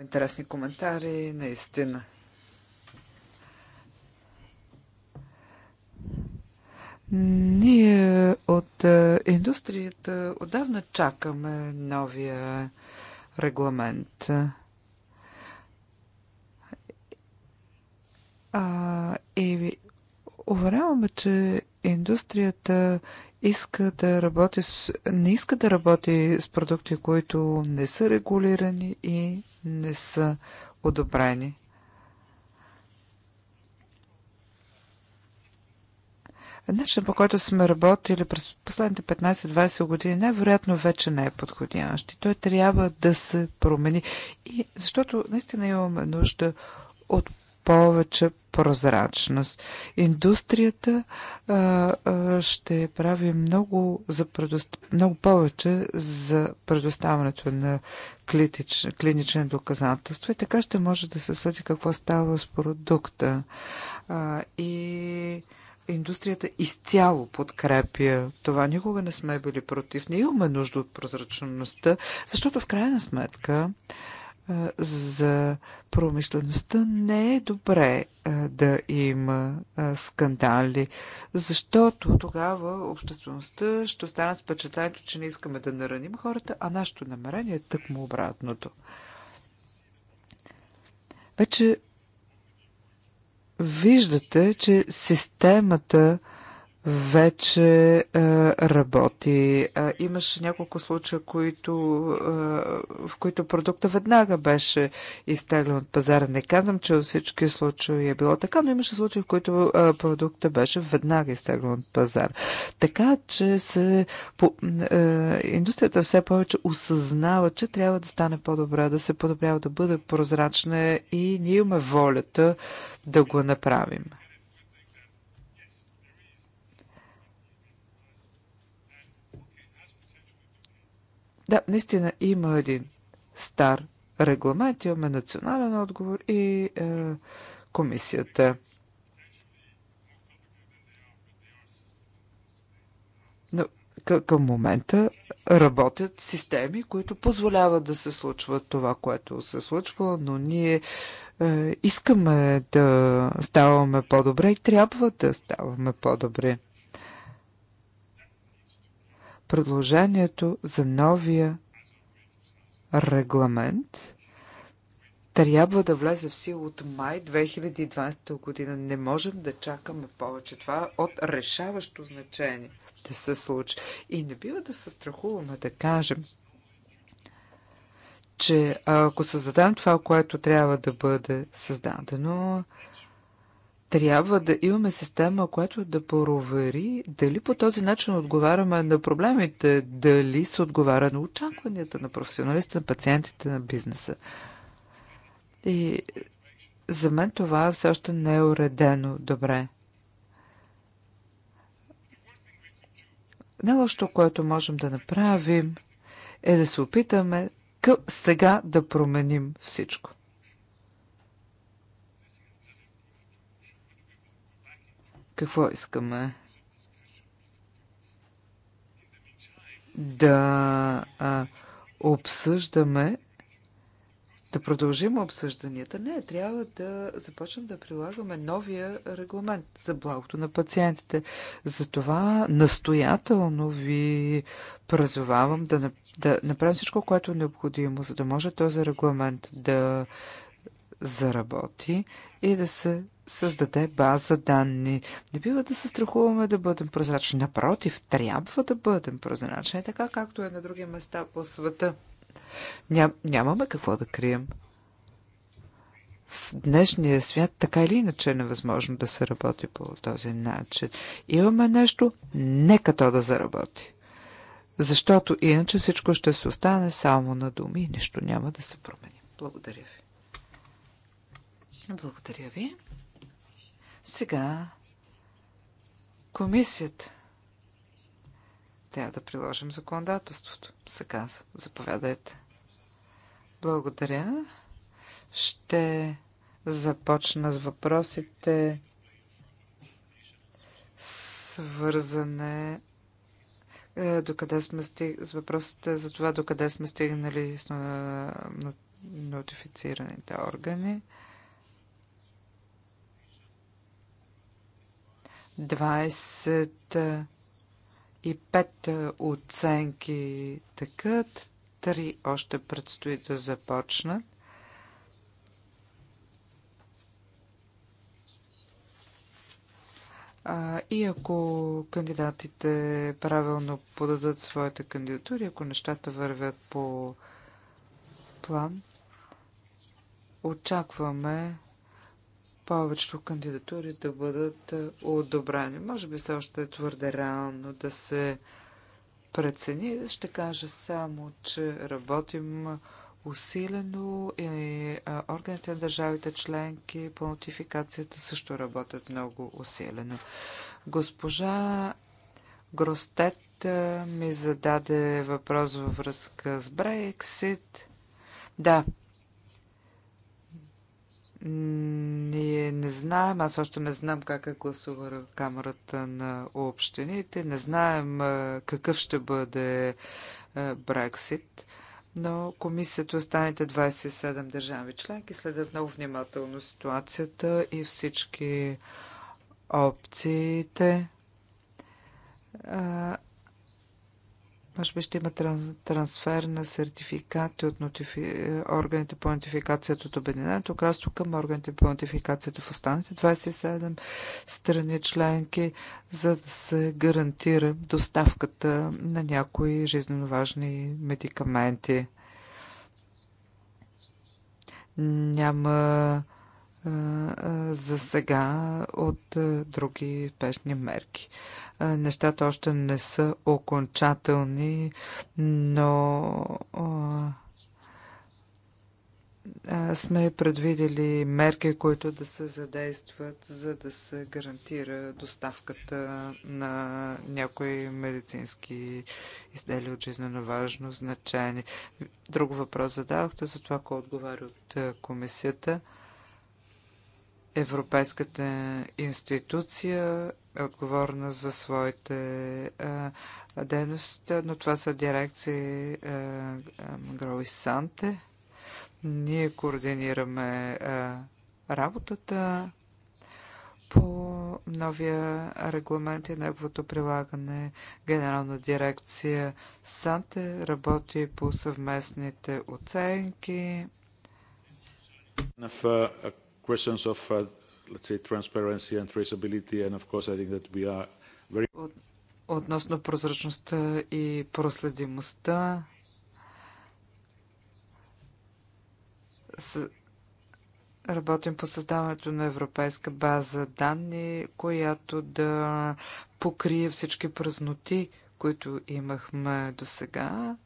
Интересни коментари, наистина. Ние от е, индустрията отдавна чакаме новия регламент. А, и уверяваме, че индустрията иска да работи с, не иска да работи с продукти, които не са регулирани и не са одобрени. Начинът по който сме работили през последните 15-20 години най-вероятно вече не е подходящ. И той трябва да се промени. И защото наистина имаме нужда от повече прозрачност. Индустрията а, а, ще прави много, за предост... много повече за предоставането на клинич... клинични доказателства и така ще може да се съди какво става с продукта. А, и индустрията изцяло подкрепя това. Никога не сме били против. Не имаме нужда от прозрачността, защото в крайна сметка а, за промишлеността не е добре да има скандали, защото тогава обществеността ще остане с впечатлението, че не искаме да нараним хората, а нашето намерение е тъкмо обратното. Вече виждате, че системата вече а, е, работи. А, имаше няколко случая, които, а, е, в които продукта веднага беше изтеглен от пазара. Не казвам, че във всички случаи е било така, но имаше случаи, в които а, е, продукта беше веднага изтеглен от пазара. Така, че се, по, а, индустрията все повече осъзнава, че трябва да стане по-добра, да се подобрява, да бъде прозрачна и ние имаме волята да го направим. Да, наистина има един стар регламент, имаме национален отговор и е, комисията. Но към момента работят системи, които позволяват да се случва това, което се случва, но ние е, искаме да ставаме по-добре и трябва да ставаме по-добре предложението за новия регламент трябва да влезе в сила от май 2020 година. Не можем да чакаме повече. Това е от решаващо значение да се случи. И не бива да се страхуваме да кажем, че ако създадем това, което трябва да бъде създадено, трябва да имаме система, която да провери дали по този начин отговаряме на проблемите, дали се отговаря на очакванията на професионалистите, на пациентите, на бизнеса. И за мен това все още не е уредено добре. Най-лошото, което можем да направим, е да се опитаме сега да променим всичко. Какво искаме? Да а, обсъждаме, да продължим обсъжданията. Не, трябва да започнем да прилагаме новия регламент за благото на пациентите. Затова настоятелно ви призовавам да, да направим всичко, което е необходимо, за да може този регламент да заработи и да се създаде база данни. Не бива да се страхуваме да бъдем прозрачни. Напротив, трябва да бъдем прозрачни, е така както е на други места по света. Ням, нямаме какво да крием. В днешния свят така или иначе е невъзможно да се работи по този начин. Имаме нещо, нека то да заработи. Защото иначе всичко ще се остане само на думи и нищо няма да се промени. Благодаря ви. Благодаря ви. Сега комисията. Трябва да приложим законодателството. Сега заповядайте. Благодаря. Ще започна с въпросите свързане е, докъде сме стиг... с въпросите за това докъде сме стигнали с е, нотифицираните органи. 20 и оценки такът, три още предстои да започнат. и ако кандидатите правилно подадат своите кандидатури, ако нещата вървят по план, очакваме повечето кандидатури да бъдат е, одобрени. Може би все още е твърде реално да се прецени. Ще кажа само, че работим усилено и е, органите на държавите членки по нотификацията също работят много усилено. Госпожа Гростет е, ми зададе въпрос във връзка с Брексит. Да, ние не знаем, аз още не знам как е гласувала Камерата на общините, не знаем какъв ще бъде Брексит, но комисията останете 27 държави членки следят много внимателно ситуацията и всички опциите. Може би ще има трансфер на сертификати от нотифи... органите по нотификацията от Обединеното кралство към органите по нотификацията в останалите 27 страни членки, за да се гарантира доставката на някои жизненно важни медикаменти. Няма за сега от други спешни мерки. Нещата още не са окончателни, но сме предвидели мерки, които да се задействат, за да се гарантира доставката на някои медицински изделия от жизненно важно значение. Друг въпрос задавахте за това, кой отговаря от комисията. Европейската институция е отговорна за своите дейности, но това са дирекции ГРОИ Санте. Ние координираме работата по новия регламент и неговото прилагане. Генерална дирекция Санте работи по съвместните оценки. Uh, questions of, uh, let's say, transparency and traceability, and of course, I think that we are very... Относно прозрачността и проследимостта, с... работим по създаването на европейска база данни, която да покрие всички празноти, които имахме до сега.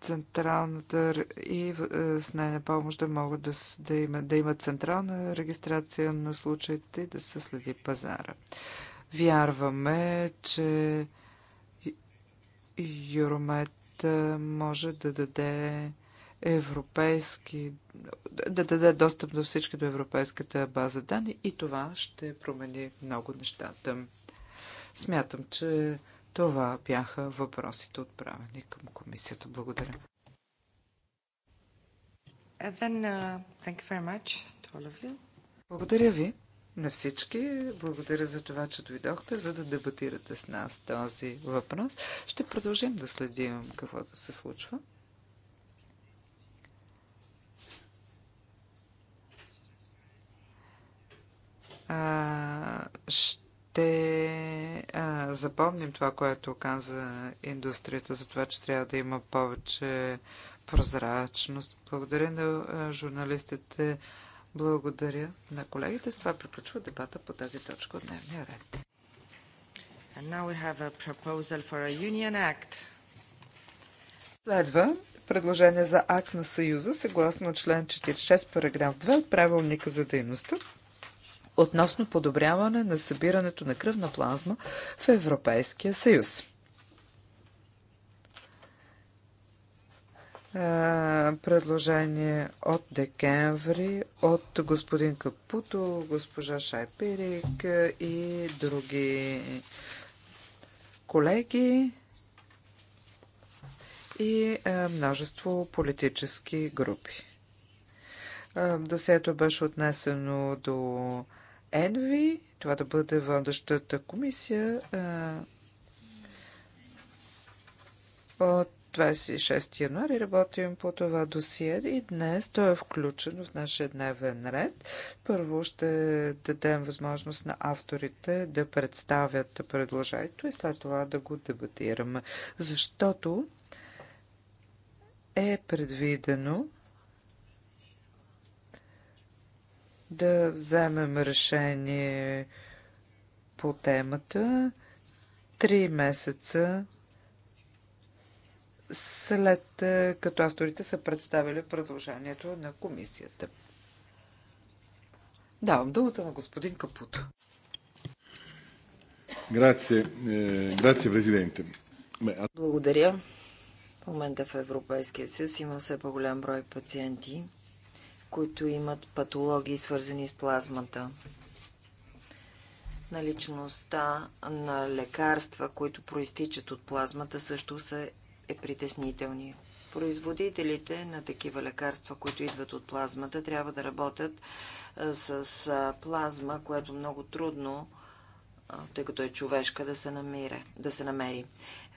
централната и е, с нейна помощ да могат да, да, има, да имат централна регистрация на случаите и да се следи пазара. Вярваме, че Юромет е, може да даде европейски, да даде достъп до всички до европейската база данни и това ще промени много нещата. Смятам, че това бяха въпросите отправени към комисията. Благодаря. Then, uh, Благодаря ви на всички. Благодаря за това, че дойдохте, за да дебатирате с нас този въпрос. Ще продължим да следим каквото се случва. А, ще ще а, запомним това, което каза индустрията, за това, че трябва да има повече прозрачност. Благодаря на а, журналистите, благодаря на колегите. С това приключва дебата по тази точка от дневния ред. Следва предложение за акт на Съюза, съгласно член 46, параграф 2 от правилника за дейността относно подобряване на събирането на кръвна плазма в Европейския съюз. предложение от декември от господин Капуто, госпожа Шайпирик и други колеги и множество политически групи. Досието беше отнесено до Енви, това да бъде водещата комисия от 26 януари работим по това досие и днес той е включен в нашия дневен ред. Първо ще дадем възможност на авторите да представят предложението и след това да го дебатираме. Защото е предвидено да вземем решение по темата три месеца след е, като авторите са представили предложението на комисията. Давам думата на господин Капуто. Е, Благодаря. В момента в Европейския съюз има все по-голям брой пациенти, които имат патологии, свързани с плазмата. Наличността на лекарства, които проистичат от плазмата, също са е притеснителни. Производителите на такива лекарства, които идват от плазмата, трябва да работят с плазма, което много трудно тъй като е човешка, да се, намире, да се намери.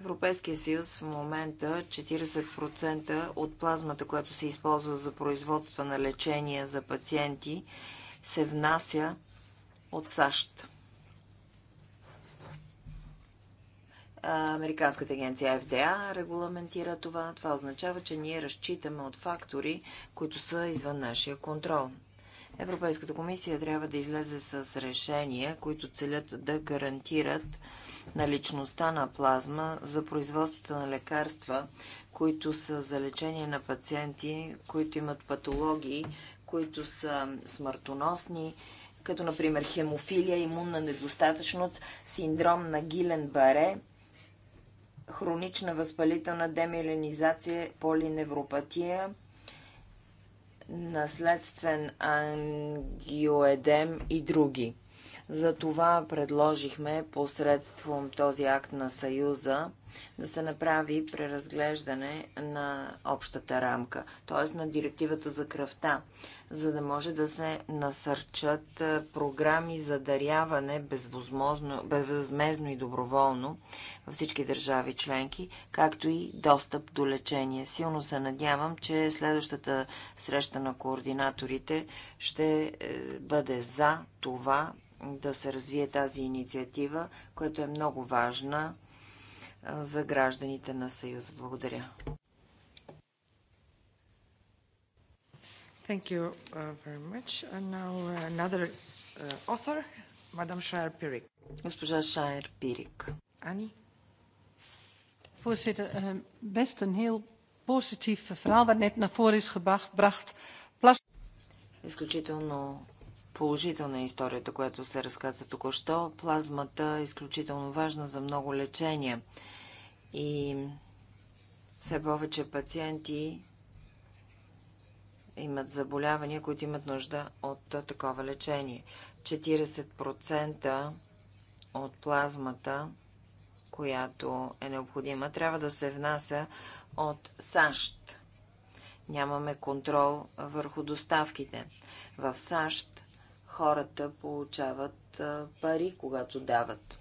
Европейския съюз в момента 40% от плазмата, която се използва за производство на лечение за пациенти, се внася от САЩ. Американската агенция FDA регламентира това. Това означава, че ние разчитаме от фактори, които са извън нашия контрол. Европейската комисия трябва да излезе с решения, които целят да гарантират наличността на плазма за производството на лекарства, които са за лечение на пациенти, които имат патологии, които са смъртоносни, като например хемофилия, имунна недостатъчност, синдром на Гилен-Баре, хронична възпалителна демиленизация, полиневропатия – наследствен ангиоедем и други. За това предложихме посредством този акт на Съюза да се направи преразглеждане на общата рамка, т.е. на директивата за кръвта, за да може да се насърчат е, програми за даряване безвъзмезно и доброволно във всички държави членки, както и достъп до лечение. Силно се надявам, че следващата среща на координаторите ще е, бъде за това да се развие тази инициатива, която е много важна за гражданите на Съюз. Благодаря. Thank you very much. And now another author, Madame Shire Pirik. Госпожа Шайер Пирик. Ани? Voorzitter, best een heel positief verhaal wat net naar voren is gebracht. Изключително положителна е историята, която се разказа току-що. Плазмата е изключително важна за много лечения. И все повече пациенти имат заболявания, които имат нужда от такова лечение. 40% от плазмата, която е необходима, трябва да се внася от САЩ. Нямаме контрол върху доставките. В САЩ хората получават пари, когато дават.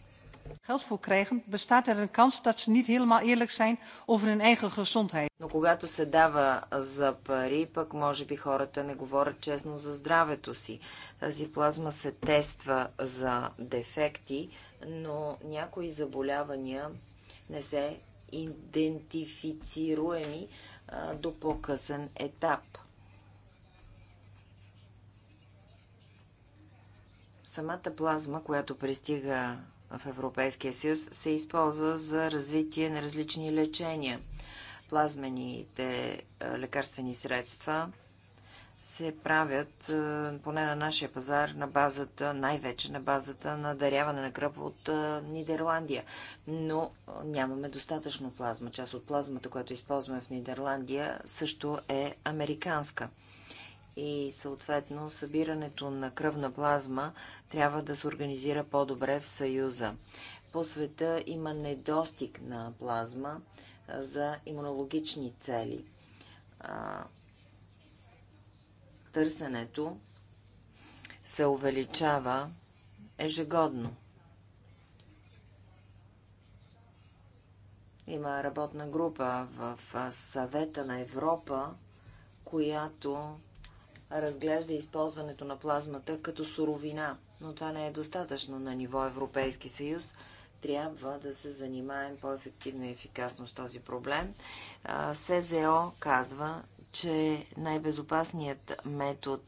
Geld voor krijgen, bestaat er een kans dat ze niet helemaal eerlijk zijn over hun eigen gezondheid. Но когато се дава за пари, пък може би хората не говорят честно за здравето си. Тази плазма се тества за дефекти, но някои заболявания не се идентифицируеми до по-късен етап. Самата плазма, която пристига в Европейския съюз, се използва за развитие на различни лечения. Плазмените е, лекарствени средства се правят, е, поне на нашия пазар, на базата, най-вече на базата на даряване на кръв от е, Нидерландия. Но нямаме достатъчно плазма. Част от плазмата, която използваме в Нидерландия, също е американска и съответно събирането на кръвна плазма трябва да се организира по-добре в Съюза. По света има недостиг на плазма за имунологични цели. Търсенето се увеличава ежегодно. Има работна група в Съвета на Европа, която разглежда използването на плазмата като суровина, но това не е достатъчно на ниво Европейски съюз. Трябва да се занимаем по-ефективно и ефикасно с този проблем. СЗО казва, че най-безопасният метод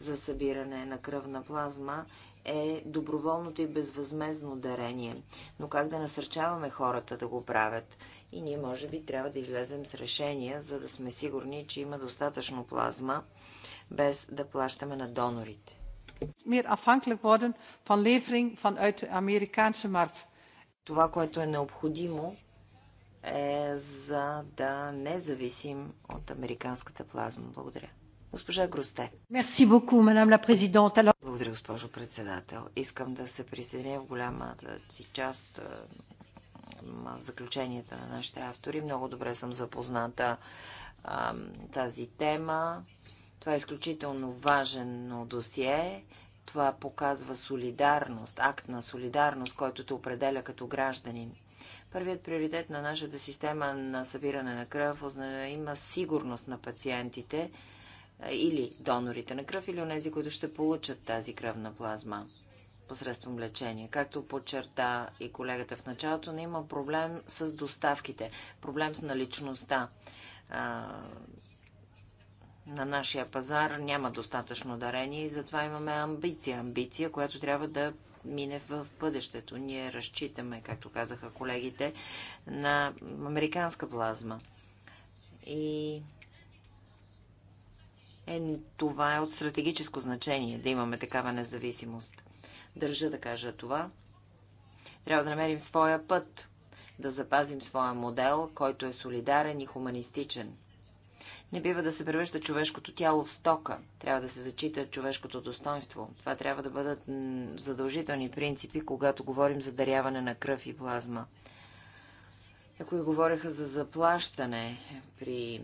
за събиране на кръвна плазма е доброволното и безвъзмезно дарение. Но как да насърчаваме хората да го правят? И ние, може би, трябва да излезем с решения, за да сме сигурни, че има достатъчно плазма без да плащаме на донорите. Това, което е необходимо, е за да не зависим от американската плазма. Благодаря. Госпожа Грусте. Благодаря, госпожо председател. Искам да се присъединя в голямата си част в заключенията на нашите автори. Много добре съм запозната тази тема. Това е изключително важен досие. Това показва солидарност, акт на солидарност, който те определя като гражданин. Първият приоритет на нашата система на събиране на кръв има сигурност на пациентите или донорите на кръв, или онези, които ще получат тази кръвна плазма посредством лечение. Както подчерта и колегата в началото, не има проблем с доставките, проблем с наличността на нашия пазар няма достатъчно дарение и затова имаме амбиция. Амбиция, която трябва да мине в бъдещето. Ние разчитаме, както казаха колегите, на американска плазма. И е, това е от стратегическо значение, да имаме такава независимост. Държа да кажа това. Трябва да намерим своя път, да запазим своя модел, който е солидарен и хуманистичен – не бива да се превръща човешкото тяло в стока. Трябва да се зачита човешкото достоинство. Това трябва да бъдат задължителни принципи, когато говорим за даряване на кръв и плазма. Някои говореха за заплащане при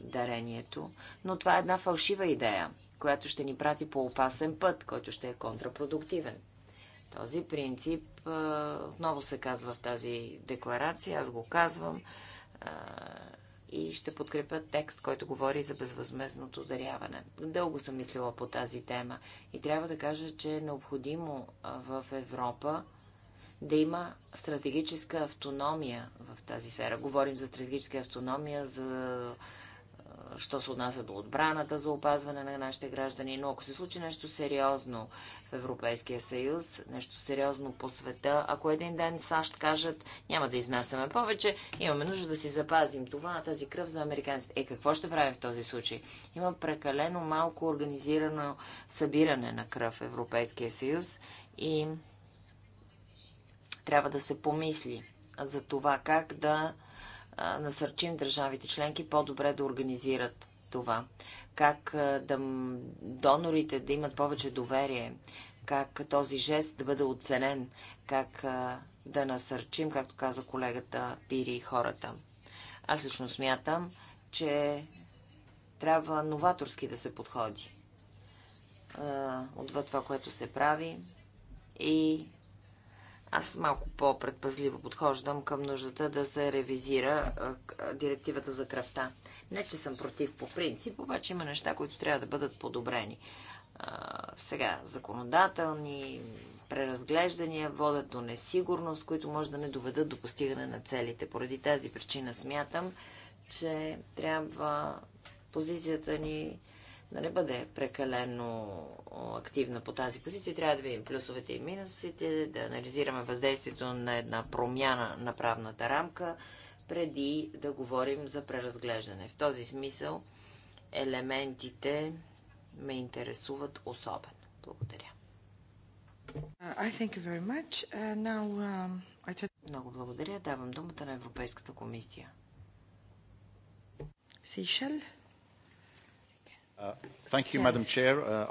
дарението, но това е една фалшива идея, която ще ни прати по опасен път, който ще е контрапродуктивен. Този принцип отново се казва в тази декларация, аз го казвам и ще подкрепя текст, който говори за безвъзмезното даряване. Дълго съм мислила по тази тема и трябва да кажа, че е необходимо в Европа да има стратегическа автономия в тази сфера. Говорим за стратегическа автономия, за що се отнася до отбраната за опазване на нашите граждани, но ако се случи нещо сериозно в Европейския съюз, нещо сериозно по света, ако един ден САЩ кажат, няма да изнасяме повече, имаме нужда да си запазим това, тази кръв за американците. Е, какво ще правим в този случай? Има прекалено малко организирано събиране на кръв в Европейския съюз и трябва да се помисли за това как да насърчим държавите членки по-добре да организират това. Как да донорите да имат повече доверие, как този жест да бъде оценен, как да насърчим, както каза колегата Пири, хората. Аз лично смятам, че трябва новаторски да се подходи отвъд това, което се прави и аз малко по-предпазливо подхождам към нуждата да се ревизира директивата за кръвта. Не, че съм против по принцип, обаче има неща, които трябва да бъдат подобрени. сега, законодателни преразглеждания водят до несигурност, които може да не доведат до постигане на целите. Поради тази причина смятам, че трябва позицията ни да не бъде прекалено активна по тази позиция. Трябва да видим плюсовете и минусите, да анализираме въздействието на една промяна на правната рамка, преди да говорим за преразглеждане. В този смисъл елементите ме интересуват особено. Благодаря. Uh, uh, now, um, Много благодаря. Давам думата на Европейската комисия. Сейшел? Uh, uh,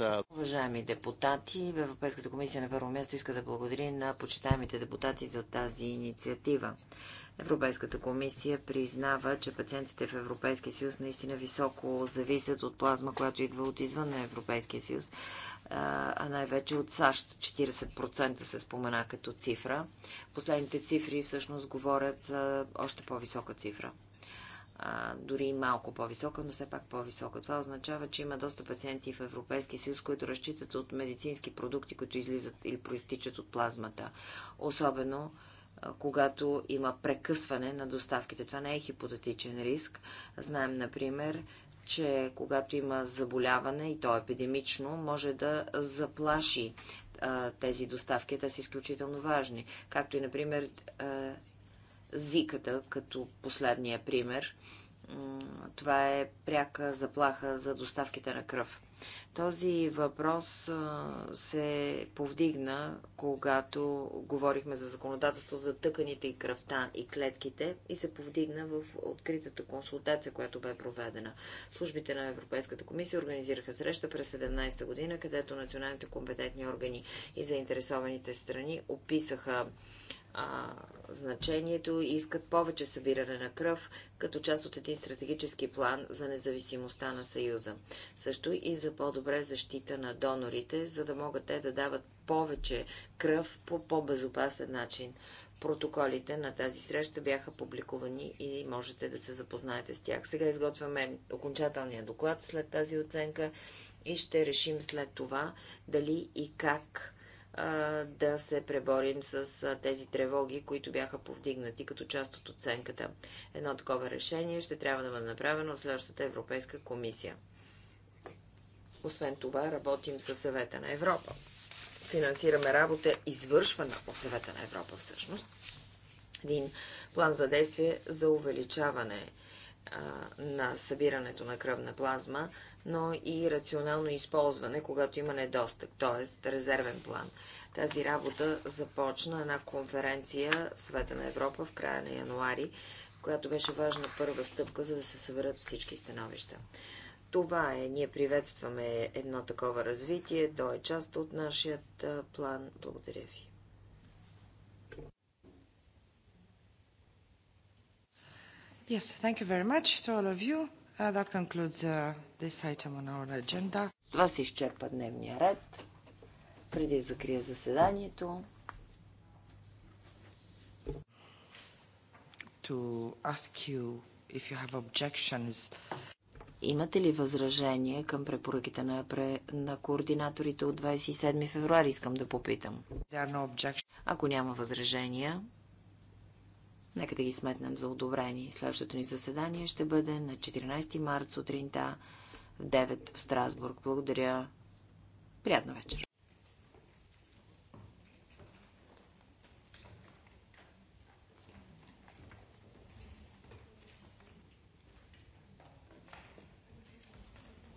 uh, Уважаеми депутати, Европейската комисия на първо място иска да благодари на почитаемите депутати за тази инициатива. Европейската комисия признава, че пациентите в Европейския съюз наистина високо зависят от плазма, която идва от извън на Европейския съюз, а най-вече от САЩ. 40% се спомена като цифра. Последните цифри всъщност говорят за още по-висока цифра а, дори малко по-висока, но все пак по-висока. Това означава, че има доста пациенти в Европейския съюз, които разчитат от медицински продукти, които излизат или проистичат от плазмата. Особено когато има прекъсване на доставките. Това не е хипотетичен риск. Знаем, например, че когато има заболяване и то епидемично, може да заплаши а, тези доставки. Те са изключително важни. Както и, например, а, зиката като последния пример. Това е пряка заплаха за доставките на кръв. Този въпрос се повдигна, когато говорихме за законодателство за тъканите и кръвта и клетките и се повдигна в откритата консултация, която бе проведена. Службите на Европейската комисия организираха среща през 17-та година, където националните компетентни органи и заинтересованите страни описаха а, значението и искат повече събиране на кръв, като част от един стратегически план за независимостта на Съюза. Също и за по-добре защита на донорите, за да могат те да дават повече кръв по по-безопасен начин. Протоколите на тази среща бяха публикувани и можете да се запознаете с тях. Сега изготвяме окончателния доклад след тази оценка и ще решим след това дали и как да се преборим с тези тревоги, които бяха повдигнати като част от оценката. Едно такова решение ще трябва да бъде направено от следващата Европейска комисия. Освен това, работим със съвета на Европа. Финансираме работа, извършвана от съвета на Европа всъщност. Един план за действие за увеличаване на събирането на кръвна плазма но и рационално използване, когато има недостъг, т.е. резервен план. Тази работа започна една конференция в Света на Европа в края на януари, която беше важна първа стъпка, за да се съберат всички становища. Това е. Ние приветстваме едно такова развитие. То е част от нашият план. Благодаря ви. Yes, thank you very much to all of you. Това се изчерпа дневния ред. Преди да закрия заседанието. To ask you if you have objections. Имате ли възражение към препоръките на, пре... на координаторите от 27 февруари, искам да попитам. No Ако няма възражения, Нека да ги сметнем за одобрени. Следващото ни заседание ще бъде на 14 март сутринта в 9 в Страсбург. Благодаря. Приятна вечер.